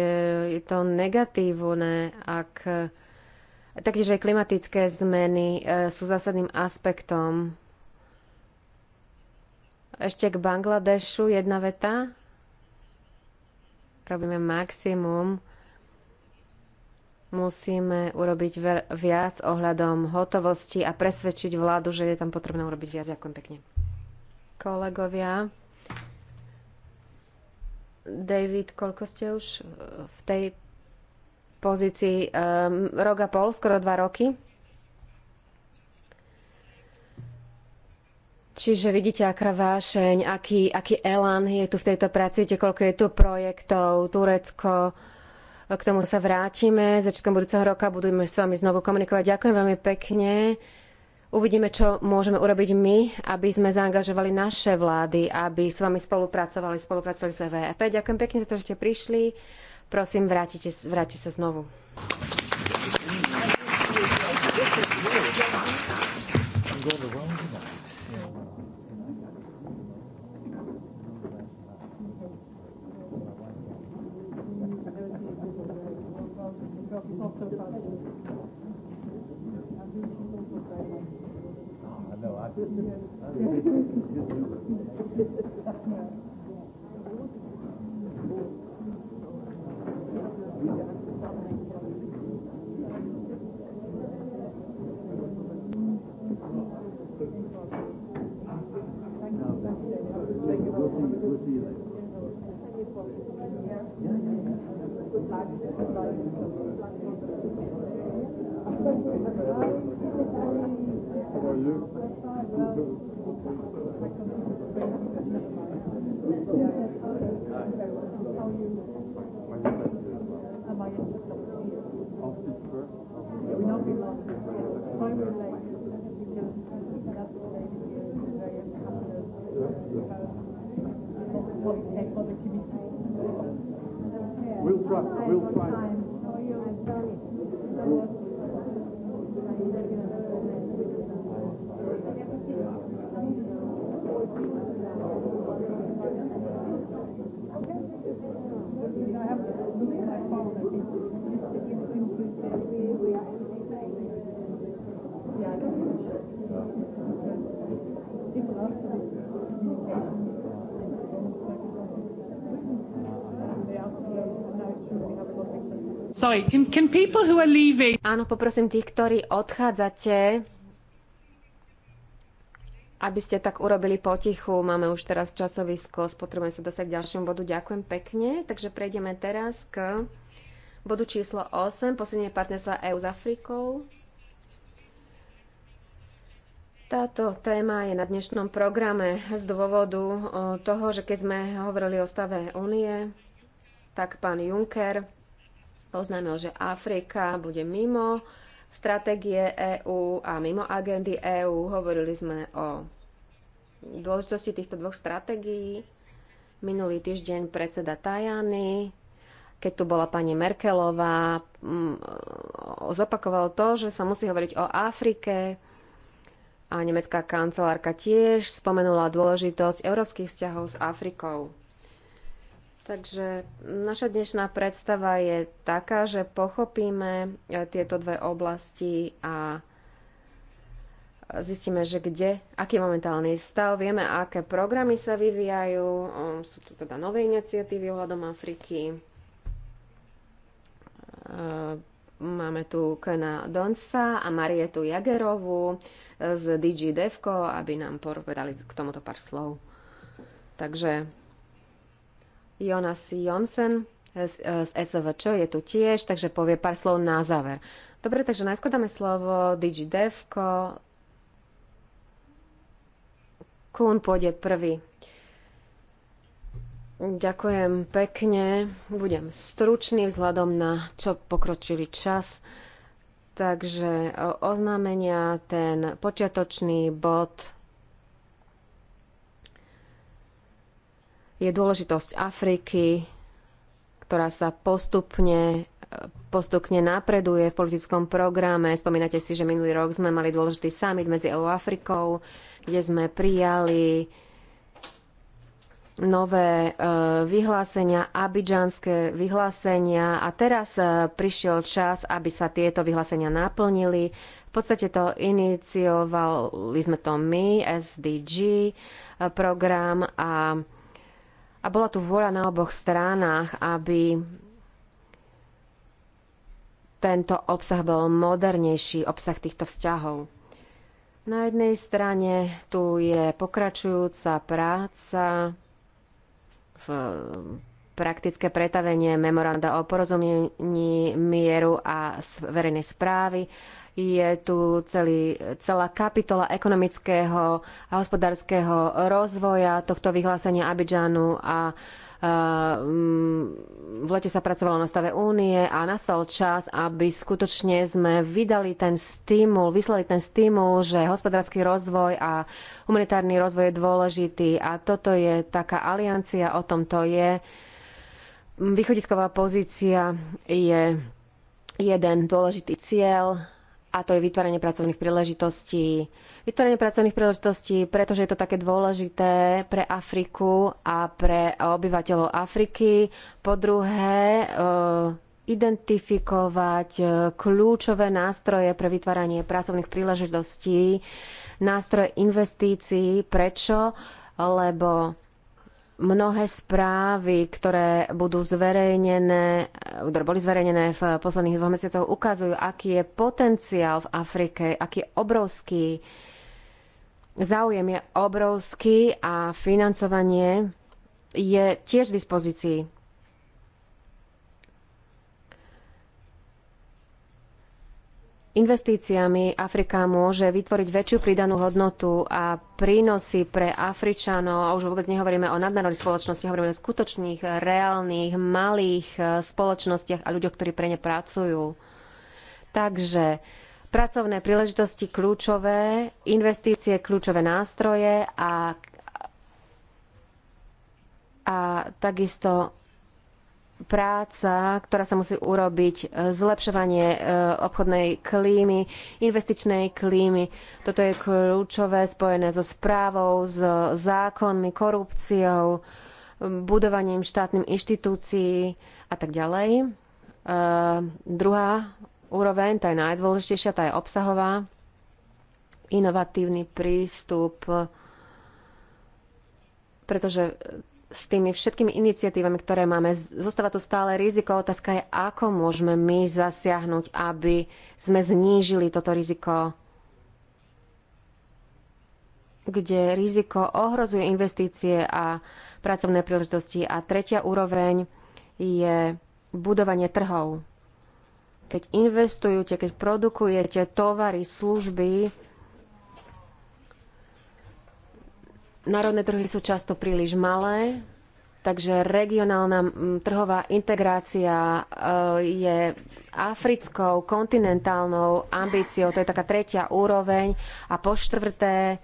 je to negatívne, ak taktiež aj klimatické zmeny e, sú zásadným aspektom. Ešte k Bangladešu jedna veta robíme maximum, musíme urobiť viac ohľadom hotovosti a presvedčiť vládu, že je tam potrebné urobiť viac. Ďakujem pekne. Kolegovia, David, koľko ste už v tej pozícii? Um, rok a pol, skoro dva roky. Čiže vidíte, aká vášeň, aký, aký elan je tu v tejto práci, viete, koľko je tu projektov, Turecko, k tomu sa vrátime. Začiatkom budúceho roka budeme s vami znovu komunikovať. Ďakujem veľmi pekne. Uvidíme, čo môžeme urobiť my, aby sme zaangažovali naše vlády, aby s vami spolupracovali, spolupracovali s EVF. E Ďakujem pekne za to, že ste prišli. Prosím, vrátite, vráťte sa znovu. Yeah. I I do it. Sorry, can, can people who are leaving... Áno, poprosím tých, ktorí odchádzate, aby ste tak urobili potichu. Máme už teraz časový sklos, potrebujeme sa dostať k ďalšiemu bodu. Ďakujem pekne. Takže prejdeme teraz k bodu číslo 8, posilnenie partnerstva EU s Afrikou. Táto téma je na dnešnom programe z dôvodu eh, toho, že keď sme hovorili o stave únie, tak pán Juncker oznámil, že Afrika bude mimo stratégie EÚ a mimo agendy EÚ. Hovorili sme o dôležitosti týchto dvoch stratégií. Minulý týždeň predseda Tajany, keď tu bola pani Merkelová, mm, zopakoval to, že sa musí hovoriť o Afrike a nemecká kancelárka tiež spomenula dôležitosť európskych vzťahov s Afrikou. Takže naša dnešná predstava je taká, že pochopíme e, tieto dve oblasti a zistíme, že kde, aký je momentálny stav, vieme, aké programy sa vyvíjajú, sú tu teda nové iniciatívy ohľadom Afriky. E, máme tu Kena Donsa a Marietu Jagerovu z DG Devco, aby nám povedali k tomuto pár slov. Takže Jonas Jonsen z, e, z SVČ je tu tiež, takže povie pár slov na záver. Dobre, takže najskôr dáme slovo DigiDevko. Kún pôjde prvý. Ďakujem pekne. Budem stručný vzhľadom na čo pokročili čas. Takže e, oznámenia, ten počiatočný bod je dôležitosť Afriky, ktorá sa postupne postupne napreduje v politickom programe. Spomínate si, že minulý rok sme mali dôležitý summit medzi EU a Afrikou, kde sme prijali nové e, vyhlásenia, abidžanské vyhlásenia a teraz e, prišiel čas, aby sa tieto vyhlásenia naplnili. V podstate to iniciovali sme to my, SDG e, program a a bola tu vôľa na oboch stranách, aby tento obsah bol modernejší, obsah týchto vzťahov. Na jednej strane tu je pokračujúca práca v praktické pretavenie memoranda o porozumení mieru a verejnej správy je tu celý, celá kapitola ekonomického a hospodárskeho rozvoja tohto vyhlásenia Abidžanu a mm, v lete sa pracovalo na stave únie a nastal čas, aby skutočne sme vydali ten stimul, vyslali ten stimul, že hospodársky rozvoj a humanitárny rozvoj je dôležitý a toto je taká aliancia, o tom to je. Východisková pozícia je jeden dôležitý cieľ a to je vytváranie pracovných príležitostí. Vytváranie pracovných príležitostí, pretože je to také dôležité pre Afriku a pre obyvateľov Afriky. Po druhé, eh, identifikovať eh, kľúčové nástroje pre vytváranie pracovných príležitostí, nástroje investícií. Prečo? Lebo mnohé správy, ktoré budú zverejnené, ktoré boli zverejnené v posledných dvoch mesiacoch, ukazujú, aký je potenciál v Afrike, aký je obrovský. Záujem je obrovský a financovanie je tiež v dispozícii. Investíciami Afrika môže vytvoriť väčšiu pridanú hodnotu a prínosy pre Afričanov, a už vôbec nehovoríme o nadnárodných spoločnosti, hovoríme o skutočných, reálnych, malých eh, spoločnostiach a ľuďoch, ktorí pre ne pracujú. Takže pracovné príležitosti kľúčové, investície kľúčové nástroje a, a takisto práca, ktorá sa musí urobiť, e, zlepšovanie e, obchodnej klímy, investičnej klímy. Toto je kľúčové, spojené so správou, s so zákonmi, korupciou, budovaním štátnym inštitúcií a tak ďalej. E, druhá úroveň, tá je najdôležitejšia, tá je obsahová. Inovatívny prístup pretože s tými všetkými iniciatívami, ktoré máme. Zostáva tu stále riziko. Otázka je, ako môžeme my zasiahnuť, aby sme znížili toto riziko, kde riziko ohrozuje investície a pracovné príležitosti. A tretia úroveň je budovanie trhov. Keď investujete, keď produkujete tovary, služby, národné trhy sú často príliš malé, takže regionálna trhová integrácia e, je africkou, kontinentálnou ambíciou, to je taká tretia úroveň. A po štvrté,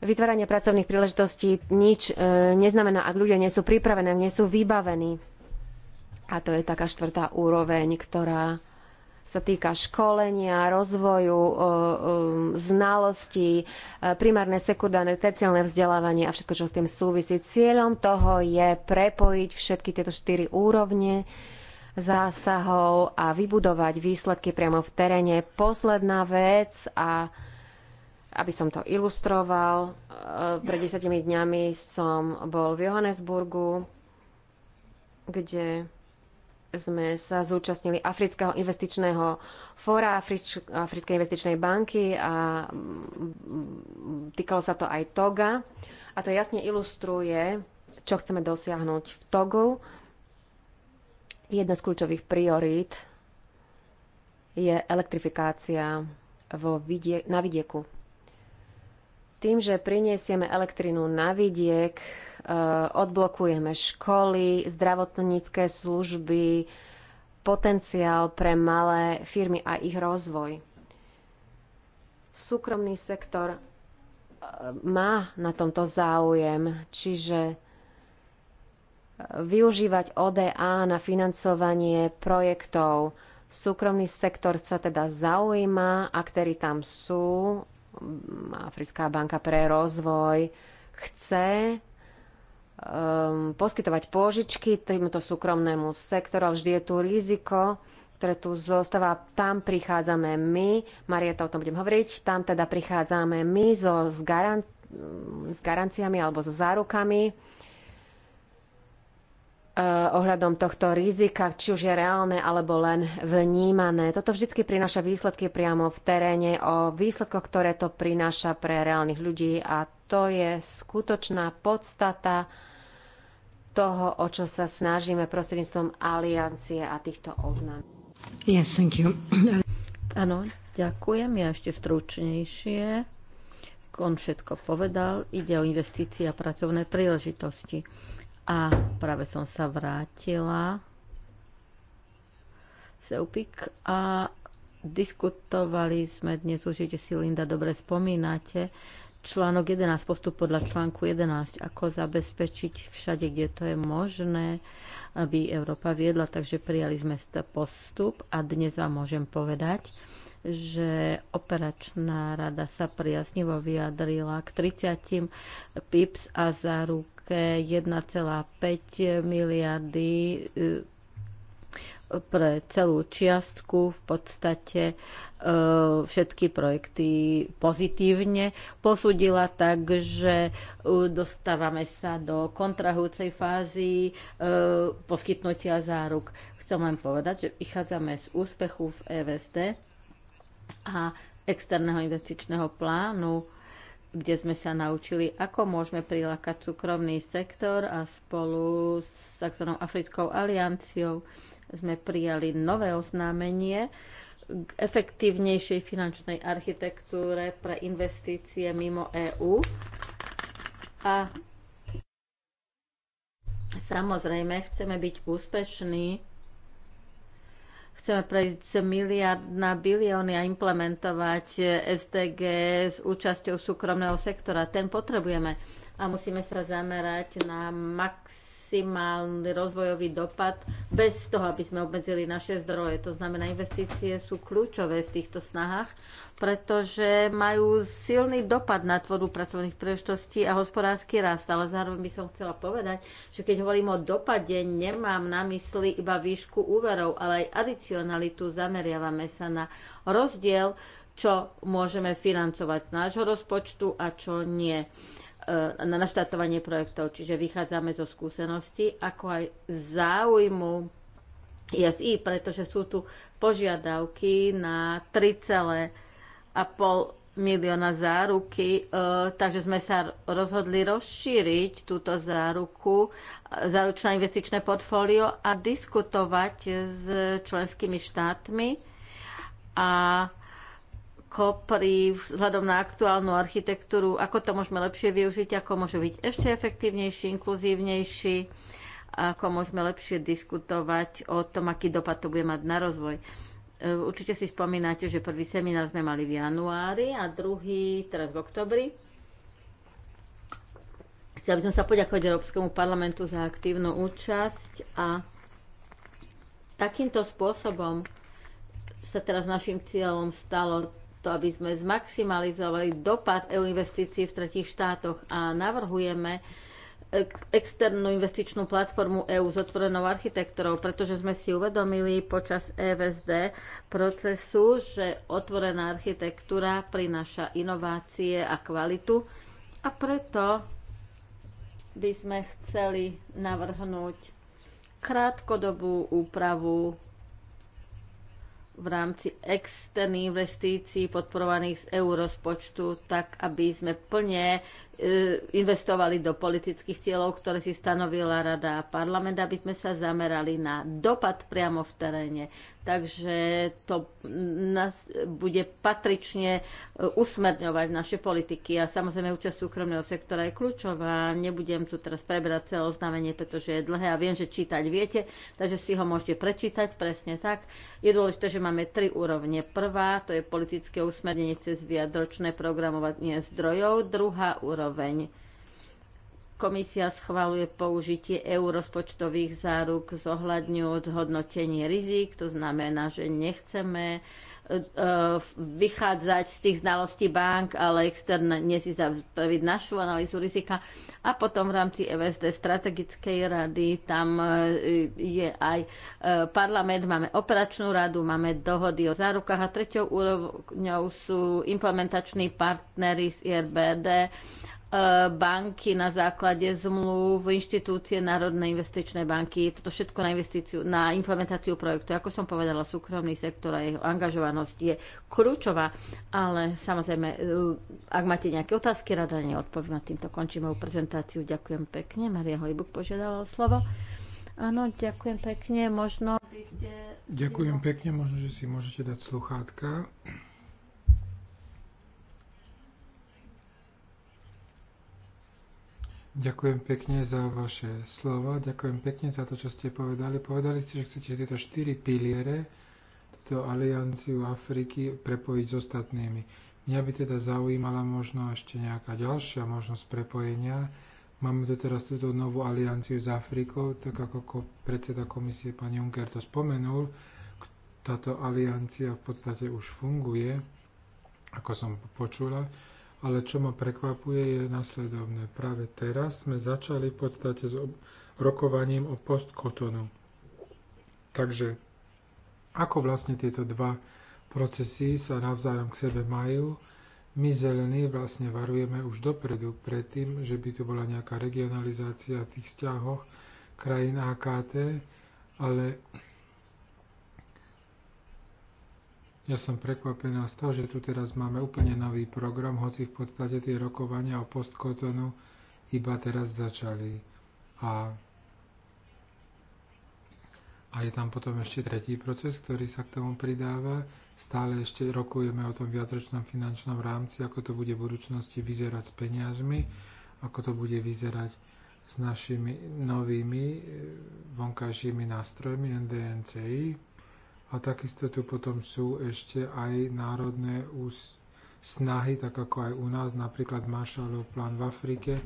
vytváranie pracovných príležitostí nič e, neznamená, ak ľudia nie sú pripravení, ak nie sú vybavení. A to je taká štvrtá úroveň, ktorá sa týka školenia, rozvoju, e, e, znalostí, e, primárne, sekundárne, terciálne vzdelávanie a všetko, čo s tým súvisí. Cieľom toho je prepojiť všetky tieto štyri úrovne zásahov a vybudovať výsledky priamo v teréne. Posledná vec a aby som to ilustroval, pred desiatimi dňami som bol v Johannesburgu, kde sme sa zúčastnili Afrického investičného fóra Afrič, Africkej investičnej banky a mm, týkalo sa to aj TOGA. A to jasne ilustruje, čo chceme dosiahnuť v TOGu. Jedna z kľúčových priorít je elektrifikácia vo vidie- na vidieku. Tým, že priniesieme elektrinu na vidiek, Eh, odblokujeme školy, zdravotnícke služby, potenciál pre malé firmy a ich rozvoj. Súkromný sektor eh, má na tomto záujem, čiže eh, využívať ODA na financovanie projektov. Súkromný sektor sa teda zaujíma, ktorí tam sú, mm, Africká banka pre rozvoj chce um, poskytovať pôžičky týmto súkromnému sektoru, ale vždy je tu riziko, ktoré tu zostáva. Tam prichádzame my, Marieta o tom budem hovoriť, tam teda prichádzame my so, s, garan- s garanciami alebo so zárukami uh, ohľadom tohto rizika, či už je reálne alebo len vnímané. Toto vždy prináša výsledky priamo v teréne o výsledkoch, ktoré to prináša pre reálnych ľudí a to je skutočná podstata toho, o čo sa snažíme prostredníctvom aliancie a týchto oznám. Yes, thank you. Áno, ďakujem. Ja ešte stručnejšie. On všetko povedal. Ide o investície a pracovné príležitosti. A práve som sa vrátila Seupik a Diskutovali sme dnes, určite si Linda dobre spomínate, článok 11, postup podľa článku 11, ako zabezpečiť všade, kde to je možné, aby Európa viedla. Takže prijali sme postup a dnes vám môžem povedať, že operačná rada sa priaznivo vyjadrila k 30 pips a za ruke 1,5 miliardy e, pre celú čiastku v podstate e, všetky projekty pozitívne posudila, takže e, dostávame sa do kontrahujúcej fázy e, poskytnutia záruk. Chcem len povedať, že vychádzame z úspechu v EVSD a externého investičného plánu kde sme sa naučili, ako môžeme prilákať súkromný sektor a spolu s tzv. Africkou alianciou sme prijali nové oznámenie k efektívnejšej finančnej architektúre pre investície mimo EÚ. A samozrejme chceme byť úspešní Chceme prejsť z miliard na bilióny a implementovať SDG s účasťou súkromného sektora. Ten potrebujeme a musíme sa zamerať na max maximálny rozvojový dopad bez toho, aby sme obmedzili naše zdroje. To znamená, investície sú kľúčové v týchto snahách, pretože majú silný dopad na tvorbu pracovných príležitostí a hospodársky rast. Ale zároveň by som chcela povedať, že keď hovorím o dopade, nemám na mysli iba výšku úverov, ale aj adicionalitu. Zameriavame sa na rozdiel, čo môžeme financovať z nášho rozpočtu a čo nie E, na naštartovanie projektov. Čiže vychádzame zo skúsenosti, ako aj záujmu IFI, pretože sú tu požiadavky na 3,5 milióna záruky, e, takže sme sa rozhodli rozšíriť túto záruku, záručné investičné portfólio a diskutovať s členskými štátmi a kopri vzhľadom na aktuálnu architektúru, ako to môžeme lepšie využiť, ako môže byť ešte efektívnejší, inkluzívnejší, ako môžeme lepšie diskutovať o tom, aký dopad to bude mať na rozvoj. E, určite si spomínate, že prvý seminár sme mali v januári a druhý teraz v oktobri. Chcela by som sa poďakovať Európskemu parlamentu za aktívnu účasť a takýmto spôsobom sa teraz našim cieľom stalo to, aby sme zmaximalizovali dopad EU investícií v tretich štátoch a navrhujeme e, externú investičnú platformu EU s otvorenou architektúrou, pretože sme si uvedomili počas EVSD procesu, že otvorená architektúra prináša inovácie a kvalitu a preto by sme chceli navrhnúť krátkodobú úpravu v rámci externých investícií podporovaných z eurozpočtu, tak aby sme plne e, investovali do politických cieľov, ktoré si stanovila Rada a parlament, aby sme sa zamerali na dopad priamo v teréne, takže to nás bude patrične e, usmerňovať naše politiky a samozrejme účasť súkromného sektora je kľúčová. Nebudem tu teraz preberať celé oznámenie, pretože je dlhé a viem, že čítať viete, takže si ho môžete prečítať presne tak. Je dôležité, že máme tri úrovne. Prvá, to je politické usmernenie cez viadročné programovanie zdrojov. Druhá úroveň, Komisia schvaluje použitie EU rozpočtových záruk zohľadňujúc hodnotenie rizik, to znamená, že nechceme e, e, vychádzať z tých znalostí bank, ale externe si zapraviť našu analýzu rizika. A potom v rámci EVSD strategickej rady, tam e, je aj parlament, máme operačnú radu, máme dohody o zárukách a treťou úrovňou sú implementační partnery z IRBD, banky na základe zmluv, inštitúcie Národnej investičnej banky, toto všetko na, investíciu, na implementáciu projektu. Ako som povedala, súkromný sektor a jeho angažovanosť je kľúčová, ale samozrejme, e, ak máte nejaké otázky, rada neodpoviem a týmto končím moju prezentáciu. Ďakujem pekne. Maria Hojbuk požiadala o slovo. Áno, ďakujem pekne. Možno by ste... Ďakujem pekne, možno, že si môžete dať sluchátka. Ďakujem pekne za vaše slova, ďakujem pekne za to, čo ste povedali. Povedali ste, že chcete tieto štyri piliere, túto alianciu Afriky prepojiť s ostatnými. Mňa by teda zaujímala možno ešte nejaká ďalšia možnosť prepojenia. Máme tu teraz túto novú alianciu s Afrikou, tak ako predseda komisie pán Juncker to spomenul. Táto aliancia v podstate už funguje, ako som počula ale čo ma prekvapuje je nasledovné. Práve teraz sme začali v podstate s rokovaním o postkotonu. Takže ako vlastne tieto dva procesy sa navzájom k sebe majú, my zelení vlastne varujeme už dopredu pred tým, že by tu bola nejaká regionalizácia v tých vzťahoch krajín AKT, ale Ja som prekvapená z toho, že tu teraz máme úplne nový program, hoci v podstate tie rokovania o postkotonu iba teraz začali. A, a je tam potom ešte tretí proces, ktorý sa k tomu pridáva. Stále ešte rokujeme o tom viacročnom finančnom rámci, ako to bude v budúcnosti vyzerať s peniazmi, ako to bude vyzerať s našimi novými eh, vonkajšími nástrojmi NDNCI a takisto tu potom sú ešte aj národné snahy, tak ako aj u nás, napríklad Marshallov plán v Afrike.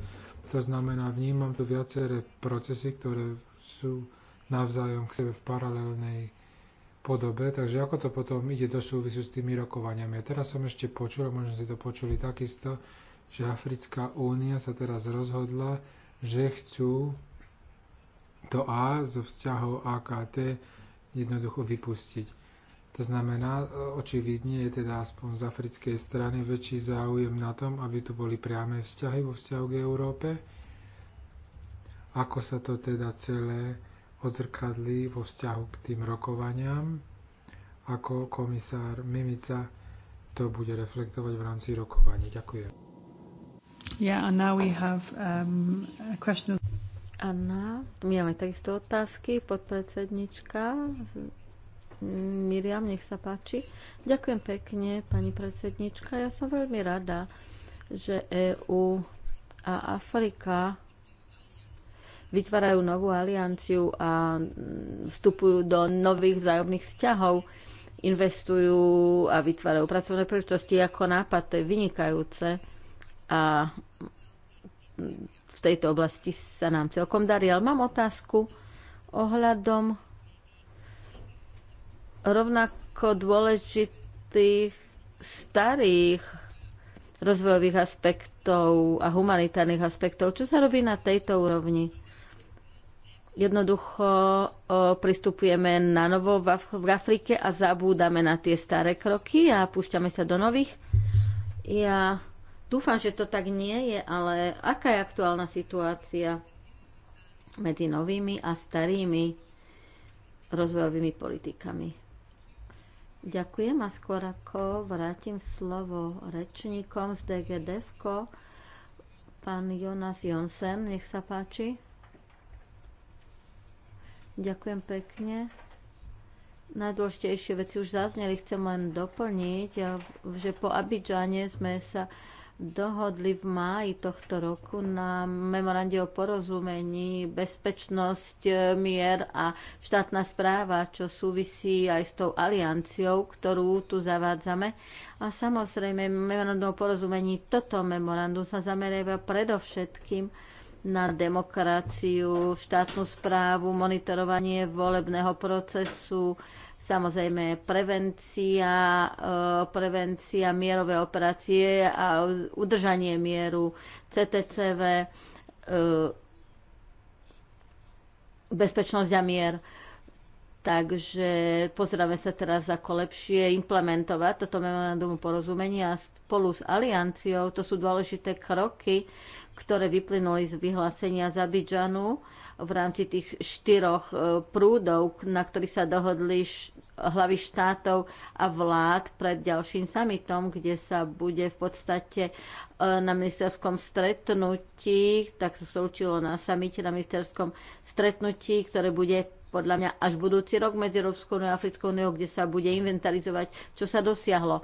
To znamená, vnímam tu viaceré procesy, ktoré sú navzájom k sebe v paralelnej podobe, takže ako to potom ide do súvisu s tými rokovaniami. Ja teraz som ešte počul, a možno si to počuli takisto, že Africká únia sa teraz rozhodla, že chcú to A zo vzťahov AKT jednoducho vypustiť. To znamená, e, očividne je teda aspoň z africkej strany väčší záujem na tom, aby tu boli priame vzťahy vo vzťahu k Európe, ako sa to teda celé odzrkadlí vo vzťahu k tým rokovaniam, ako komisár Mimica to bude reflektovať v rámci rokovania. Ďakujem. Yeah, and now we have um, a question. Anna, my máme takisto otázky. Podpredsednička Miriam, nech sa páči. Ďakujem pekne, pani predsednička. Ja som veľmi rada, že EÚ a Afrika vytvárajú novú alianciu a vstupujú do nových vzájomných vzťahov, investujú a vytvárajú pracovné príležitosti ako nápad, to je vynikajúce. A v tejto oblasti sa nám celkom darí. Ale mám otázku ohľadom rovnako dôležitých starých rozvojových aspektov a humanitárnych aspektov. Čo sa robí na tejto úrovni? Jednoducho o, pristupujeme na novo v, Af- v Afrike a zabúdame na tie staré kroky a púšťame sa do nových. Ja Dúfam, že to tak nie je, ale aká je aktuálna situácia medzi novými a starými rozvojovými politikami? Ďakujem a skôr ako vrátim slovo rečníkom z DGDFko, pán Jonas Jonsen, nech sa páči. Ďakujem pekne. Najdôležitejšie veci už zazneli, chcem len doplniť, že po Abidžane sme sa dohodli v máji tohto roku na memorande o porozumení bezpečnosť, e, mier a štátna správa, čo súvisí aj s tou alianciou, ktorú tu zavádzame. A samozrejme, memorandum o porozumení, toto memorandum sa zameriava predovšetkým na demokraciu, štátnu správu, monitorovanie volebného procesu, Samozrejme, prevencia, e, prevencia mierové operácie a udržanie mieru CTCV, e, bezpečnosť a mier. Takže pozrieme sa teraz, ako lepšie implementovať toto memorandum porozumenia spolu s alianciou. To sú dôležité kroky, ktoré vyplynuli z vyhlásenia Zabidžanu v rámci tých štyroch e, prúdov, na ktorých sa dohodli hlavy štátov a vlád pred ďalším summitom, kde sa bude v podstate e, na ministerskom stretnutí, tak sa slúčilo na samite na ministerskom stretnutí, ktoré bude podľa mňa až budúci rok medzi Európskou a Africkou uniou, kde sa bude inventarizovať, čo sa dosiahlo e,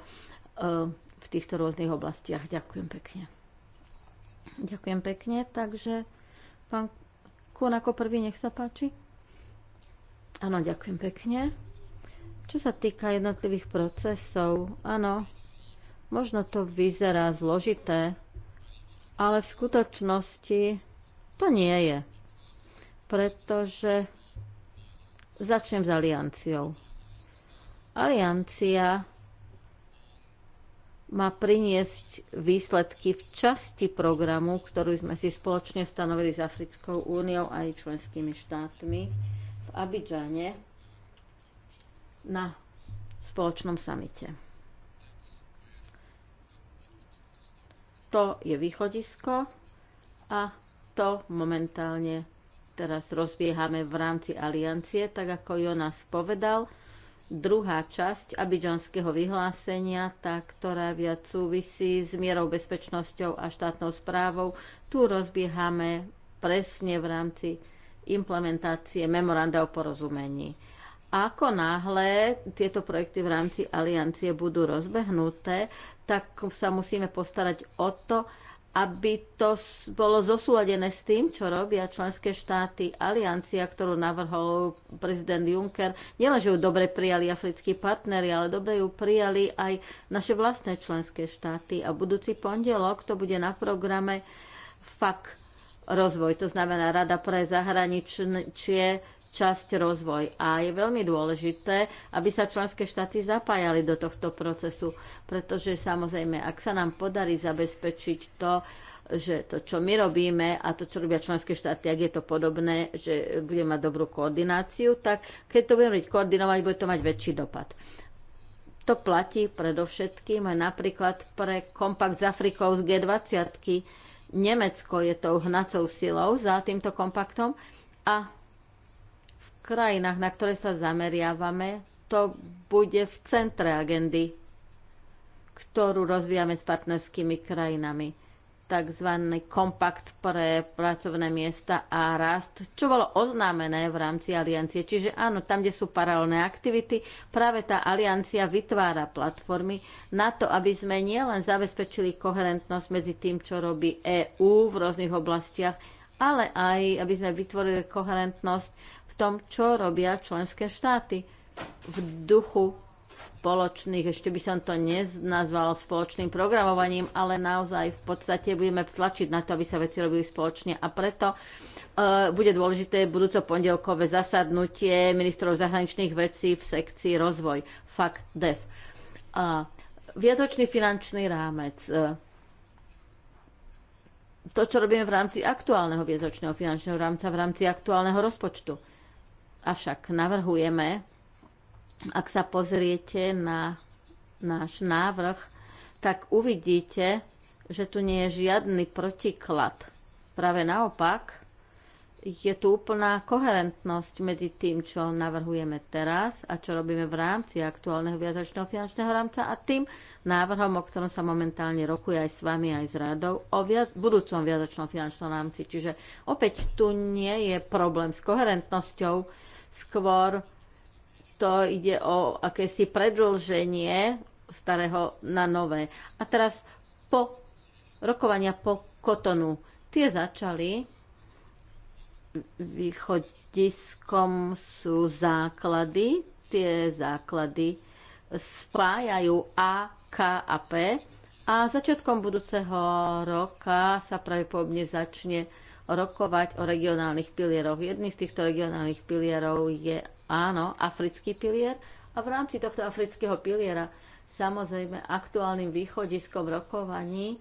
v týchto rôznych oblastiach. Ďakujem pekne. Ďakujem pekne, takže pán Kun ako prvý, nech sa páči. Áno, ďakujem pekne. Čo sa týka jednotlivých procesov, áno, možno to vyzerá zložité, ale v skutočnosti to nie je. Pretože začnem s alianciou. Aliancia má priniesť výsledky v časti programu, ktorú sme si spoločne stanovili s Africkou úniou a aj členskými štátmi v Abidžane na spoločnom samite. To je východisko a to momentálne teraz rozbiehame v rámci aliancie, tak ako Jonas povedal. Druhá časť abidžanského vyhlásenia, tá, ktorá viac súvisí s mierou bezpečnosťou a štátnou správou, tu rozbiehame presne v rámci implementácie memoranda o porozumení ako náhle tieto projekty v rámci aliancie budú rozbehnuté, tak sa musíme postarať o to, aby to bolo zosúladené s tým, čo robia členské štáty. Aliancia, ktorú navrhol prezident Juncker, že ju dobre prijali africkí partnery, ale dobre ju prijali aj naše vlastné členské štáty. A budúci pondelok to bude na programe FAK rozvoj, to znamená Rada pre zahraničie časť rozvoj. A je veľmi dôležité, aby sa členské štáty zapájali do tohto procesu, pretože samozrejme, ak sa nám podarí zabezpečiť to, že to, čo my robíme a to, čo robia členské štáty, ak je to podobné, že bude mať dobrú koordináciu, tak keď to budeme koordinovať, bude to mať väčší dopad. To platí predovšetkým aj napríklad pre kompakt s Afrikou z G20. Nemecko je tou hnacou silou za týmto kompaktom a krajinách, na ktoré sa zameriavame, to bude v centre agendy, ktorú rozvíjame s partnerskými krajinami tzv. kompakt pre pracovné miesta a rast, čo bolo oznámené v rámci aliancie. Čiže áno, tam, kde sú paralelné aktivity, práve tá aliancia vytvára platformy na to, aby sme nielen zabezpečili koherentnosť medzi tým, čo robí EÚ v rôznych oblastiach, ale aj aby sme vytvorili koherentnosť tom, čo robia členské štáty v duchu spoločných, ešte by som to neznazval spoločným programovaním, ale naozaj v podstate budeme tlačiť na to, aby sa veci robili spoločne a preto e, bude dôležité budúco pondelkové zasadnutie ministrov zahraničných vecí v sekcii rozvoj, fakt DEF. A e viatočný finančný rámec. E, to, čo robíme v rámci aktuálneho vietočného finančného rámca, v rámci aktuálneho rozpočtu Avšak navrhujeme, ak sa pozriete na náš návrh, tak uvidíte, že tu nie je žiadny protiklad. Práve naopak, je tu úplná koherentnosť medzi tým, čo navrhujeme teraz a čo robíme v rámci aktuálneho viazačného finančného rámca a tým návrhom, o ktorom sa momentálne rokuje aj s vami, aj s radou, o viac, budúcom viazačnom finančnom rámci. Čiže opäť tu nie je problém s koherentnosťou, skôr to ide o akési predlženie starého na nové. A teraz po rokovania po Kotonu tie začali východiskom sú základy. Tie základy spájajú A, K a P. A začiatkom budúceho roka sa pravdepodobne začne rokovať o regionálnych pilieroch. Jedný z týchto regionálnych pilierov je, áno, africký pilier. A v rámci tohto afrického piliera samozrejme aktuálnym východiskom rokovaní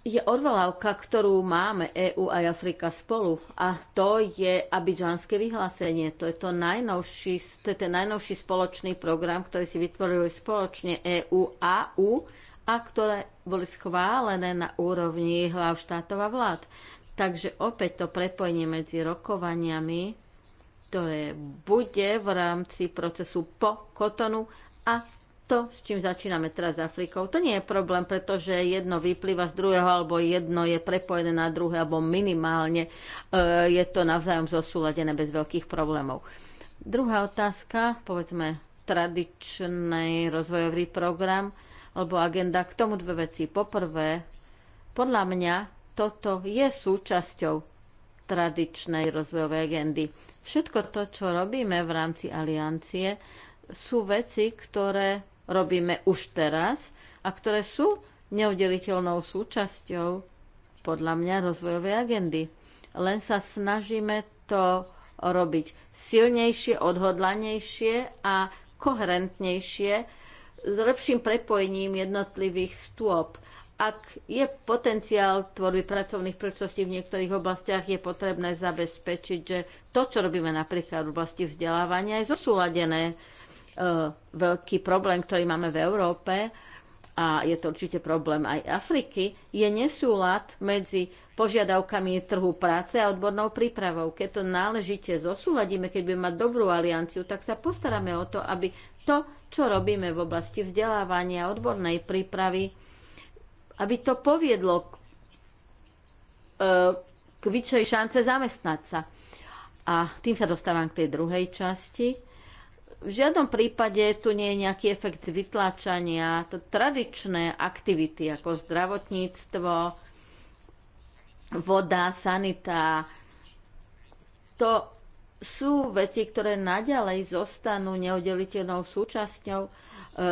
je odvolávka, ktorú máme EU a Afrika spolu a to je Abidžanské vyhlásenie. To je, to, najnovší, to je ten najnovší spoločný program, ktorý si vytvorili spoločne EU a U a ktoré boli schválené na úrovni hlav štátov a vlád. Takže opäť to prepojenie medzi rokovaniami, ktoré bude v rámci procesu po Kotonu a to, s čím začíname teraz s Afrikou, to nie je problém, pretože jedno vyplýva z druhého, alebo jedno je prepojené na druhé, alebo minimálne eh, je to navzájom zosúladené bez veľkých problémov. Druhá otázka, povedzme tradičný rozvojový program alebo agenda. K tomu dve veci. Poprvé, podľa mňa toto je súčasťou tradičnej rozvojovej agendy. Všetko to, čo robíme v rámci aliancie, sú veci, ktoré robíme už teraz a ktoré sú neudeliteľnou súčasťou podľa mňa rozvojovej agendy. Len sa snažíme to robiť silnejšie, odhodlanejšie a koherentnejšie s lepším prepojením jednotlivých stôp. Ak je potenciál tvorby pracovných príležitostí v niektorých oblastiach, je potrebné zabezpečiť, že to, čo robíme napríklad v oblasti vzdelávania, je zosúladené E, veľký problém, ktorý máme v Európe, a je to určite problém aj Afriky, je nesúlad medzi požiadavkami trhu práce a odbornou prípravou. Keď to náležite zosúladíme, keď budeme mať dobrú alianciu, tak sa postaráme o to, aby to, čo robíme v oblasti vzdelávania a odbornej prípravy, aby to poviedlo k, e, k vyššej šance zamestnať sa. A tým sa dostávam k tej druhej časti v žiadnom prípade tu nie je nejaký efekt vytláčania. To tradičné aktivity ako zdravotníctvo, voda, sanita, to sú veci, ktoré naďalej zostanú neudeliteľnou súčasťou e,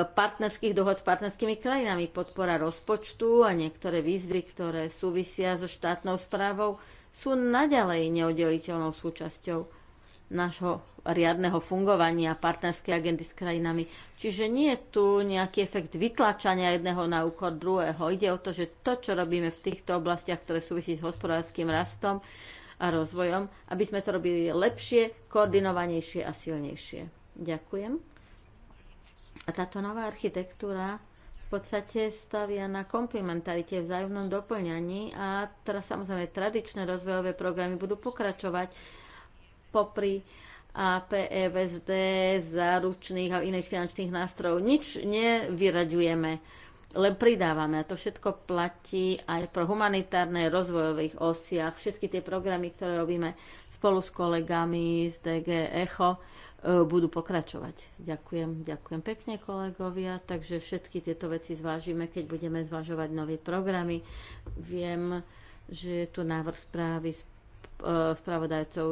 partnerských dohod s partnerskými krajinami. Podpora rozpočtu a niektoré výzvy, ktoré súvisia so štátnou správou, sú naďalej neudeliteľnou súčasťou nášho riadneho fungovania partnerskej agendy s krajinami. Čiže nie je tu nejaký efekt vytlačania jedného na úkor druhého. Ide o to, že to, čo robíme v týchto oblastiach, ktoré súvisí s hospodárským rastom a rozvojom, aby sme to robili lepšie, koordinovanejšie a silnejšie. Ďakujem. A táto nová architektúra v podstate stavia na komplementarite, vzájomnom doplňaní a teraz samozrejme tradičné rozvojové programy budú pokračovať popri a PEVSD, záručných a iných finančných nástrojov. Nič nevyraďujeme, len pridávame. A to všetko platí aj pro humanitárne rozvojových osiach. Všetky tie programy, ktoré robíme spolu s kolegami z DG ECHO, e, budú pokračovať. Ďakujem, ďakujem pekne kolegovia, takže všetky tieto veci zvážime, keď budeme zvažovať nové programy. Viem, že je tu návrh správy z E, spravodajcov,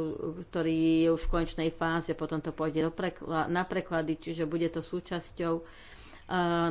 ktorý je už v končnej fáze, potom to pôjde do prekla- na preklady, čiže bude to súčasťou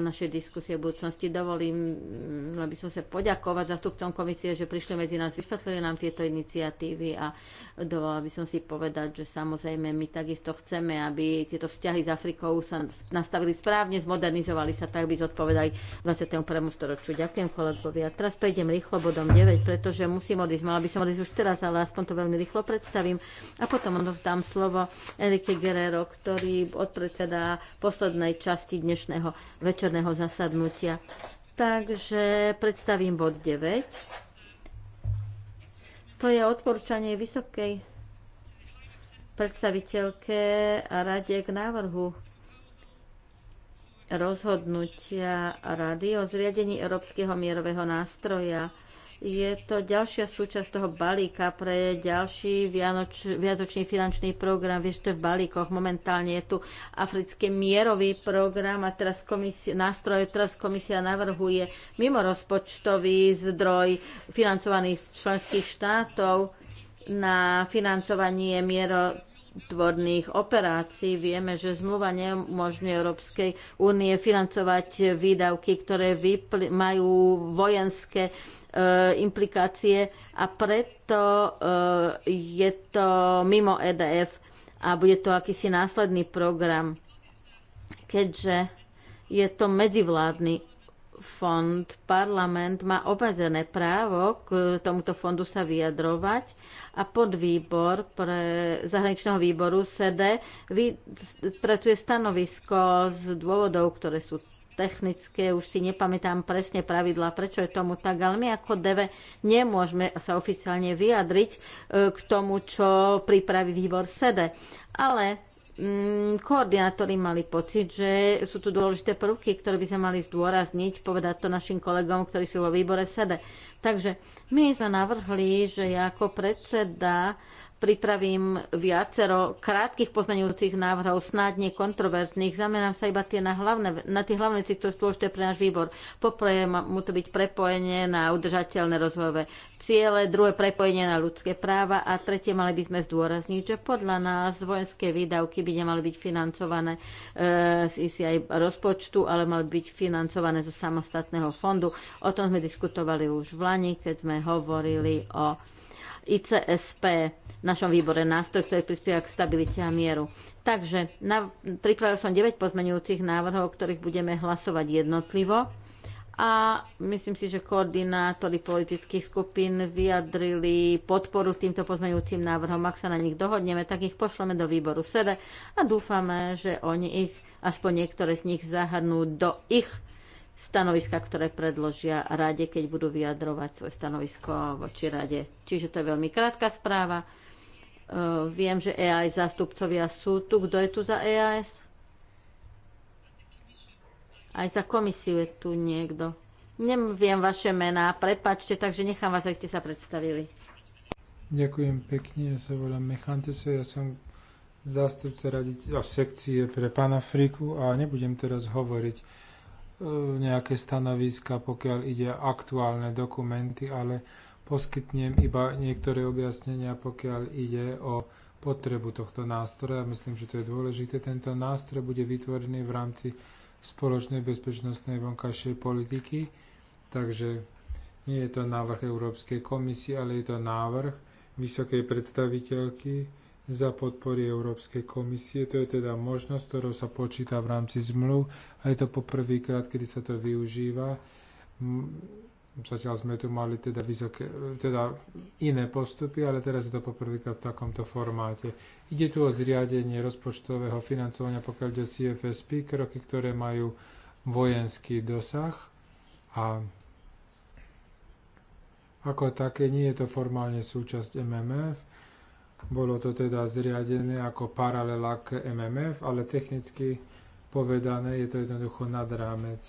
našej diskusie v budúcnosti. Dovolím, mm, aby som sa poďakovať zastupcom komisie, že prišli medzi nás, vysvetlili nám tieto iniciatívy a dovolila by som si povedať, že samozrejme my takisto chceme, aby tieto vzťahy s Afrikou sa nastavili správne, zmodernizovali sa tak, by zodpovedali 21. storočiu. Ďakujem kolegovia. Teraz prejdem rýchlo bodom 9, pretože musím odísť. Mala by som odísť už teraz, ale aspoň to veľmi rýchlo predstavím a potom dám slovo Erike Guerrero, ktorý odpredseda poslednej časti dnešného večerného zasadnutia. Takže predstavím bod 9. To je odporúčanie vysokej predstaviteľke a rade k návrhu rozhodnutia rady o zriadení Európskeho mierového nástroja je to ďalšia súčasť toho balíka pre ďalší vianoč, vianočný finančný program. Vieš, to je v balíkoch. Momentálne je tu africký mierový program a teraz komisia, nástroj, teraz komisia navrhuje mimo rozpočtový zdroj financovaných členských štátov na financovanie miero tvorných operácií. Vieme, že zmluva neumožňuje Európskej únie financovať výdavky, ktoré majú vojenské Eh, implikácie a preto eh, je to mimo EDF a bude to akýsi následný program, keďže je to medzivládny fond, parlament má obmedzené právo k tomuto fondu sa vyjadrovať a podvýbor pre zahraničného výboru SEDE pracuje stanovisko z dôvodov, ktoré sú technické, už si nepamätám presne pravidla, prečo je tomu tak, ale my ako DV nemôžeme sa oficiálne vyjadriť e, k tomu, čo pripraví výbor SEDE. Ale mm, koordinátori mali pocit, že sú tu dôležité prvky, ktoré by sme mali zdôrazniť, povedať to našim kolegom, ktorí sú vo výbore SEDE. Takže my sme navrhli, že ja ako predseda pripravím viacero krátkých pozmeňujúcich návrhov, snáď kontroverzných. Zamerám sa iba tie na, hlavné, na tie hlavné veci, ktoré sú dôležité pre náš výbor. Poprvé mu to byť prepojenie na udržateľné rozvojové ciele, druhé prepojenie na ľudské práva a tretie mali by sme zdôrazniť, že podľa nás vojenské výdavky by nemali byť financované e, z ICI rozpočtu, ale mali byť financované zo samostatného fondu. O tom sme diskutovali už v Lani, keď sme hovorili o ICSP našom výbore nástroj, ktorý prispieva k stabilite a mieru. Takže na, pripravil som 9 pozmenujúcich návrhov, o ktorých budeme hlasovať jednotlivo a myslím si, že koordinátori politických skupín vyjadrili podporu týmto pozmeňujúcim návrhom. Ak sa na nich dohodneme, tak ich pošleme do výboru SEDE a dúfame, že oni ich, aspoň niektoré z nich, zahrnú do ich stanoviska, ktoré predložia rade, keď budú vyjadrovať svoje stanovisko voči rade. Čiže to je veľmi krátka správa. Eh, viem, že EAS zástupcovia sú tu. Kto je tu za EAS? Aj za komisiu je tu niekto. Neviem vaše mená, prepačte, takže nechám vás, aj ste sa predstavili. Ďakujem pekne, ja sa volám Mechantese, ja som zástupca raditeľa sekcie pre Panafriku a nebudem teraz hovoriť eh, nejaké stanoviska, pokiaľ ide aktuálne dokumenty, ale Poskytnem iba niektoré objasnenia, pokiaľ ide o potrebu tohto nástroja. Myslím, že to je dôležité. Tento nástroj bude vytvorený v rámci spoločnej bezpečnostnej vonkajšej politiky, takže nie je to návrh Európskej komisie, ale je to návrh vysokej predstaviteľky za podpory Európskej komisie. To je teda možnosť, ktorou sa počíta v rámci zmluv a je to poprvýkrát, kedy sa to využíva Zatiaľ sme tu mali teda, vysoké, teda iné postupy, ale teraz je to poprvýkrát v takomto formáte. Ide tu o zriadenie rozpočtového financovania, pokiaľ ide o CFSP, kroky, ktoré majú vojenský dosah a ako také nie je to formálne súčasť MMF. Bolo to teda zriadené ako paralela k MMF, ale technicky povedané je to jednoducho nad rámec.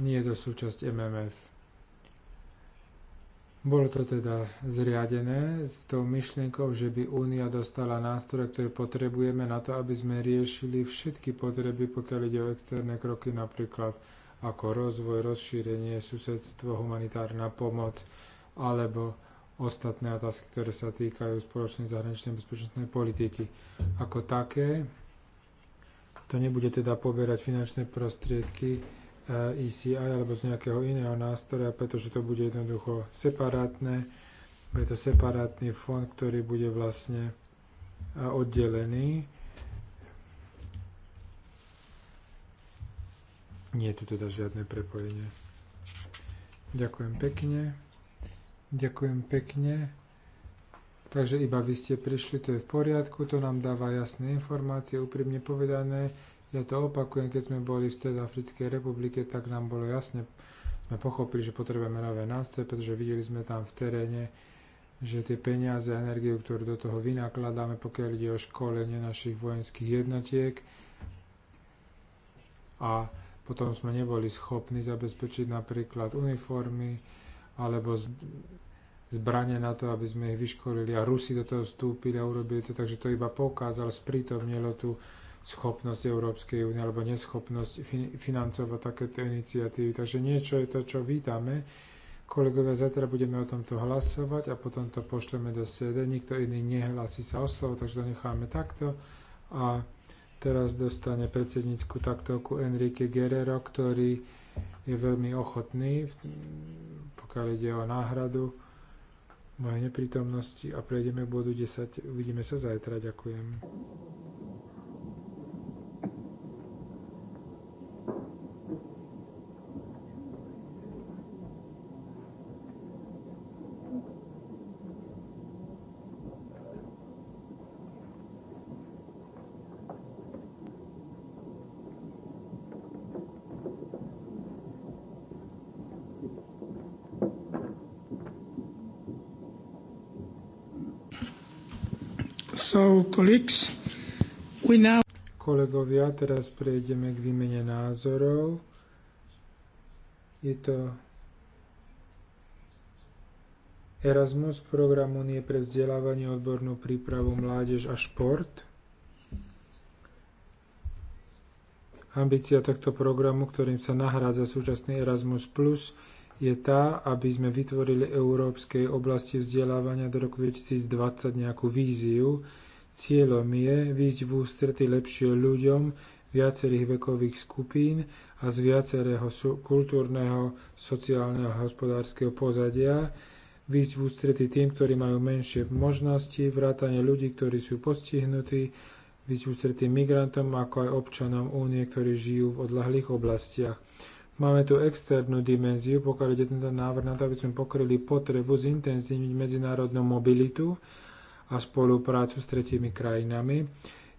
Nie je to súčasť MMF. Bolo to teda zriadené s tou myšlienkou, že by Únia dostala nástroje, ktoré potrebujeme na to, aby sme riešili všetky potreby, pokiaľ ide o externé kroky, napríklad ako rozvoj, rozšírenie, susedstvo, humanitárna pomoc alebo ostatné otázky, ktoré sa týkajú spoločnej zahraničnej bezpečnostnej politiky. Ako také, to nebude teda poberať finančné prostriedky, ECI alebo z nejakého iného nástroja, pretože to bude jednoducho separátne. Bude to separátny fond, ktorý bude vlastne oddelený. Nie je tu teda žiadne prepojenie. Ďakujem pekne. Ďakujem pekne. Takže iba vy ste prišli, to je v poriadku, to nám dáva jasné informácie, úprimne povedané. Ja to opakujem, keď sme boli v Stred Africkej republike, tak nám bolo jasne, sme pochopili, že potrebujeme nové nástroje, pretože videli sme tam v teréne, že tie peniaze a energiu, ktorú do toho vynakladáme, pokiaľ ide o školenie našich vojenských jednotiek a potom sme neboli schopní zabezpečiť napríklad uniformy alebo zbranie na to, aby sme ich vyškolili a Rusi do toho vstúpili a urobili to, takže to iba pokázalo, sprítomnilo tú schopnosť Európskej únie alebo neschopnosť financovať takéto iniciatívy. Takže niečo je to, čo vítame. Kolegovia, zajtra budeme o tomto hlasovať a potom to pošleme do CD. Nikto iný nehlasí sa o slovo, takže to necháme takto. A teraz dostane predsednícku taktovku Enrique Guerrero, ktorý je veľmi ochotný, pokiaľ ide o náhradu mojej neprítomnosti a prejdeme k bodu 10. Uvidíme sa zajtra. Ďakujem. Now... Kolegovia, teraz prejdeme k výmene názorov. Je to Erasmus, program Unie pre vzdelávanie, odbornú prípravu, mládež a šport. Ambícia tohto programu, ktorým sa nahrádza súčasný Erasmus+, Plus, je tá, aby sme vytvorili európskej oblasti vzdelávania do roku 2020 nejakú víziu, Cieľom je výjsť v ústrety lepšie ľuďom viacerých vekových skupín a z viacerého kultúrneho, sociálneho a hospodárskeho pozadia, výjsť v ústrety tým, ktorí majú menšie možnosti, vrátane ľudí, ktorí sú postihnutí, výjsť v ústrety migrantom, ako aj občanom únie, ktorí žijú v odlahlých oblastiach. Máme tu externú dimenziu, pokiaľ ide tento návrh na to, aby sme pokryli potrebu zintenzívniť medzinárodnú mobilitu, a spoluprácu s tretími krajinami,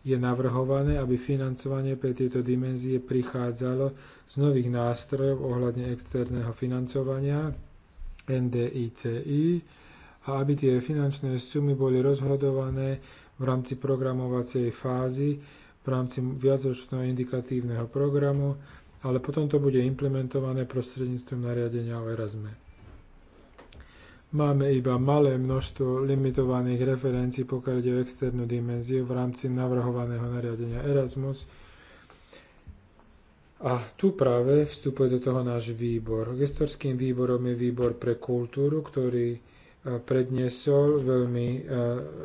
je navrhované, aby financovanie pre tieto dimenzie prichádzalo z nových nástrojov ohľadne externého financovania NDICI a aby tie finančné sumy boli rozhodované v rámci programovacej fázy, v rámci viacročného indikatívneho programu, ale potom to bude implementované prostredníctvom nariadenia o Erasme. Máme iba malé množstvo limitovaných referencií, pokiaľ ide o externú dimenziu v rámci navrhovaného nariadenia Erasmus. A tu práve vstupuje do toho náš výbor. Gestorským výborom je výbor pre kultúru, ktorý e, predniesol veľmi e,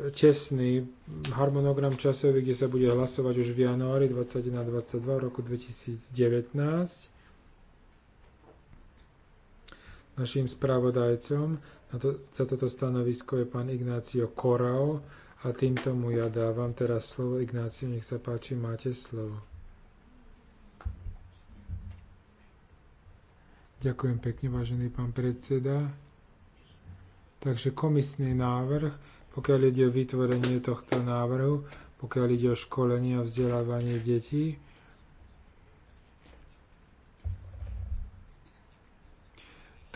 tesný harmonogram časový, kde sa bude hlasovať už v januári 2021-2022 roku 2019. Naším spravodajcom na to, za toto stanovisko je pán Ignácio Korao a týmto mu ja dávam teraz slovo. Ignácio, nech sa páči, máte slovo. Ďakujem pekne, vážený pán predseda. Takže komisný návrh, pokiaľ ide o vytvorenie tohto návrhu, pokiaľ ide o školenie a vzdelávanie detí,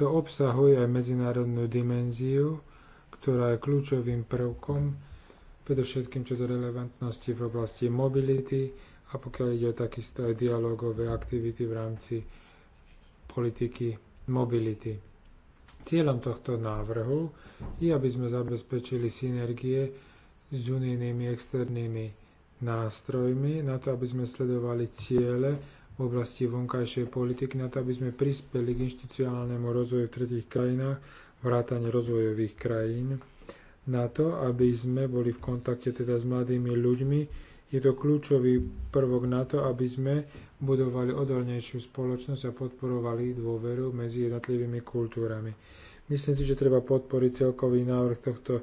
To obsahuje aj medzinárodnú dimenziu, ktorá je kľúčovým prvkom, predovšetkým čo do relevantnosti v oblasti mobility a pokiaľ ide o takisto aj dialogové aktivity v rámci politiky mobility. Cieľom tohto návrhu je, aby sme zabezpečili synergie s unijnými externými nástrojmi na to, aby sme sledovali ciele v oblasti vonkajšej politiky na to, aby sme prispeli k inštitucionálnemu rozvoju v tretich krajinách, vrátane rozvojových krajín, na to, aby sme boli v kontakte teda s mladými ľuďmi. Je to kľúčový prvok na to, aby sme budovali odolnejšiu spoločnosť a podporovali dôveru medzi jednotlivými kultúrami. Myslím si, že treba podporiť celkový návrh tohto,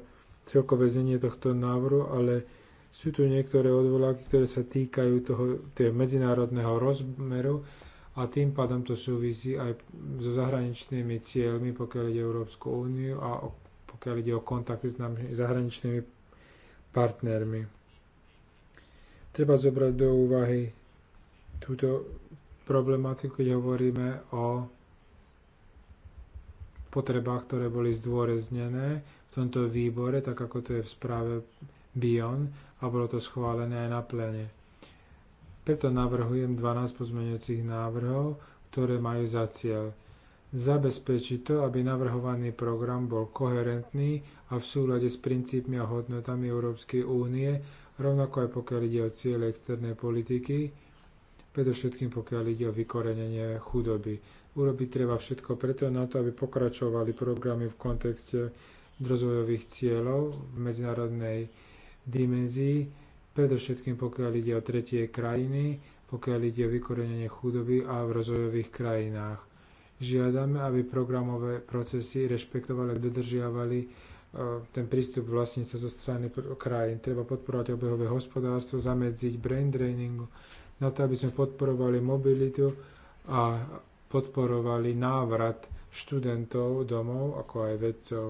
celkové znenie tohto návrhu, ale sú tu niektoré odvolávky, ktoré sa týkajú toho, toho medzinárodného rozmeru a tým pádom to súvisí aj so zahraničnými cieľmi, pokiaľ ide Európsku úniu a pokiaľ ide o kontakty s nami, zahraničnými partnermi. Treba zobrať do úvahy túto problematiku, keď hovoríme o potrebách, ktoré boli zdôreznené v tomto výbore, tak ako to je v správe Bion a bolo to schválené aj na plene. Preto navrhujem 12 pozmeňujúcich návrhov, ktoré majú za cieľ zabezpečiť to, aby navrhovaný program bol koherentný a v súlade s princípmi a hodnotami Európskej únie, rovnako aj pokiaľ ide o ciele externej politiky, predovšetkým pokiaľ ide o vykorenenie chudoby. Urobiť treba všetko preto na to, aby pokračovali programy v kontexte rozvojových cieľov v medzinárodnej dimenzií, predovšetkým pokiaľ ide o tretie krajiny, pokiaľ ide o vykorenenie chudoby a v rozvojových krajinách. Žiadame, aby programové procesy rešpektovali a dodržiavali e, ten prístup vlastníctva zo strany krajín. Treba podporovať obehové hospodárstvo, zamedziť brain drainingu, na to, aby sme podporovali mobilitu a podporovali návrat študentov domov, ako aj vedcov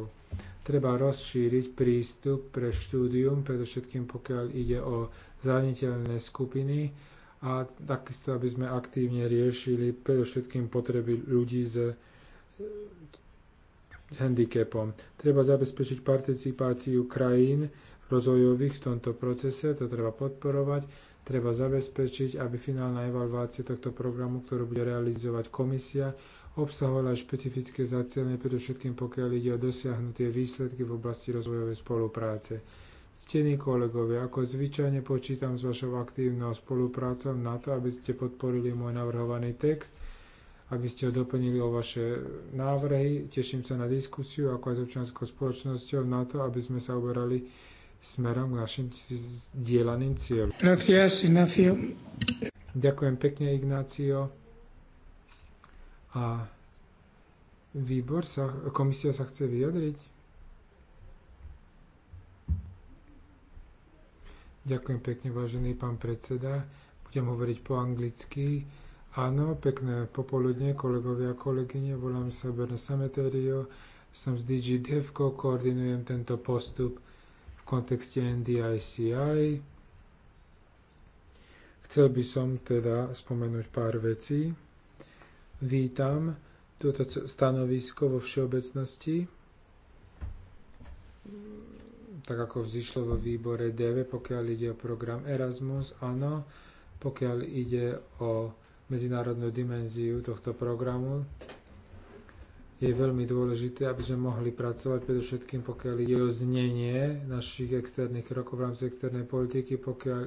treba rozšíriť prístup pre štúdium, predovšetkým pokiaľ ide o zraniteľné skupiny a takisto, aby sme aktívne riešili predovšetkým potreby ľudí e, s handicapom. Treba zabezpečiť participáciu krajín rozvojových v tomto procese, to treba podporovať, treba zabezpečiť, aby finálna evaluácia tohto programu, ktorú bude realizovať komisia, obsahovala špecifické zacielenie, predovšetkým pokiaľ ide o dosiahnutie výsledky v oblasti rozvojovej spolupráce. Ctení kolegovia, ako zvyčajne počítam s vašou aktívnou spoluprácou na to, aby ste podporili môj navrhovaný text, aby ste ho doplnili o vaše návrhy. Teším sa na diskusiu, ako aj s občianskou spoločnosťou, na to, aby sme sa uberali smerom k našim zdieľaným cieľom. Gracias, Ignacio. Ďakujem pekne, Ignácio. A výbor sa, komisia sa chce vyjadriť. Ďakujem pekne, vážený pán predseda. Budem hovoriť po anglicky. Áno, pekné popoludne, kolegovia a kolegyne. Volám sa Berno Sameterio. Som z DG DevCo, koordinujem tento postup v kontexte NDICI. Chcel by som teda spomenúť pár vecí. Vítam toto stanovisko vo všeobecnosti, tak ako vzýšlo vo výbore DV, pokiaľ ide o program Erasmus, áno, pokiaľ ide o medzinárodnú dimenziu tohto programu, je veľmi dôležité, aby sme mohli pracovať, predovšetkým pokiaľ ide o znenie našich externých krokov v rámci externej politiky, pokiaľ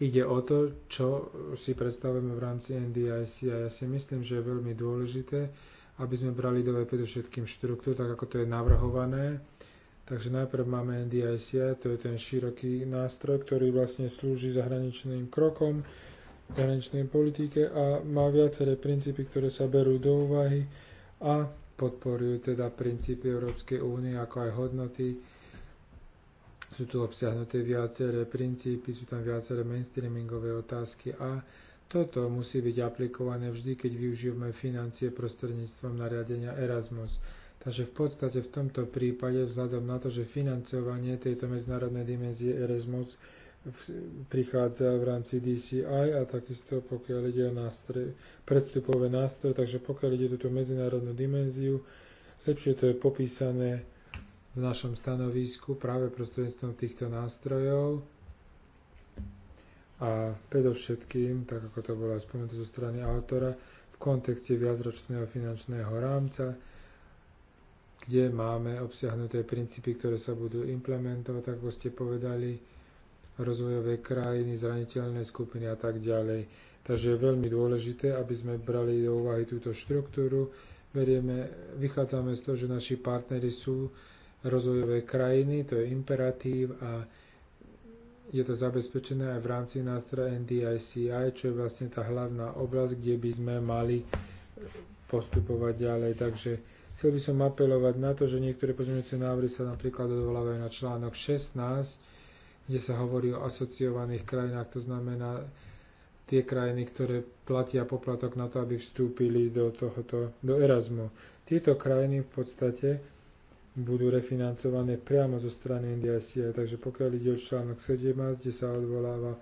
ide o to, čo si predstavujeme v rámci NDIC a ja si myslím, že je veľmi dôležité, aby sme brali do všetkým štruktúr, tak ako to je navrhované. Takže najprv máme NDIC, to je ten široký nástroj, ktorý vlastne slúži zahraničným krokom, zahraničnej politike a má viaceré princípy, ktoré sa berú do úvahy a podporujú teda princípy Európskej únie, ako aj hodnoty, sú tu obsiahnuté viaceré princípy, sú tam viaceré mainstreamingové otázky a toto musí byť aplikované vždy, keď využívame financie prostredníctvom nariadenia Erasmus. Takže v podstate v tomto prípade, vzhľadom na to, že financovanie tejto medzinárodnej dimenzie Erasmus prichádza v rámci DCI a takisto pokiaľ ide o nástroj, predstupové nástroje, takže pokiaľ ide o túto medzinárodnú dimenziu, lepšie to je popísané v našom stanovisku práve prostredníctvom týchto nástrojov a predovšetkým, tak ako to bolo aj spomenuté zo strany autora, v kontexte viacročného finančného rámca, kde máme obsiahnuté princípy, ktoré sa budú implementovať, ako ste povedali, rozvojové krajiny, zraniteľné skupiny a tak ďalej. Takže je veľmi dôležité, aby sme brali do úvahy túto štruktúru. Berieme, vychádzame z toho, že naši partnery sú rozvojové krajiny, to je imperatív a je to zabezpečené aj v rámci nástroja NDICI, čo je vlastne tá hlavná oblasť, kde by sme mali postupovať ďalej. Takže chcel by som apelovať na to, že niektoré pozmeňujúce návrhy sa napríklad odvolávajú na článok 16, kde sa hovorí o asociovaných krajinách, to znamená tie krajiny, ktoré platia poplatok na to, aby vstúpili do, tohoto, do Erasmu. Tieto krajiny v podstate budú refinancované priamo zo strany NDICI. Takže pokiaľ ide o článok 17, kde sa odvoláva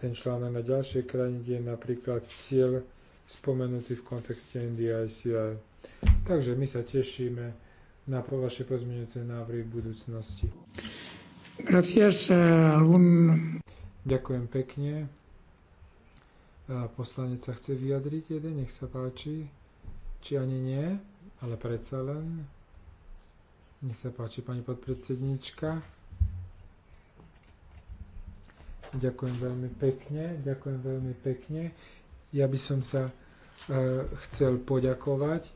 ten článok na ďalšie krajiny, kde je napríklad cieľ spomenutý v kontexte NDICI. Takže my sa tešíme na po vaše pozmeňujúce návrhy v budúcnosti. Gracias, eh, algún... Ďakujem pekne. Poslanec sa chce vyjadriť jeden, nech sa páči. Či ani nie, ale predsa len. Nech sa páči, pani podpredsednička. Ďakujem veľmi pekne, ďakujem veľmi pekne. Ja by som sa e, chcel poďakovať e,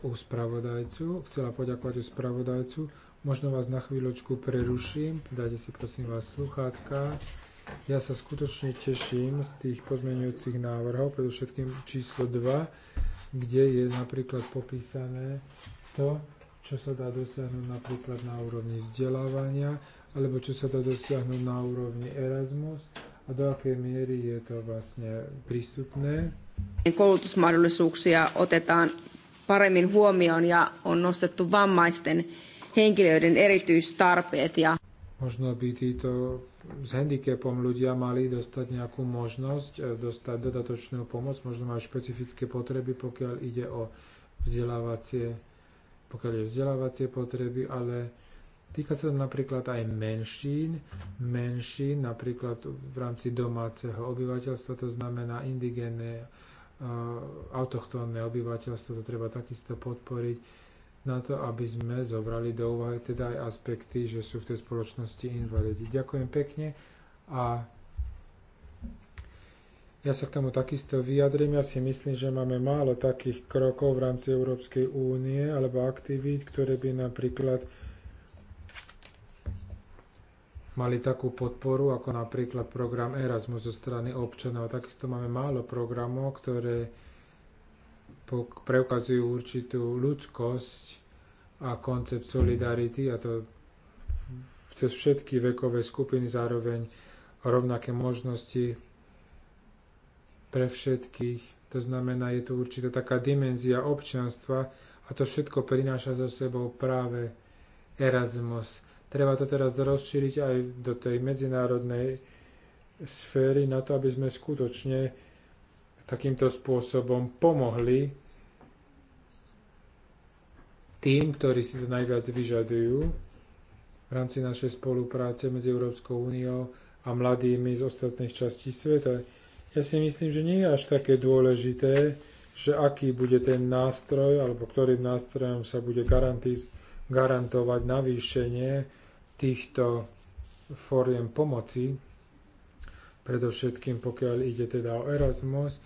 u spravodajcu, chcela poďakovať u spravodajcu. Možno vás na chvíľočku preruším, dajte si prosím vás sluchátka. Ja sa skutočne teším z tých pozmeňujúcich návrhov, predovšetkým číslo 2, kde je napríklad popísané to, čo sa dá dosiahnuť napríklad na úrovni vzdelávania, alebo čo sa dá dosiahnuť na úrovni Erasmus a do akej miery je to vlastne prístupné. Koulutusmahdollisuuksia otetaan paremmin huomioon ja on nostettu vammaisten henkilöiden erityistarpeet. Ja... Možno by títo s handicapom ľudia mali dostať nejakú možnosť, e, dostať dodatočnú pomoc, možno majú špecifické potreby, pokiaľ ide o vzdelávacie pokiaľ je vzdelávacie potreby, ale týka sa to napríklad aj menšín, menšín napríklad v rámci domáceho obyvateľstva, to znamená indigené, e, autochtónne obyvateľstvo, to treba takisto podporiť na to, aby sme zobrali do úvahy teda aj aspekty, že sú v tej spoločnosti invalidi. Ďakujem pekne a ja sa k tomu takisto vyjadrím. Ja si myslím, že máme málo takých krokov v rámci Európskej únie alebo aktivít, ktoré by napríklad mali takú podporu, ako napríklad program Erasmus zo strany občanov. Takisto máme málo programov, ktoré preukazujú určitú ľudskosť a koncept solidarity, a to cez všetky vekové skupiny zároveň rovnaké možnosti pre všetkých. To znamená, je tu určitá taká dimenzia občianstva a to všetko prináša so sebou práve Erasmus. Treba to teraz rozšíriť aj do tej medzinárodnej sféry na to, aby sme skutočne takýmto spôsobom pomohli tým, ktorí si to najviac vyžadujú v rámci našej spolupráce medzi Európskou úniou a mladými z ostatných častí sveta. Ja si myslím, že nie je až také dôležité, že aký bude ten nástroj, alebo ktorým nástrojom sa bude garantovať navýšenie týchto fóriem pomoci, predovšetkým pokiaľ ide teda o Erasmus.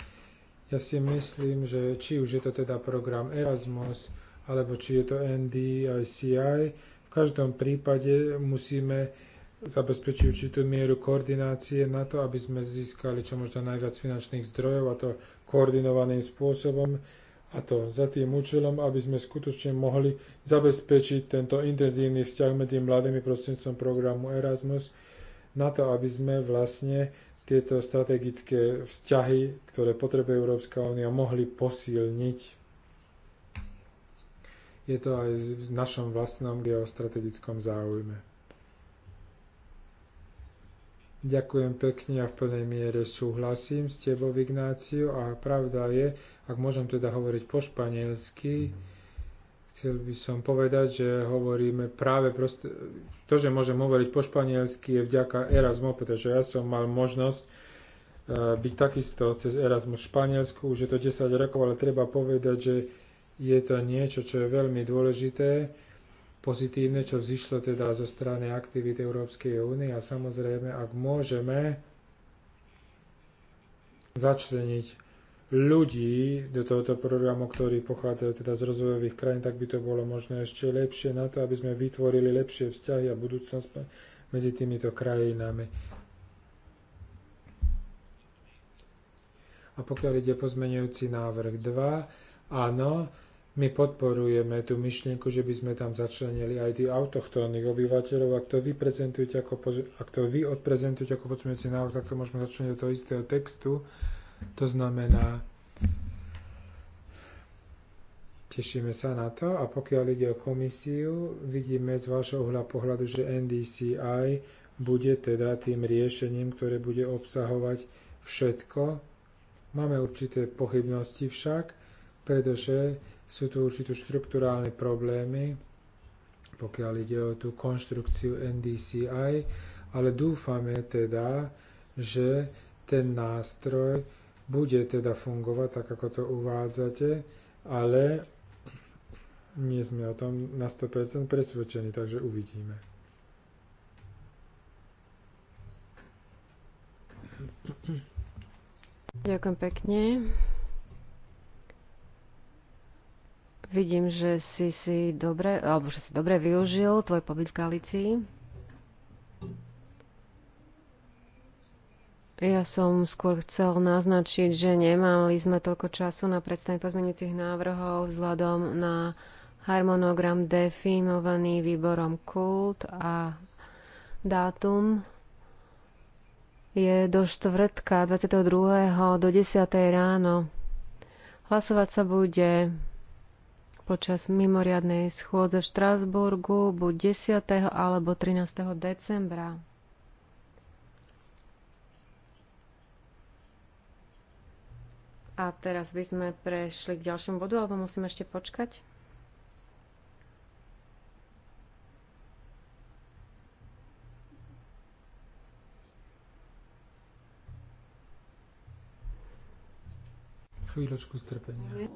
Ja si myslím, že či už je to teda program Erasmus, alebo či je to NDICI, v každom prípade musíme zabezpečí určitú mieru koordinácie na to, aby sme získali čo možno najviac finančných zdrojov a to koordinovaným spôsobom a to za tým účelom, aby sme skutočne mohli zabezpečiť tento intenzívny vzťah medzi mladými prostredníctvom programu Erasmus na to, aby sme vlastne tieto strategické vzťahy, ktoré potrebuje Európska únia, mohli posilniť. Je to aj v našom vlastnom geostrategickom záujme. Ďakujem pekne a v plnej miere súhlasím s tebou, Ignácio. A pravda je, ak môžem teda hovoriť po španielsky, chcel by som povedať, že hovoríme práve proste, to, že môžem hovoriť po španielsky je vďaka Erasmu, pretože ja som mal možnosť eh, byť takisto cez Erasmus v Španielsku, už je to 10 rokov, ale treba povedať, že je to niečo, čo je veľmi dôležité, pozitívne, čo vzýšlo teda zo strany aktivít Európskej únie a samozrejme, ak môžeme začleniť ľudí do tohoto programu, ktorí pochádzajú teda z rozvojových krajín, tak by to bolo možno ešte lepšie na to, aby sme vytvorili lepšie vzťahy a budúcnosť medzi týmito krajinami. A pokiaľ ide pozmenujúci návrh 2, áno, my podporujeme tú myšlienku, že by sme tam začlenili aj tých autochtónnych obyvateľov. Ak to vy, prezentujete ako, ak to vy odprezentujete ako pozmeňujúci návrh, tak to môžeme začleniť do toho istého textu. To znamená, tešíme sa na to a pokiaľ ide o komisiu, vidíme z vášho uhla pohľadu, že NDCI bude teda tým riešením, ktoré bude obsahovať všetko. Máme určité pochybnosti však, pretože sú tu určité štruktúrálne problémy, pokiaľ ide o tú konštrukciu NDCI, ale dúfame teda, že ten nástroj bude teda fungovať tak, ako to uvádzate, ale nie sme o tom na 100% presvedčení, takže uvidíme. Ďakujem pekne. Vidím, že si, si dobre, alebo že si dobre využil tvoj pobyt v Galicii. Ja som skôr chcel naznačiť, že nemali sme toľko času na predstavenie pozmeňujúcich návrhov vzhľadom na harmonogram definovaný výborom kult a dátum je do štvrtka 22. do 10. ráno. Hlasovať sa bude počas mimoriadnej schôdze v Štrásburgu buď 10. alebo 13. decembra. A teraz by sme prešli k ďalšiemu bodu, alebo musíme ešte počkať? Chvíľočku strpenia.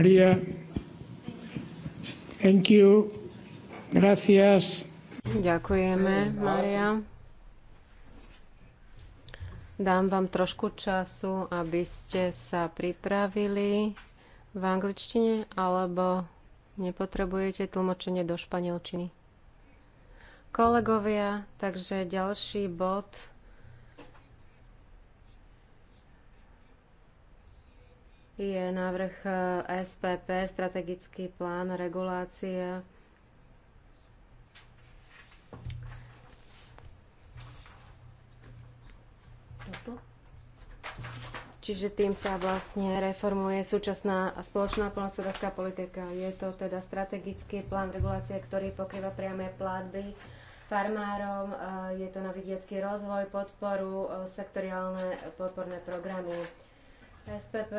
María. Thank you. Gracias. Ďakujeme, Maria. Dám vám trošku času, aby ste sa pripravili v angličtine, alebo nepotrebujete tlmočenie do španielčiny. Kolegovia, takže ďalší bod je návrh e, SPP, strategický plán regulácie. Toto. Čiže tým sa vlastne reformuje súčasná spoločná polnospodárska politika. Je to teda strategický plán regulácie, ktorý pokrýva priame platby farmárom, e, je to na vidiecký rozvoj, podporu, e, sektoriálne podporné programy. SPP,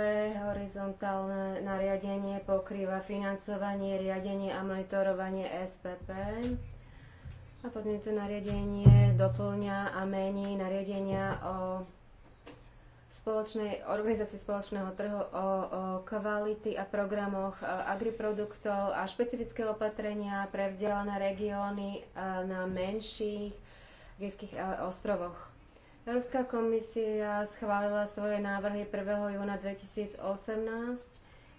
horizontálne nariadenie, pokrýva financovanie, riadenie a monitorovanie SPP. A pozmeňujúce nariadenie doplňa a mení nariadenia o spoločnej organizácii spoločného trhu, o, o kvality a programoch e, agriproduktov a špecifické opatrenia pre vzdialené regióny e, na menších gejských e, ostrovoch. Európska komisia schválila svoje návrhy 1. júna 2018,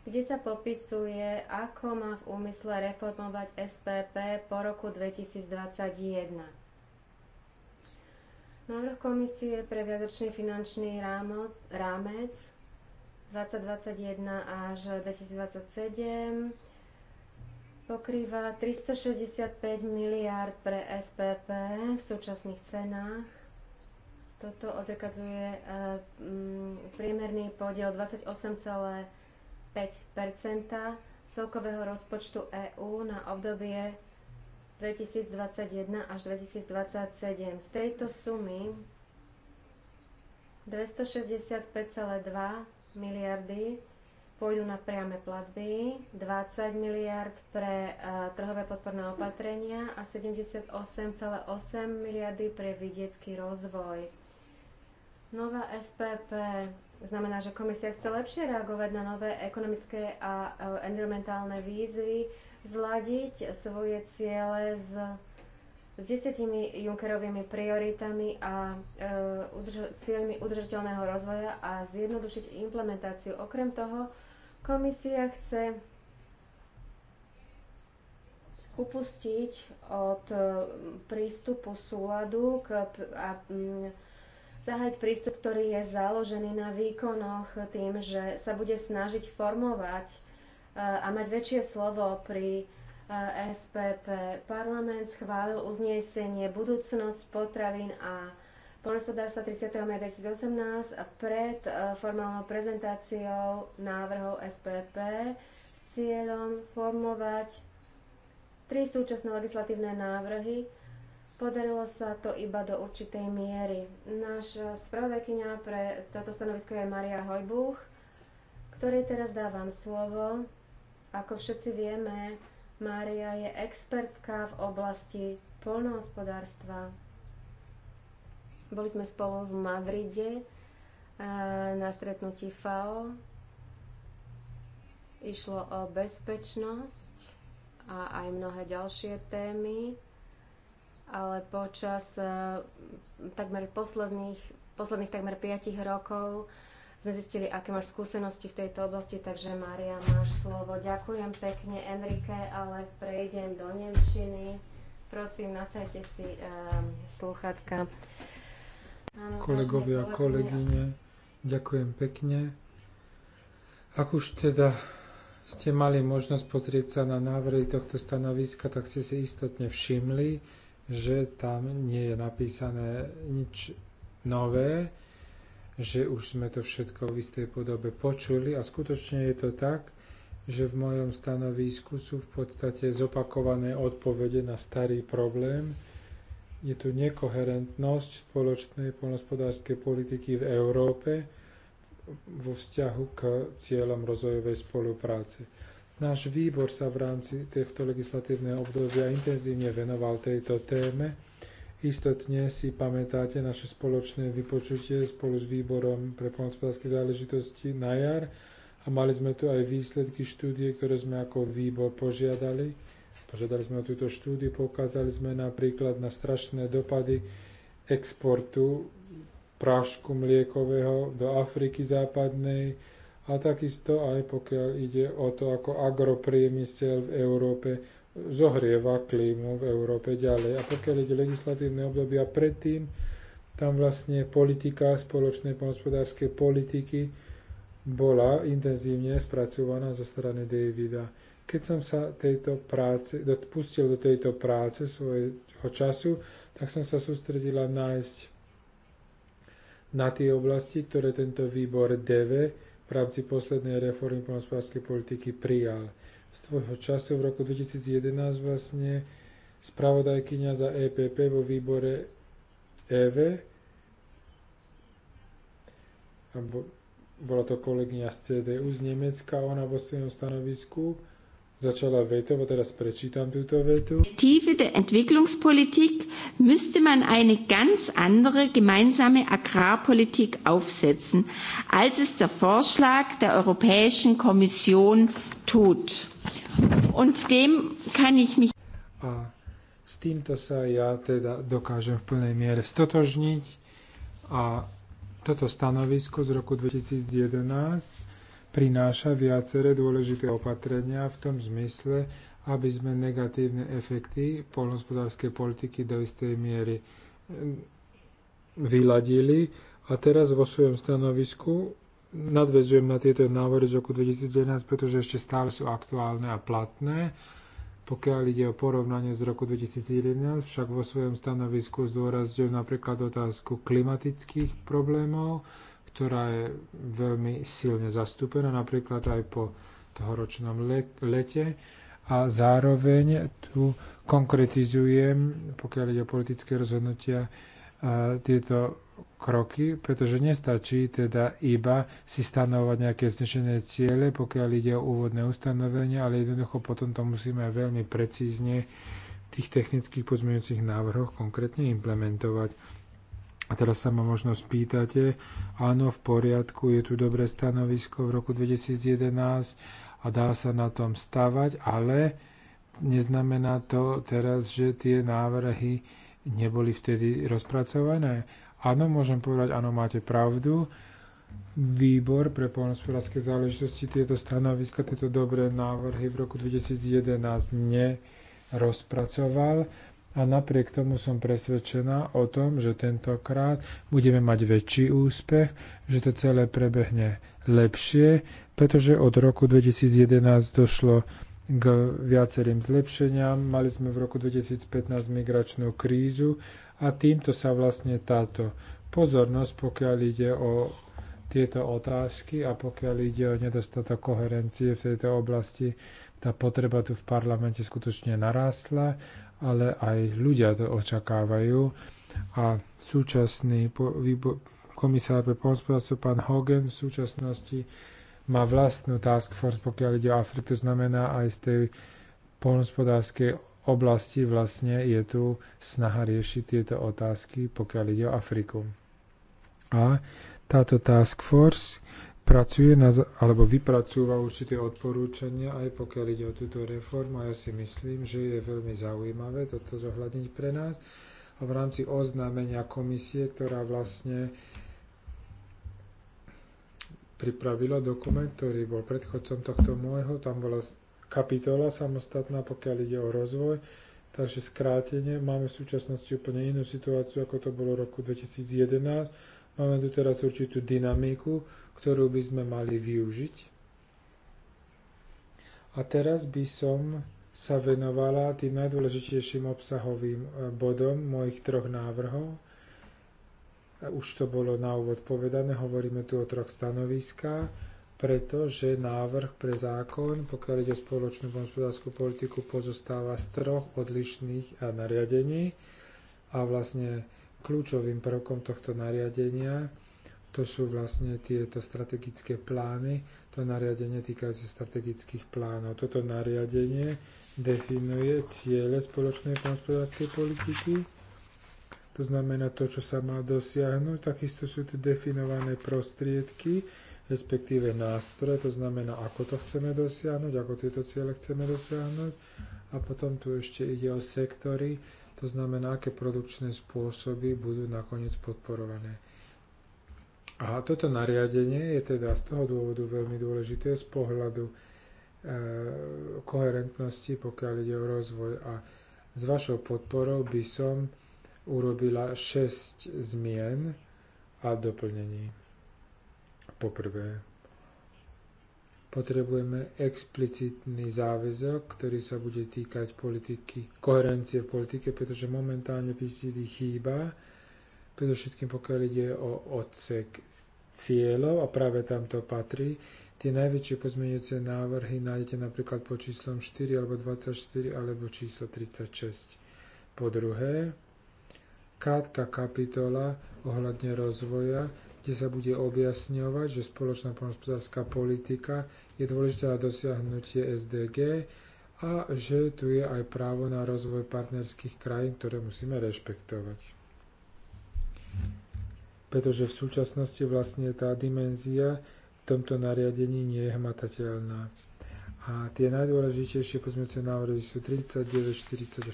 kde sa popisuje, ako má v úmysle reformovať SPP po roku 2021. Návrh komisie pre viadočný finančný rámec, rámec 2021 až 2027 pokrýva 365 miliárd pre SPP v súčasných cenách toto odzrkadzuje e, priemerný podiel 28,5 celkového rozpočtu EÚ na obdobie 2021 až 2027. Z tejto sumy 265,2 miliardy pôjdu na priame platby, 20 miliard pre uh, trhové podporné opatrenia a 78,8 miliardy pre vidiecký rozvoj. Nová SPP znamená, že komisia chce lepšie reagovať na nové ekonomické a e, environmentálne výzvy, zladiť svoje ciele s, s desiatimi Junckerovými prioritami a e, udrž- cieľmi udržateľného rozvoja a zjednodušiť implementáciu. Okrem toho, komisia chce upustiť od e, prístupu súladu k, a, a zahájiť prístup, ktorý je založený na výkonoch tým, že sa bude snažiť formovať eh, a mať väčšie slovo pri eh, SPP. Parlament schválil uznesenie budúcnosť potravín a poľnospodárstva 30. maja 2018 a pred eh, formálnou prezentáciou návrhov SPP s cieľom formovať tri súčasné legislatívne návrhy, Podarilo sa to iba do určitej miery. Náš spravodajkynia pre toto stanovisko je Maria Hojbuch, ktorej teraz dávam slovo. Ako všetci vieme, Mária je expertka v oblasti poľnohospodárstva. Boli sme spolu v Madride eh, na stretnutí FAO. Išlo o bezpečnosť a aj mnohé ďalšie témy ale počas eh, takmer posledných, posledných takmer 5 rokov sme zistili, aké máš skúsenosti v tejto oblasti, takže Mária, máš slovo. Ďakujem pekne, Enrique, ale prejdem do Nemčiny. Prosím, nasajte si um, eh, sluchatka. Kolegovia a kolegyne, ďakujem pekne. Ak už teda ste mali možnosť pozrieť sa na návrhy tohto stanoviska, tak ste si istotne všimli, že tam nie je napísané nič nové, že už sme to všetko v istej podobe počuli a skutočne je to tak, že v mojom stanovisku sú v podstate zopakované odpovede na starý problém. Je tu nekoherentnosť spoločnej poľnohospodárskej politiky v Európe vo vzťahu k cieľom rozvojovej spolupráce. Náš výbor sa v rámci tohto legislatívneho obdobia intenzívne venoval tejto téme. Istotne si pamätáte naše spoločné vypočutie spolu s výborom pre poľnohospodárske záležitosti na jar a mali sme tu aj výsledky štúdie, ktoré sme ako výbor požiadali. Požiadali sme o túto štúdiu, poukázali sme napríklad na strašné dopady exportu prášku mliekového do Afriky západnej, a takisto aj pokiaľ ide o to, ako agropriemysel v Európe zohrieva klímu v Európe ďalej. A pokiaľ ide legislatívne obdobia predtým, tam vlastne politika spoločnej poľnohospodárskej politiky bola intenzívne spracovaná zo strany Davida. Keď som sa tejto práce, pustil do tejto práce svojho času, tak som sa sústredila nájsť na tie oblasti, ktoré tento výbor DEVE rámci poslednej reformy poľnohospodárskej politiky prijal. Z tvojho času v roku 2011 vlastne spravodajkyňa za EPP vo výbore EV bola to kolegyňa z CDU z Nemecka, ona vo svojom stanovisku začala vetou, a teraz prečítam túto vetu. Tiefe der Entwicklungspolitik müsste man eine ganz andere gemeinsame Agrarpolitik aufsetzen, als es der Vorschlag der Europäischen Kommission tut. Und dem kann ich mich... A s týmto sa ja teda dokážem v plnej miere stotožniť a toto stanovisko z roku 2011 prináša viaceré dôležité opatrenia v tom zmysle, aby sme negatívne efekty poľnohospodárskej politiky do istej miery mm, vyladili. A teraz vo svojom stanovisku nadvezujem na tieto návrhy z roku 2011, pretože ešte stále sú aktuálne a platné. Pokiaľ ide o porovnanie z roku 2011, však vo svojom stanovisku zdôrazňujem napríklad otázku klimatických problémov, ktorá je veľmi silne zastúpená, napríklad aj po tohoročnom lete. A zároveň tu konkretizujem, pokiaľ ide o politické rozhodnutia, tieto kroky, pretože nestačí teda iba si stanovať nejaké vznešené ciele, pokiaľ ide o úvodné ustanovenie, ale jednoducho potom to musíme veľmi precízne v tých technických pozmeňujúcich návrhoch konkrétne implementovať. A teraz sa ma možno spýtate, áno, v poriadku, je tu dobré stanovisko v roku 2011 a dá sa na tom stavať, ale neznamená to teraz, že tie návrhy neboli vtedy rozpracované. Áno, môžem povedať, áno, máte pravdu. Výbor pre poľnohospodárske záležitosti tieto stanoviska, tieto dobré návrhy v roku 2011 nerozpracoval a napriek tomu som presvedčená o tom, že tentokrát budeme mať väčší úspech, že to celé prebehne lepšie, pretože od roku 2011 došlo k viacerým zlepšeniam. Mali sme v roku 2015 migračnú krízu a týmto sa vlastne táto pozornosť, pokiaľ ide o tieto otázky a pokiaľ ide o nedostatok koherencie v tejto oblasti, tá potreba tu v parlamente skutočne narástla ale aj ľudia to očakávajú. A súčasný komisár pre pomospodárstvo, pán Hogan, v súčasnosti má vlastnú task force, pokiaľ ide o Afriku, to znamená aj z tej polnospodárskej oblasti vlastne je tu snaha riešiť tieto otázky, pokiaľ ide o Afriku. A táto task force pracuje na, alebo vypracúva určité odporúčania, aj pokiaľ ide o túto reformu. A ja si myslím, že je veľmi zaujímavé toto zohľadniť pre nás. A v rámci oznámenia komisie, ktorá vlastne pripravila dokument, ktorý bol predchodcom tohto môjho, tam bola kapitola samostatná, pokiaľ ide o rozvoj, takže skrátenie. Máme v súčasnosti úplne inú situáciu, ako to bolo v roku 2011. Máme tu teraz určitú dynamiku, ktorú by sme mali využiť. A teraz by som sa venovala tým najdôležitejším obsahovým e, bodom mojich troch návrhov. E, už to bolo na úvod povedané, hovoríme tu o troch stanoviskách, pretože návrh pre zákon, pokiaľ ide o spoločnú hospodárskú politiku, pozostáva z troch odlišných e, nariadení a vlastne kľúčovým prvkom tohto nariadenia to sú vlastne tieto strategické plány, to nariadenie týkajúce strategických plánov. Toto nariadenie definuje ciele spoločnej hospodárskej politiky, to znamená to, čo sa má dosiahnuť. Takisto sú tu definované prostriedky, respektíve nástroje, to znamená, ako to chceme dosiahnuť, ako tieto ciele chceme dosiahnuť. A potom tu ešte ide o sektory, to znamená, aké produkčné spôsoby budú nakoniec podporované. A toto nariadenie je teda z toho dôvodu veľmi dôležité z pohľadu e, koherentnosti, pokiaľ ide o rozvoj. A s vašou podporou by som urobila 6 zmien a doplnení. Poprvé, potrebujeme explicitný záväzok, ktorý sa bude týkať politiky, koherencie v politike, pretože momentálne PCD chýba predovšetkým pokiaľ ide o odsek cieľov a práve tam to patrí. Tie najväčšie pozmeňujúce návrhy nájdete napríklad po číslom 4 alebo 24 alebo číslo 36. Po druhé, krátka kapitola ohľadne rozvoja, kde sa bude objasňovať, že spoločná poľnohospodárska politika je dôležitá na dosiahnutie SDG a že tu je aj právo na rozvoj partnerských krajín, ktoré musíme rešpektovať pretože v súčasnosti vlastne tá dimenzia v tomto nariadení nie je hmatateľná. A tie najdôležitejšie pozmeňujúce návrhy sú 39, 40 a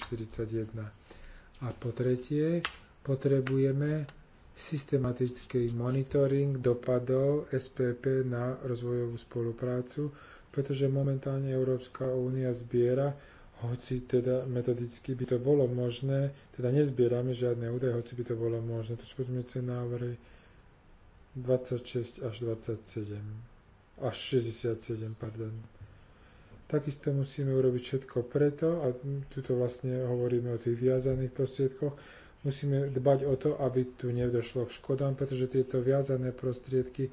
41. A po tretie, potrebujeme systematický monitoring dopadov SPP na rozvojovú spoluprácu, pretože momentálne Európska únia zbiera hoci teda metodicky by to bolo možné, teda nezbierame žiadne údaje, hoci by to bolo možné. To sú pozmeňujúce návrhy 26 až 27, až 67, pardon. Takisto musíme urobiť všetko preto, a tuto vlastne hovoríme o tých viazaných prostriedkoch, musíme dbať o to, aby tu nedošlo k škodám, pretože tieto viazané prostriedky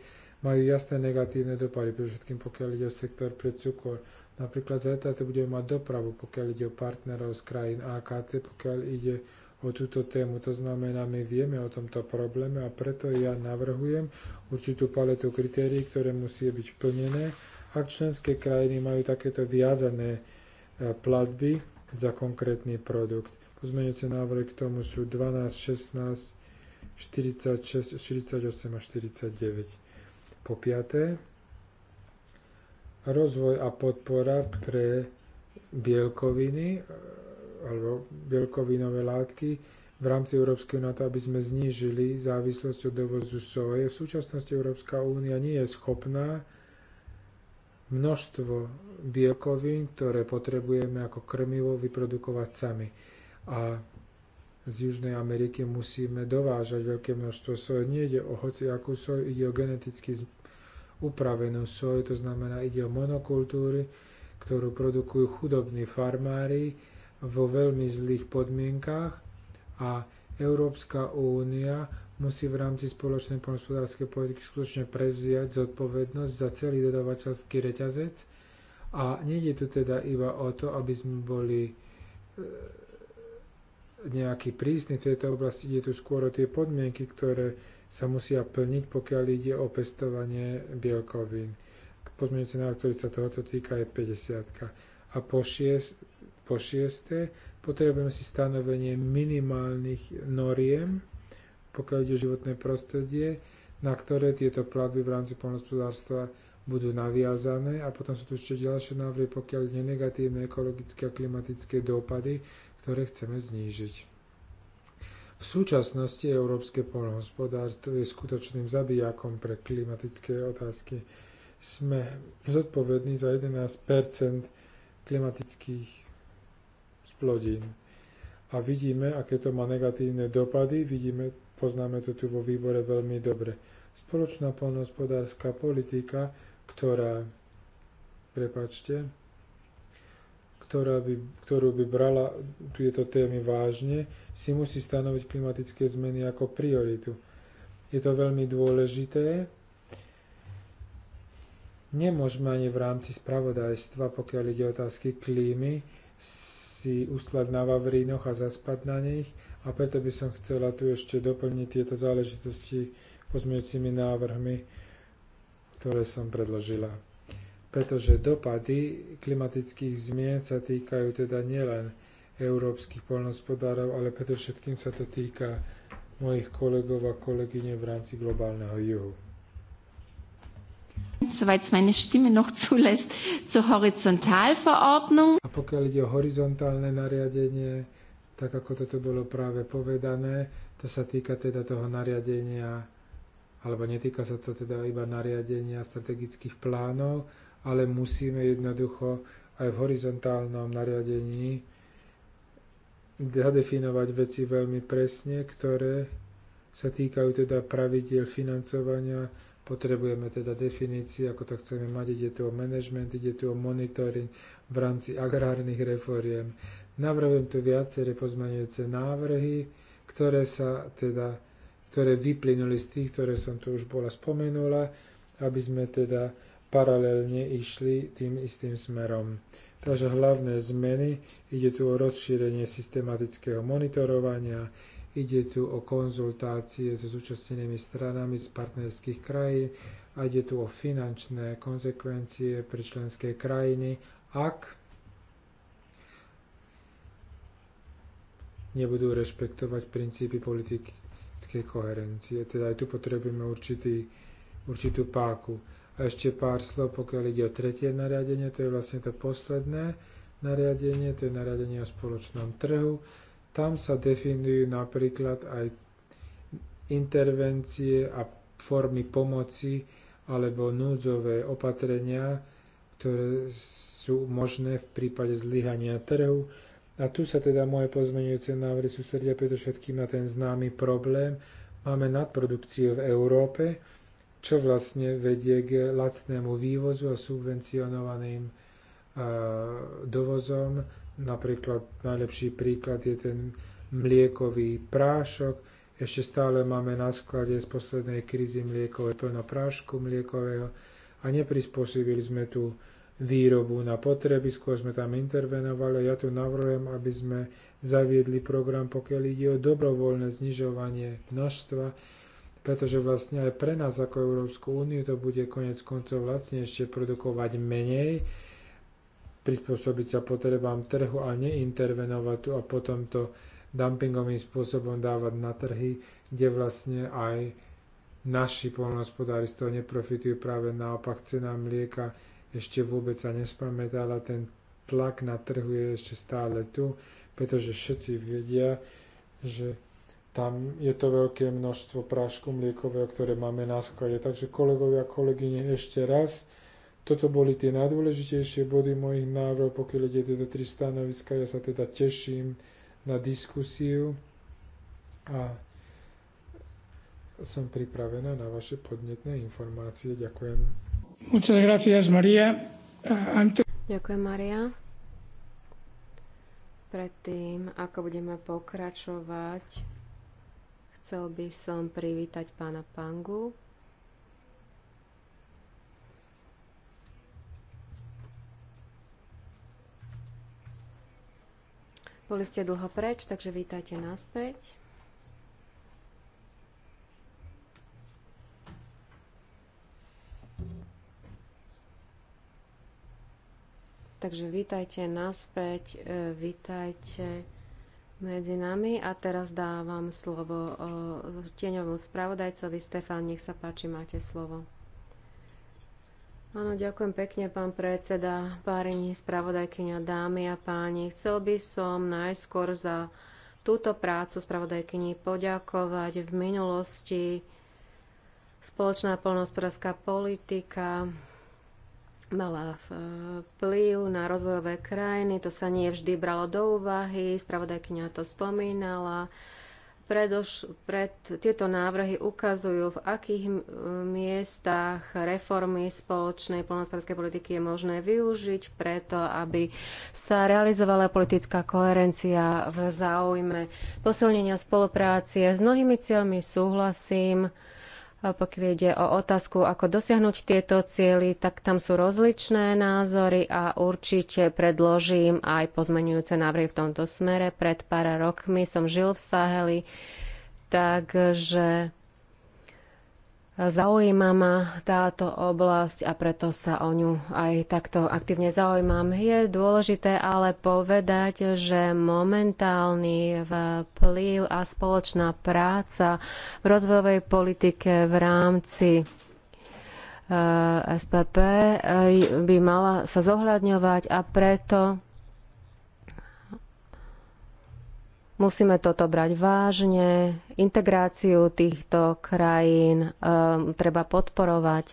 majú jasné negatívne dopady, pretože všetkým pokiaľ ide o sektor pre cukor. Napríklad zajtra to budeme mať dopravu, pokiaľ ide o partnerov z krajín AKT, pokiaľ ide o túto tému. To znamená, my vieme o tomto probléme a preto ja navrhujem určitú paletu kritérií, ktoré musí byť plnené. Ak členské krajiny majú takéto viazané e, platby za konkrétny produkt. Pozmeňujúce návrhy k tomu sú 12, 16, 46, 48 a 49. Po piaté, rozvoj a podpora pre bielkoviny e, alebo bielkovinové látky v rámci Európskej na to, aby sme znížili závislosť od dovozu soje. V súčasnosti Európska únia nie je schopná množstvo bielkovín, ktoré potrebujeme ako krmivo, vyprodukovať sami. A z Južnej Ameriky musíme dovážať veľké množstvo soje. Nie ide o akú soju, ide o geneticky upravenú soju, to znamená ide o monokultúry, ktorú produkujú chudobní farmári vo veľmi zlých podmienkách a Európska únia musí v rámci spoločnej poľnohospodárskej politiky skutočne prevziať zodpovednosť za celý dodavateľský reťazec a nejde tu teda iba o to, aby sme boli e, nejaký prísny v tejto oblasti, ide tu skôr o tie podmienky, ktoré sa musia plniť, pokiaľ ide o pestovanie bielkovín. Pozmeňujúci návrh, ktorý sa tohoto týka, je 50. A po, šiest, po šiesté potrebujeme si stanovenie minimálnych noriem, pokiaľ ide o životné prostredie, na ktoré tieto platby v rámci poľnohospodárstva budú naviazané a potom sú tu ešte ďalšie návrhy, pokiaľ ide negatívne ekologické a klimatické dopady, ktoré chceme znížiť. V súčasnosti európske poľnohospodárstvo je skutočným zabijakom pre klimatické otázky. Sme zodpovední za 11 klimatických splodín. A vidíme, aké to má negatívne dopady, vidíme, poznáme to tu vo výbore veľmi dobre. Spoločná poľnohospodárska politika, ktorá, prepačte, ktorá by, ktorú by brala tieto témy vážne, si musí stanoviť klimatické zmeny ako prioritu. Je to veľmi dôležité. Nemôžeme ani v rámci spravodajstva, pokiaľ ide otázky klímy, si uslať na vavrínoch a zaspať na nich a preto by som chcela tu ešte doplniť tieto záležitosti pozmeňujúcimi návrhmi, ktoré som predložila pretože dopady klimatických zmien sa týkajú teda nielen európskych poľnohospodárov, ale predovšetkým sa to týka mojich kolegov a kolegyne v rámci globálneho juhu. Soweit meine Stimme noch zulässt, zur Horizontalverordnung. A pokiaľ ide o horizontálne nariadenie, tak ako toto bolo práve povedané, to sa týka teda toho nariadenia, alebo netýka sa to teda iba nariadenia strategických plánov, ale musíme jednoducho aj v horizontálnom nariadení zadefinovať veci veľmi presne, ktoré sa týkajú teda pravidiel financovania. Potrebujeme teda definície, ako to chceme mať. Ide tu o management, ide tu o monitoring v rámci agrárnych reforiem. Navrhujem tu viaceré pozmeňujúce návrhy, ktoré sa teda ktoré vyplynuli z tých, ktoré som tu už bola spomenula, aby sme teda paralelne išli tým istým smerom. Takže hlavné zmeny, ide tu o rozšírenie systematického monitorovania, ide tu o konzultácie so zúčastnenými stranami z partnerských krajín a ide tu o finančné konsekvencie pre členské krajiny, ak nebudú rešpektovať princípy politickej koherencie. Teda aj tu potrebujeme určitý, určitú páku. A ešte pár slov, pokiaľ ide o tretie nariadenie, to je vlastne to posledné nariadenie, to je nariadenie o spoločnom trhu. Tam sa definujú napríklad aj intervencie a formy pomoci alebo núdzové opatrenia, ktoré sú možné v prípade zlyhania trhu. A tu sa teda moje pozmeňujúce návrhy sústredia predovšetkým na ten známy problém. Máme nadprodukciu v Európe, čo vlastne vedie k lacnému vývozu a subvencionovaným e, dovozom. Napríklad najlepší príklad je ten mliekový prášok. Ešte stále máme na sklade z poslednej krízy mliekové plno prášku mliekového a neprispôsobili sme tú výrobu na potreby, skôr sme tam intervenovali. Ja tu navrhujem, aby sme zaviedli program, pokiaľ ide o dobrovoľné znižovanie množstva pretože vlastne aj pre nás ako Európsku úniu to bude konec koncov lacnejšie produkovať menej, prispôsobiť sa potrebám trhu a neintervenovať tu a potom to dumpingovým spôsobom dávať na trhy, kde vlastne aj naši polnohospodári z toho neprofitujú práve naopak cena mlieka ešte vôbec sa ale ten tlak na trhu je ešte stále tu, pretože všetci vedia, že tam je to veľké množstvo prášku mliekového, ktoré máme na sklade. Takže kolegovia a kolegyne, ešte raz, toto boli tie najdôležitejšie body mojich návrhov, pokiaľ ide do tri stanoviska. Ja sa teda teším na diskusiu a som pripravená na vaše podnetné informácie. Ďakujem. Muchas gracias, Maria. Eh, ante... Ďakujem, Maria. Predtým, ako budeme pokračovať Chcel by som privítať pána Pangu. Boli ste dlho preč, takže vítajte naspäť. Takže vítajte naspäť, e, vítajte medzi nami a teraz dávam slovo eh, tieňovom spravodajcovi. Stefán, nech sa páči, máte slovo. Áno, ďakujem pekne, pán predseda, párini, spravodajkyňa, dámy a páni. Chcel by som najskôr za túto prácu spravodajkyni poďakovať. V minulosti spoločná polnohospodárska politika mala eh, vplyv na rozvojové krajiny. To sa nie vždy bralo do úvahy, spravodajkyňa to spomínala. Predoš, pred, tieto návrhy ukazujú, v akých miestach reformy spoločnej polnospodárskej politiky je možné využiť preto, aby sa realizovala politická koherencia v záujme posilnenia spolupráce. S mnohými cieľmi súhlasím pokiaľ ide o otázku, ako dosiahnuť tieto cieľy, tak tam sú rozličné názory a určite predložím aj pozmenujúce návrhy v tomto smere. Pred pár rokmi som žil v Saheli, takže Zaujíma ma táto oblasť a preto sa o ňu aj takto aktívne zaujímam. Je dôležité ale povedať, že momentálny vplyv a spoločná práca v rozvojovej politike v rámci e, SPP e, by mala sa zohľadňovať a preto Musíme toto brať vážne. Integráciu týchto krajín um, treba podporovať.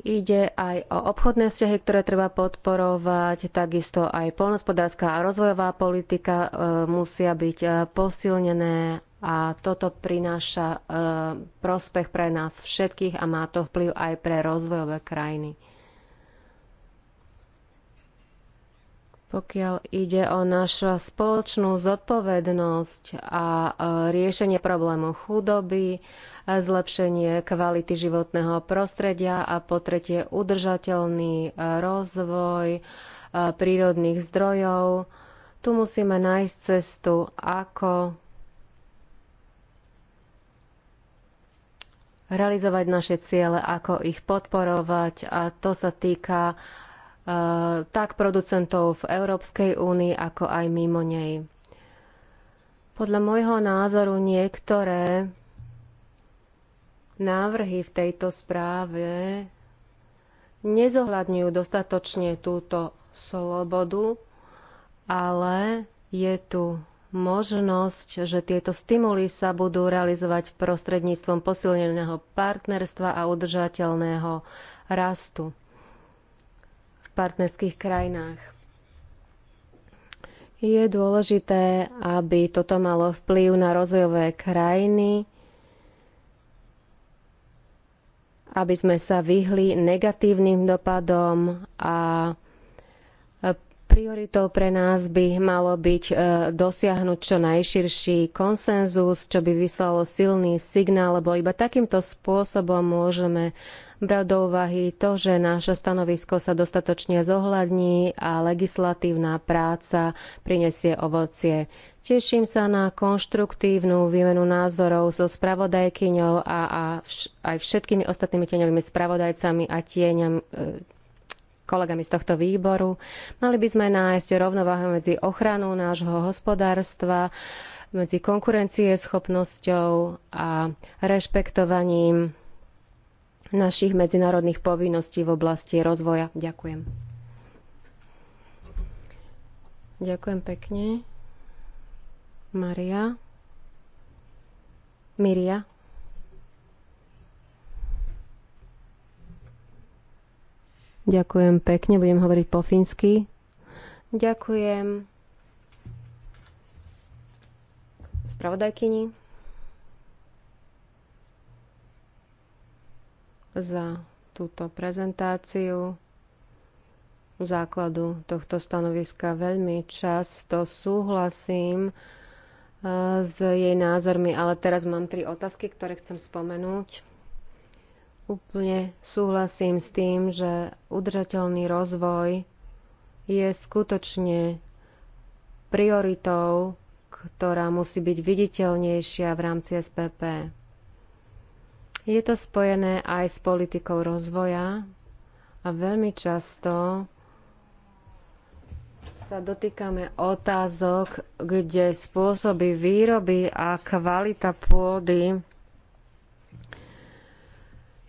Ide aj o obchodné vzťahy, ktoré treba podporovať, takisto aj poľnohospodárska a rozvojová politika um, musia byť uh, posilnené a toto prináša e, prospech pre nás všetkých a má to vplyv aj pre rozvojové krajiny. Pokiaľ ide o našu spoločnú zodpovednosť a e, riešenie problému chudoby, e, zlepšenie kvality životného prostredia a po tretie udržateľný e, rozvoj prírodných zdrojov, tu musíme nájsť cestu, ako realizovať naše ciele, ako ich podporovať a to sa týka Eh, tak producentov v Európskej únii, ako aj mimo nej. Podľa môjho názoru niektoré návrhy v tejto správe nezohľadňujú dostatočne túto slobodu, ale je tu možnosť, že tieto stimuly sa budú realizovať prostredníctvom posilneného partnerstva a udržateľného rastu partnerských krajinách. Je dôležité, aby toto malo vplyv na rozvojové krajiny, aby sme sa vyhli negatívnym dopadom a prioritou pre nás by malo byť e, dosiahnuť čo najširší konsenzus, čo by vyslalo silný signál, lebo iba takýmto spôsobom môžeme bral do úvahy to, že naše stanovisko sa dostatočne zohľadní a legislatívna práca prinesie ovocie. Teším sa na konštruktívnu výmenu názorov so spravodajkyňou a, a vš- aj všetkými ostatnými tieňovými spravodajcami a tieňami e, kolegami z tohto výboru. Mali by sme nájsť rovnováhu medzi ochranou nášho hospodárstva, medzi konkurencieschopnosťou a rešpektovaním našich medzinárodných povinností v oblasti rozvoja. Ďakujem. Ďakujem pekne. Maria. Miria. Ďakujem pekne, budem hovoriť po fínsky. Ďakujem spravodajkyni. za túto prezentáciu základu tohto stanoviska. Veľmi často súhlasím e, s jej názormi, ale teraz mám tri otázky, ktoré chcem spomenúť. Úplne súhlasím s tým, že udržateľný rozvoj je skutočne prioritou, ktorá musí byť viditeľnejšia v rámci SPP. Je to spojené aj s politikou rozvoja a veľmi často sa dotýkame otázok, kde spôsoby výroby a kvalita pôdy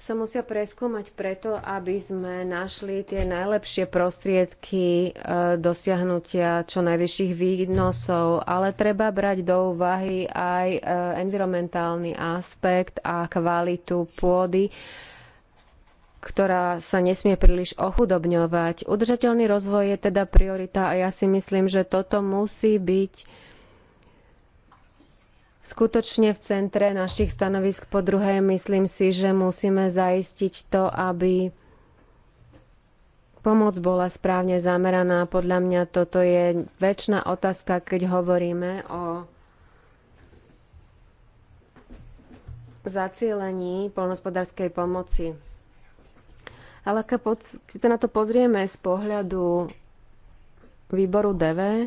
sa musia preskúmať preto, aby sme našli tie najlepšie prostriedky e, dosiahnutia čo najvyšších výnosov, ale treba brať do úvahy aj e, environmentálny aspekt a kvalitu pôdy, ktorá sa nesmie príliš ochudobňovať. Udržateľný rozvoj je teda priorita a ja si myslím, že toto musí byť skutočne v centre našich stanovisk. Po druhé, myslím si, že musíme zaistiť to, aby pomoc bola správne zameraná. Podľa mňa toto je väčšina otázka, keď hovoríme o zacielení poľnospodárskej pomoci. Ale keď sa na to pozrieme z pohľadu výboru DV,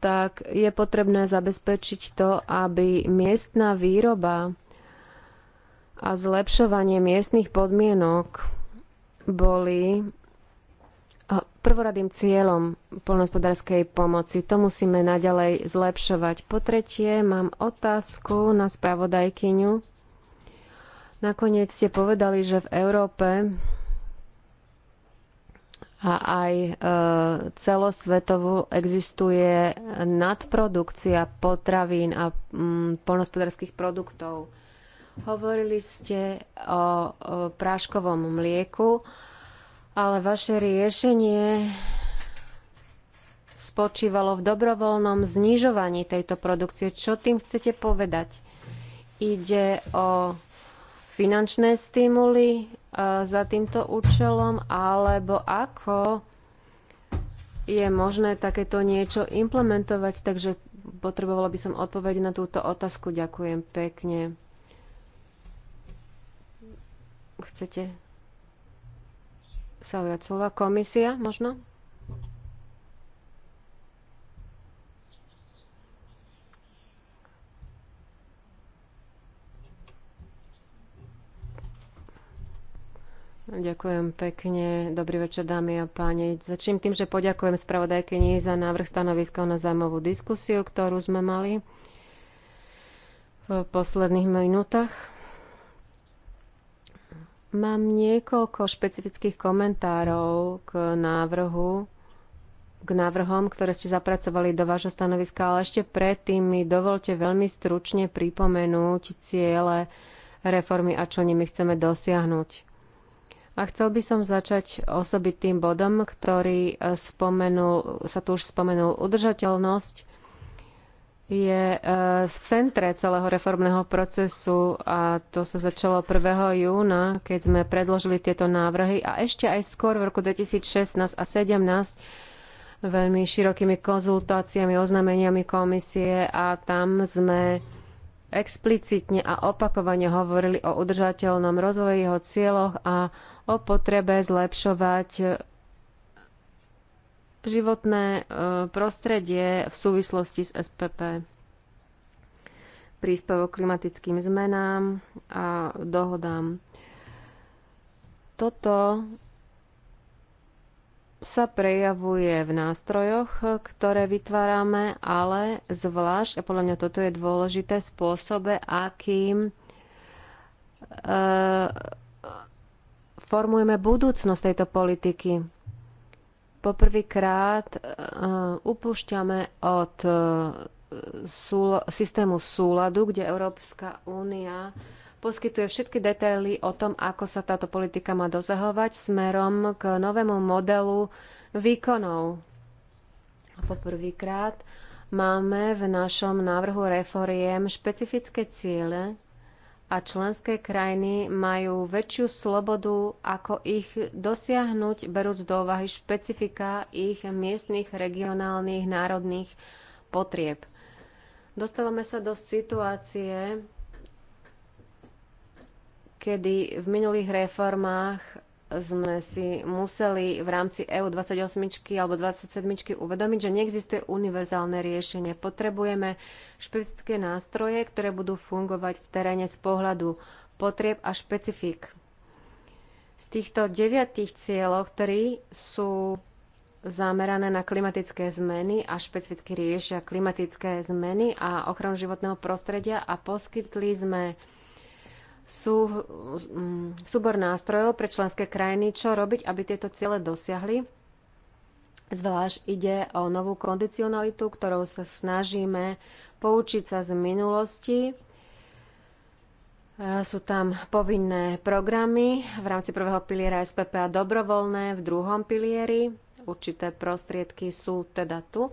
tak je potrebné zabezpečiť to, aby miestna výroba a zlepšovanie miestnych podmienok boli prvoradým cieľom poľnohospodárskej pomoci. To musíme naďalej zlepšovať. Po tretie, mám otázku na spravodajkyňu. Nakoniec ste povedali, že v Európe a aj e, celosvetovo existuje nadprodukcia potravín a mm, polnospodárských produktov. Hovorili ste o, o práškovom mlieku, ale vaše riešenie spočívalo v dobrovoľnom znižovaní tejto produkcie. Čo tým chcete povedať? Ide o finančné stimuly e, za týmto účelom, alebo ako je možné takéto niečo implementovať. Takže potrebovala by som odpoveď na túto otázku. Ďakujem pekne. Chcete sa ujať slova? Komisia možno? Ďakujem pekne. Dobrý večer, dámy a páni. Začnem tým, že poďakujem spravodajkyni za návrh stanoviska na zaujímavú diskusiu, ktorú sme mali v posledných minútach. Mám niekoľko špecifických komentárov k návrhu k návrhom, ktoré ste zapracovali do vášho stanoviska, ale ešte predtým mi dovolte veľmi stručne pripomenúť ciele reformy a čo nimi chceme dosiahnuť. A chcel by som začať osobitým bodom, ktorý e, spomenul, sa tu už spomenul, udržateľnosť je e, v centre celého reformného procesu a to sa začalo 1. júna, keď sme predložili tieto návrhy a ešte aj skôr v roku 2016 a 2017 veľmi širokými konzultáciami, oznámeniami komisie a tam sme explicitne a opakovane hovorili o udržateľnom rozvoji, jeho cieľoch a o potrebe zlepšovať e, životné e, prostredie v súvislosti s SPP príspevok klimatickým zmenám a dohodám. Toto sa prejavuje v nástrojoch, ktoré vytvárame, ale zvlášť, a podľa mňa toto je dôležité, spôsobe, akým e, formujeme budúcnosť tejto politiky. Poprvýkrát e, upúšťame od e, súl- systému súladu, kde Európska únia poskytuje všetky detaily o tom, ako sa táto politika má dosahovať smerom k novému modelu výkonov. A poprvýkrát máme v našom návrhu reforiem špecifické ciele, a členské krajiny majú väčšiu slobodu, ako ich dosiahnuť, berúc do úvahy špecifika ich miestnych, regionálnych, národných potrieb. Dostávame sa do situácie, kedy v minulých reformách sme si museli v rámci EU 28 alebo 27 uvedomiť, že neexistuje univerzálne riešenie. Potrebujeme špecifické nástroje, ktoré budú fungovať v teréne z pohľadu potrieb a špecifik. Z týchto deviatých cieľov, ktorí sú zamerané na klimatické zmeny a špecificky riešia klimatické zmeny a ochranu životného prostredia a poskytli sme sú mm, súbor nástrojov pre členské krajiny, čo robiť, aby tieto ciele dosiahli. Zvlášť ide o novú kondicionalitu, ktorou sa snažíme poučiť sa z minulosti. E, sú tam povinné programy v rámci prvého piliera SPP a dobrovoľné v druhom pilieri. Určité prostriedky sú teda tu.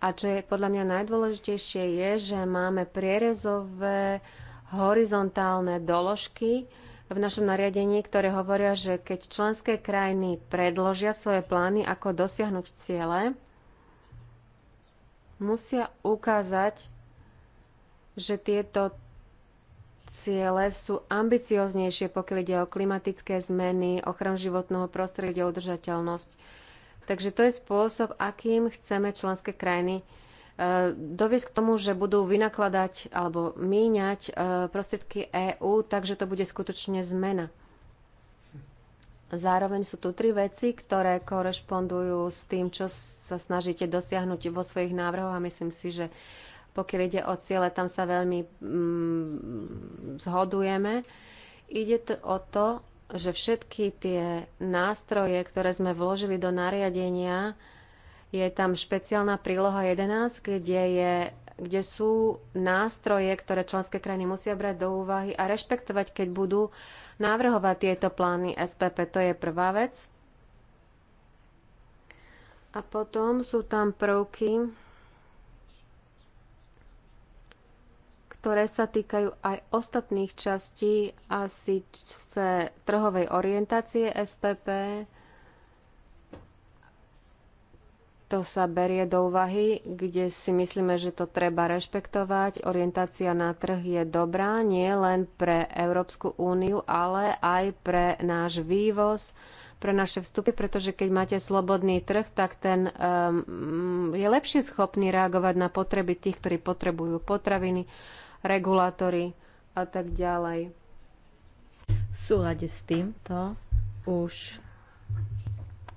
A čo je podľa mňa najdôležitejšie je, že máme prierezové horizontálne doložky v našom nariadení, ktoré hovoria, že keď členské krajiny predložia svoje plány, ako dosiahnuť ciele, musia ukázať, že tieto ciele sú ambicioznejšie, pokiaľ ide o klimatické zmeny, ochranu životného prostredia, udržateľnosť. Takže to je spôsob, akým chceme členské krajiny Eh, doviesť k tomu, že budú vynakladať alebo míňať eh, prostriedky EÚ, takže to bude skutočne zmena. Zároveň sú tu tri veci, ktoré korešpondujú s tým, čo sa snažíte dosiahnuť vo svojich návrhoch a myslím si, že pokiaľ ide o ciele, tam sa veľmi mm, zhodujeme. Ide to o to, že všetky tie nástroje, ktoré sme vložili do nariadenia, je tam špeciálna príloha 11, kde, je, kde sú nástroje, ktoré členské krajiny musia brať do úvahy a rešpektovať, keď budú návrhovať tieto plány SPP. To je prvá vec. A potom sú tam prvky, ktoré sa týkajú aj ostatných častí asi trhovej orientácie SPP, to sa berie do úvahy, kde si myslíme, že to treba rešpektovať. Orientácia na trh je dobrá nie len pre Európsku úniu, ale aj pre náš vývoz, pre naše vstupy, pretože keď máte slobodný trh, tak ten um, je lepšie schopný reagovať na potreby tých, ktorí potrebujú potraviny, regulátory a tak ďalej. V súlade s týmto už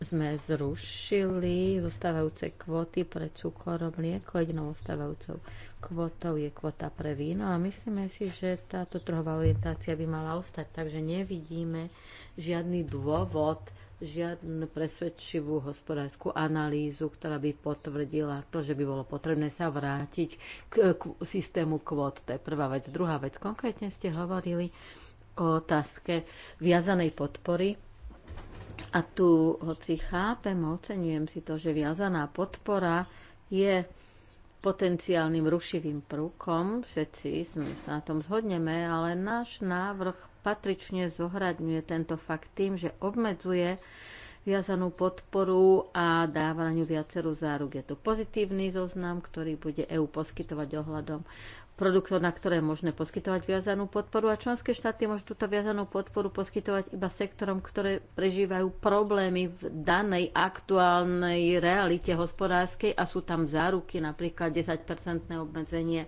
sme zrušili zostávajúce kvóty pre cukor, mlieko. Jedinou zostávajúcou kvotou je kvota pre víno a myslíme si, že táto trhová orientácia by mala ostať, takže nevidíme žiadny dôvod, žiadnu presvedčivú hospodárskú analýzu, ktorá by potvrdila to, že by bolo potrebné sa vrátiť k, k systému kvót. To je prvá vec. Druhá vec, konkrétne ste hovorili o otázke viazanej podpory a tu, hoci chápem, ocenujem si to, že viazaná podpora je potenciálnym rušivým prúkom, všetci sme sa na tom zhodneme, ale náš návrh patrične zohradňuje tento fakt tým, že obmedzuje viazanú podporu a dáva na ňu viacerú záruk. Je tu pozitívny zoznam, ktorý bude EU poskytovať ohľadom produktov, na ktoré je možné poskytovať viazanú podporu a členské štáty môžu túto viazanú podporu poskytovať iba sektorom, ktoré prežívajú problémy v danej aktuálnej realite hospodárskej a sú tam záruky, napríklad 10-percentné obmedzenie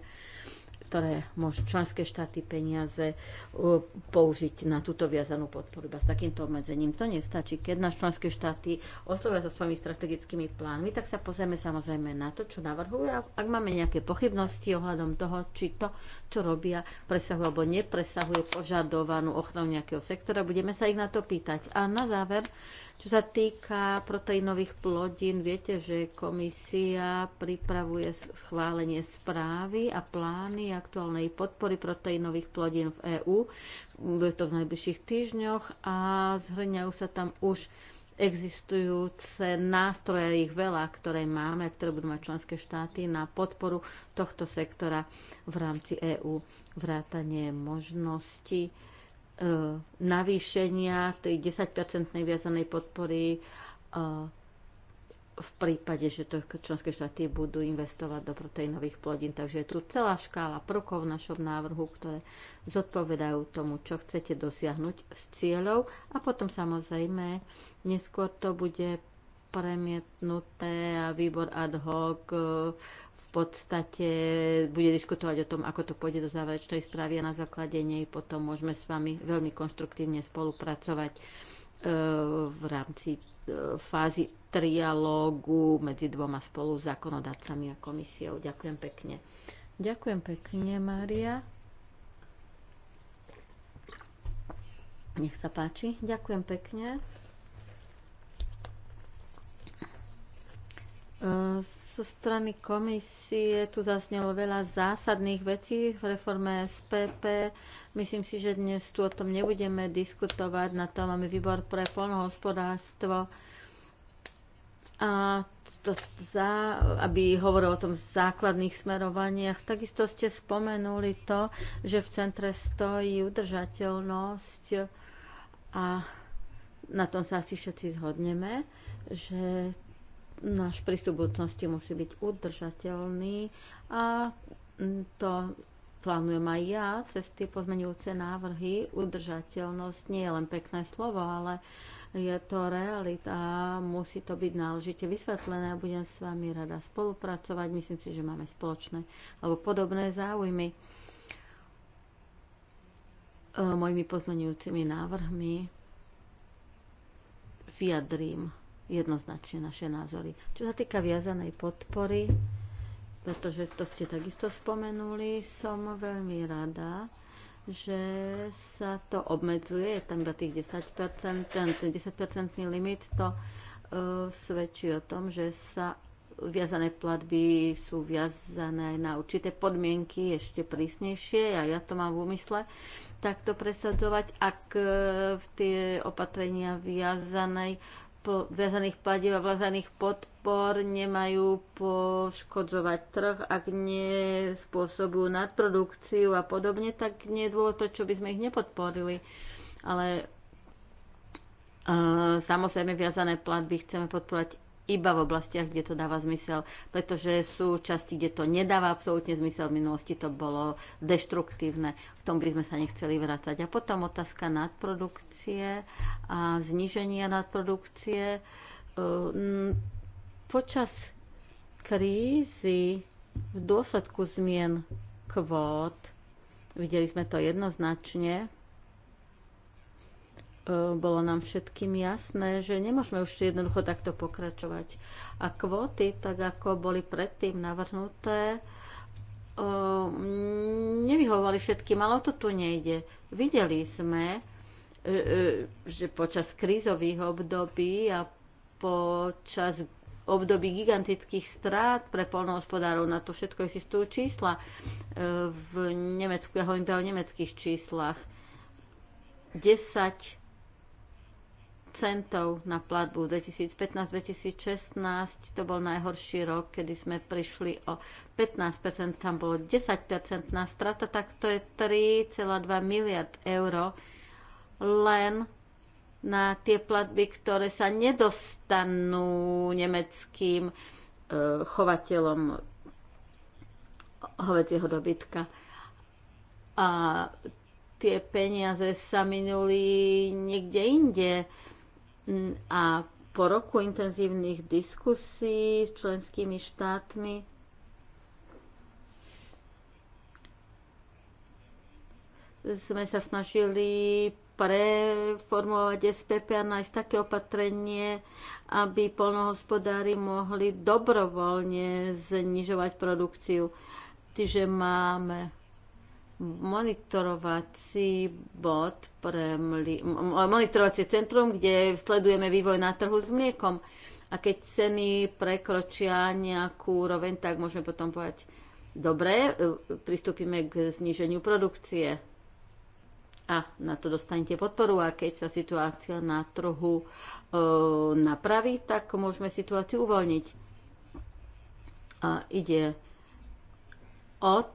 ktoré môžu členské štáty peniaze uh, použiť na túto viazanú podporu. Iba s takýmto obmedzením to nestačí. Keď nás členské štáty oslovia so svojimi strategickými plánmi, tak sa pozrieme samozrejme na to, čo navrhujú. ak máme nejaké pochybnosti ohľadom toho, či to, čo robia, presahujú alebo nepresahujú požadovanú ochranu nejakého sektora, budeme sa ich na to pýtať. A na záver, čo sa týka proteínových plodín, viete, že komisia pripravuje schválenie správy a plány aktuálnej podpory proteínových plodín v EÚ. Bude to v najbližších týždňoch a zhrňajú sa tam už existujúce nástroje, ich veľa, ktoré máme, ktoré budú mať členské štáty na podporu tohto sektora v rámci EÚ, vrátanie možnosti E, navýšenia tej 10-percentnej viazanej podpory e, v prípade, že to členské štáty budú investovať do proteínových plodín. Takže je tu celá škála prvkov v našom návrhu, ktoré zodpovedajú tomu, čo chcete dosiahnuť s cieľov. A potom samozrejme neskôr to bude premietnuté a výbor ad hoc e, podstate bude diskutovať o tom, ako to pôjde do záverečnej správy a na základe nej potom môžeme s vami veľmi konstruktívne spolupracovať e, v rámci e, fázy trialógu medzi dvoma spolu zákonodácami a komisiou. Ďakujem pekne. Ďakujem pekne, Mária. Nech sa páči. Ďakujem pekne. E, zo strany komisie tu zaznelo veľa zásadných vecí v reforme SPP. Myslím si, že dnes tu o tom nebudeme diskutovať. Na to máme výbor pre polnohospodárstvo. A to za, aby hovoril o tom základných smerovaniach. Takisto ste spomenuli to, že v centre stojí udržateľnosť a na tom sa asi všetci zhodneme, že náš prístup budúcnosti musí byť udržateľný a to plánujem aj ja cez tie pozmeňujúce návrhy. Udržateľnosť nie je len pekné slovo, ale je to realita. Musí to byť náležite vysvetlené a budem s vami rada spolupracovať. Myslím si, že máme spoločné alebo podobné záujmy. E, mojimi pozmeňujúcimi návrhmi vyjadrím jednoznačne naše názory. Čo sa týka viazanej podpory, pretože to ste takisto spomenuli, som veľmi rada, že sa to obmedzuje, je tam iba tých 10%, ten, ten 10% limit, to uh, svedčí o tom, že sa viazané platby sú viazané na určité podmienky ešte prísnejšie a ja to mám v úmysle takto presadzovať, ak e, tie opatrenia viazanej uh, viazaných pladív a viazaných podpor nemajú poškodzovať trh, ak nespôsobujú nadprodukciu a podobne, tak nie je dôvod, prečo by sme ich nepodporili. Ale eh, samozrejme viazané platby chceme podporovať iba v oblastiach, kde to dáva zmysel, pretože sú časti, kde to nedáva absolútne zmysel. V minulosti to bolo deštruktívne, v tom by sme sa nechceli vrácať. A potom otázka nadprodukcie a zniženia nadprodukcie. Ehm, počas krízy v dôsledku zmien kvót, videli sme to jednoznačne, E, bolo nám všetkým jasné, že nemôžeme už jednoducho takto pokračovať. A kvóty, tak ako boli predtým navrhnuté, e, nevyhovovali všetkým, ale o to tu nejde. Videli sme, e, že počas krízových období a počas období gigantických strát pre polnohospodárov. Na to všetko existujú čísla. V Nemecku, ja hovorím teda o nemeckých číslach. 10 centov na platbu. 2015-2016 to bol najhorší rok, kedy sme prišli o 15%, tam bolo 10% na strata, tak to je 3,2 miliard eur len na tie platby, ktoré sa nedostanú nemeckým e, chovateľom hovedzieho dobytka. A tie peniaze sa minuli niekde inde Mm, a po roku intenzívnych diskusí s členskými štátmi sme sa snažili preformulovať SPP a nájsť také opatrenie, aby polnohospodári mohli dobrovoľne znižovať produkciu. Čiže máme monitorovací bod pre mli- monitorovacie centrum, kde sledujeme vývoj na trhu s mliekom. A keď ceny prekročia nejakú úroveň, tak môžeme potom povedať, dobre, e, pristúpime k zníženiu produkcie. A na to dostanete podporu a keď sa situácia na trhu e, napraví, tak môžeme situáciu uvoľniť. A ide o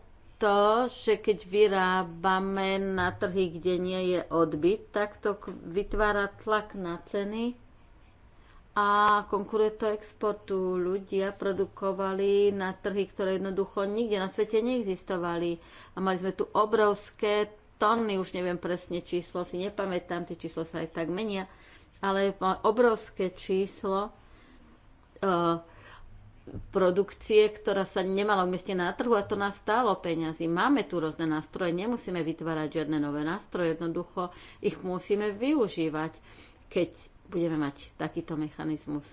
to, že keď vyrábame na trhy, kde nie je odbyt, tak to vytvára tlak na ceny a konkuruje to exportu. Ľudia produkovali na trhy, ktoré jednoducho nikde na svete neexistovali. A mali sme tu obrovské tony, už neviem presne číslo, si nepamätám, tie číslo sa aj tak menia, ale obrovské číslo. uh, produkcie, ktorá sa nemala umiestniť na trhu a to nás stálo peňazí. Máme tu rôzne nástroje, nemusíme vytvárať žiadne nové nástroje, jednoducho ich musíme využívať, keď budeme mať takýto mechanizmus.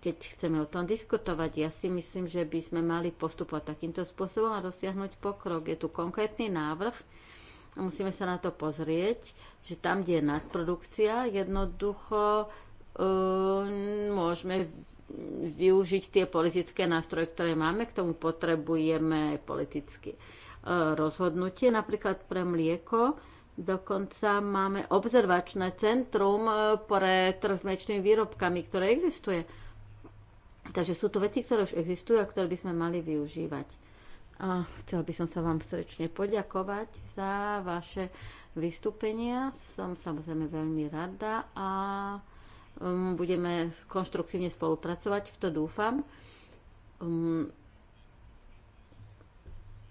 Keď chceme o tom diskutovať, ja si myslím, že by sme mali postupovať takýmto spôsobom a dosiahnuť pokrok. Je tu konkrétny návrh, a musíme sa na to pozrieť, že tam, kde je nadprodukcia, jednoducho Ehm, môžeme využiť tie politické nástroje, ktoré máme. K tomu potrebujeme politické e, rozhodnutie, napríklad pre mlieko. Dokonca máme observačné centrum e, pre trzmečnými výrobkami, ktoré existuje. Takže sú to veci, ktoré už existujú a ktoré by sme mali využívať. A chcela by som sa vám srdečne poďakovať za vaše vystúpenia. Som samozrejme veľmi rada a Um, budeme konštruktívne spolupracovať, v to dúfam. Um,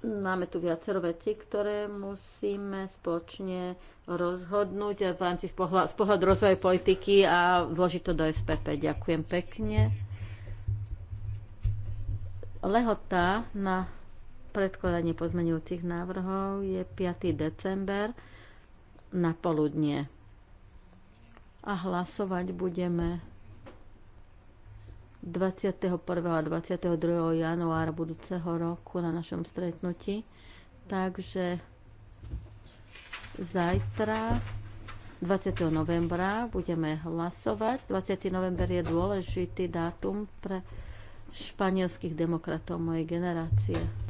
máme tu viacero veci, ktoré musíme spoločne rozhodnúť a v rámci z pohľadu, z rozvoja politiky a vložiť to do SPP. Ďakujem pekne. Lehota na predkladanie pozmenujúcich návrhov je 5. december na poludnie a hlasovať budeme 21. a 22. januára budúceho roku na našom stretnutí. Takže zajtra 20. novembra budeme hlasovať. 20. november je dôležitý dátum pre španielských demokratov mojej generácie.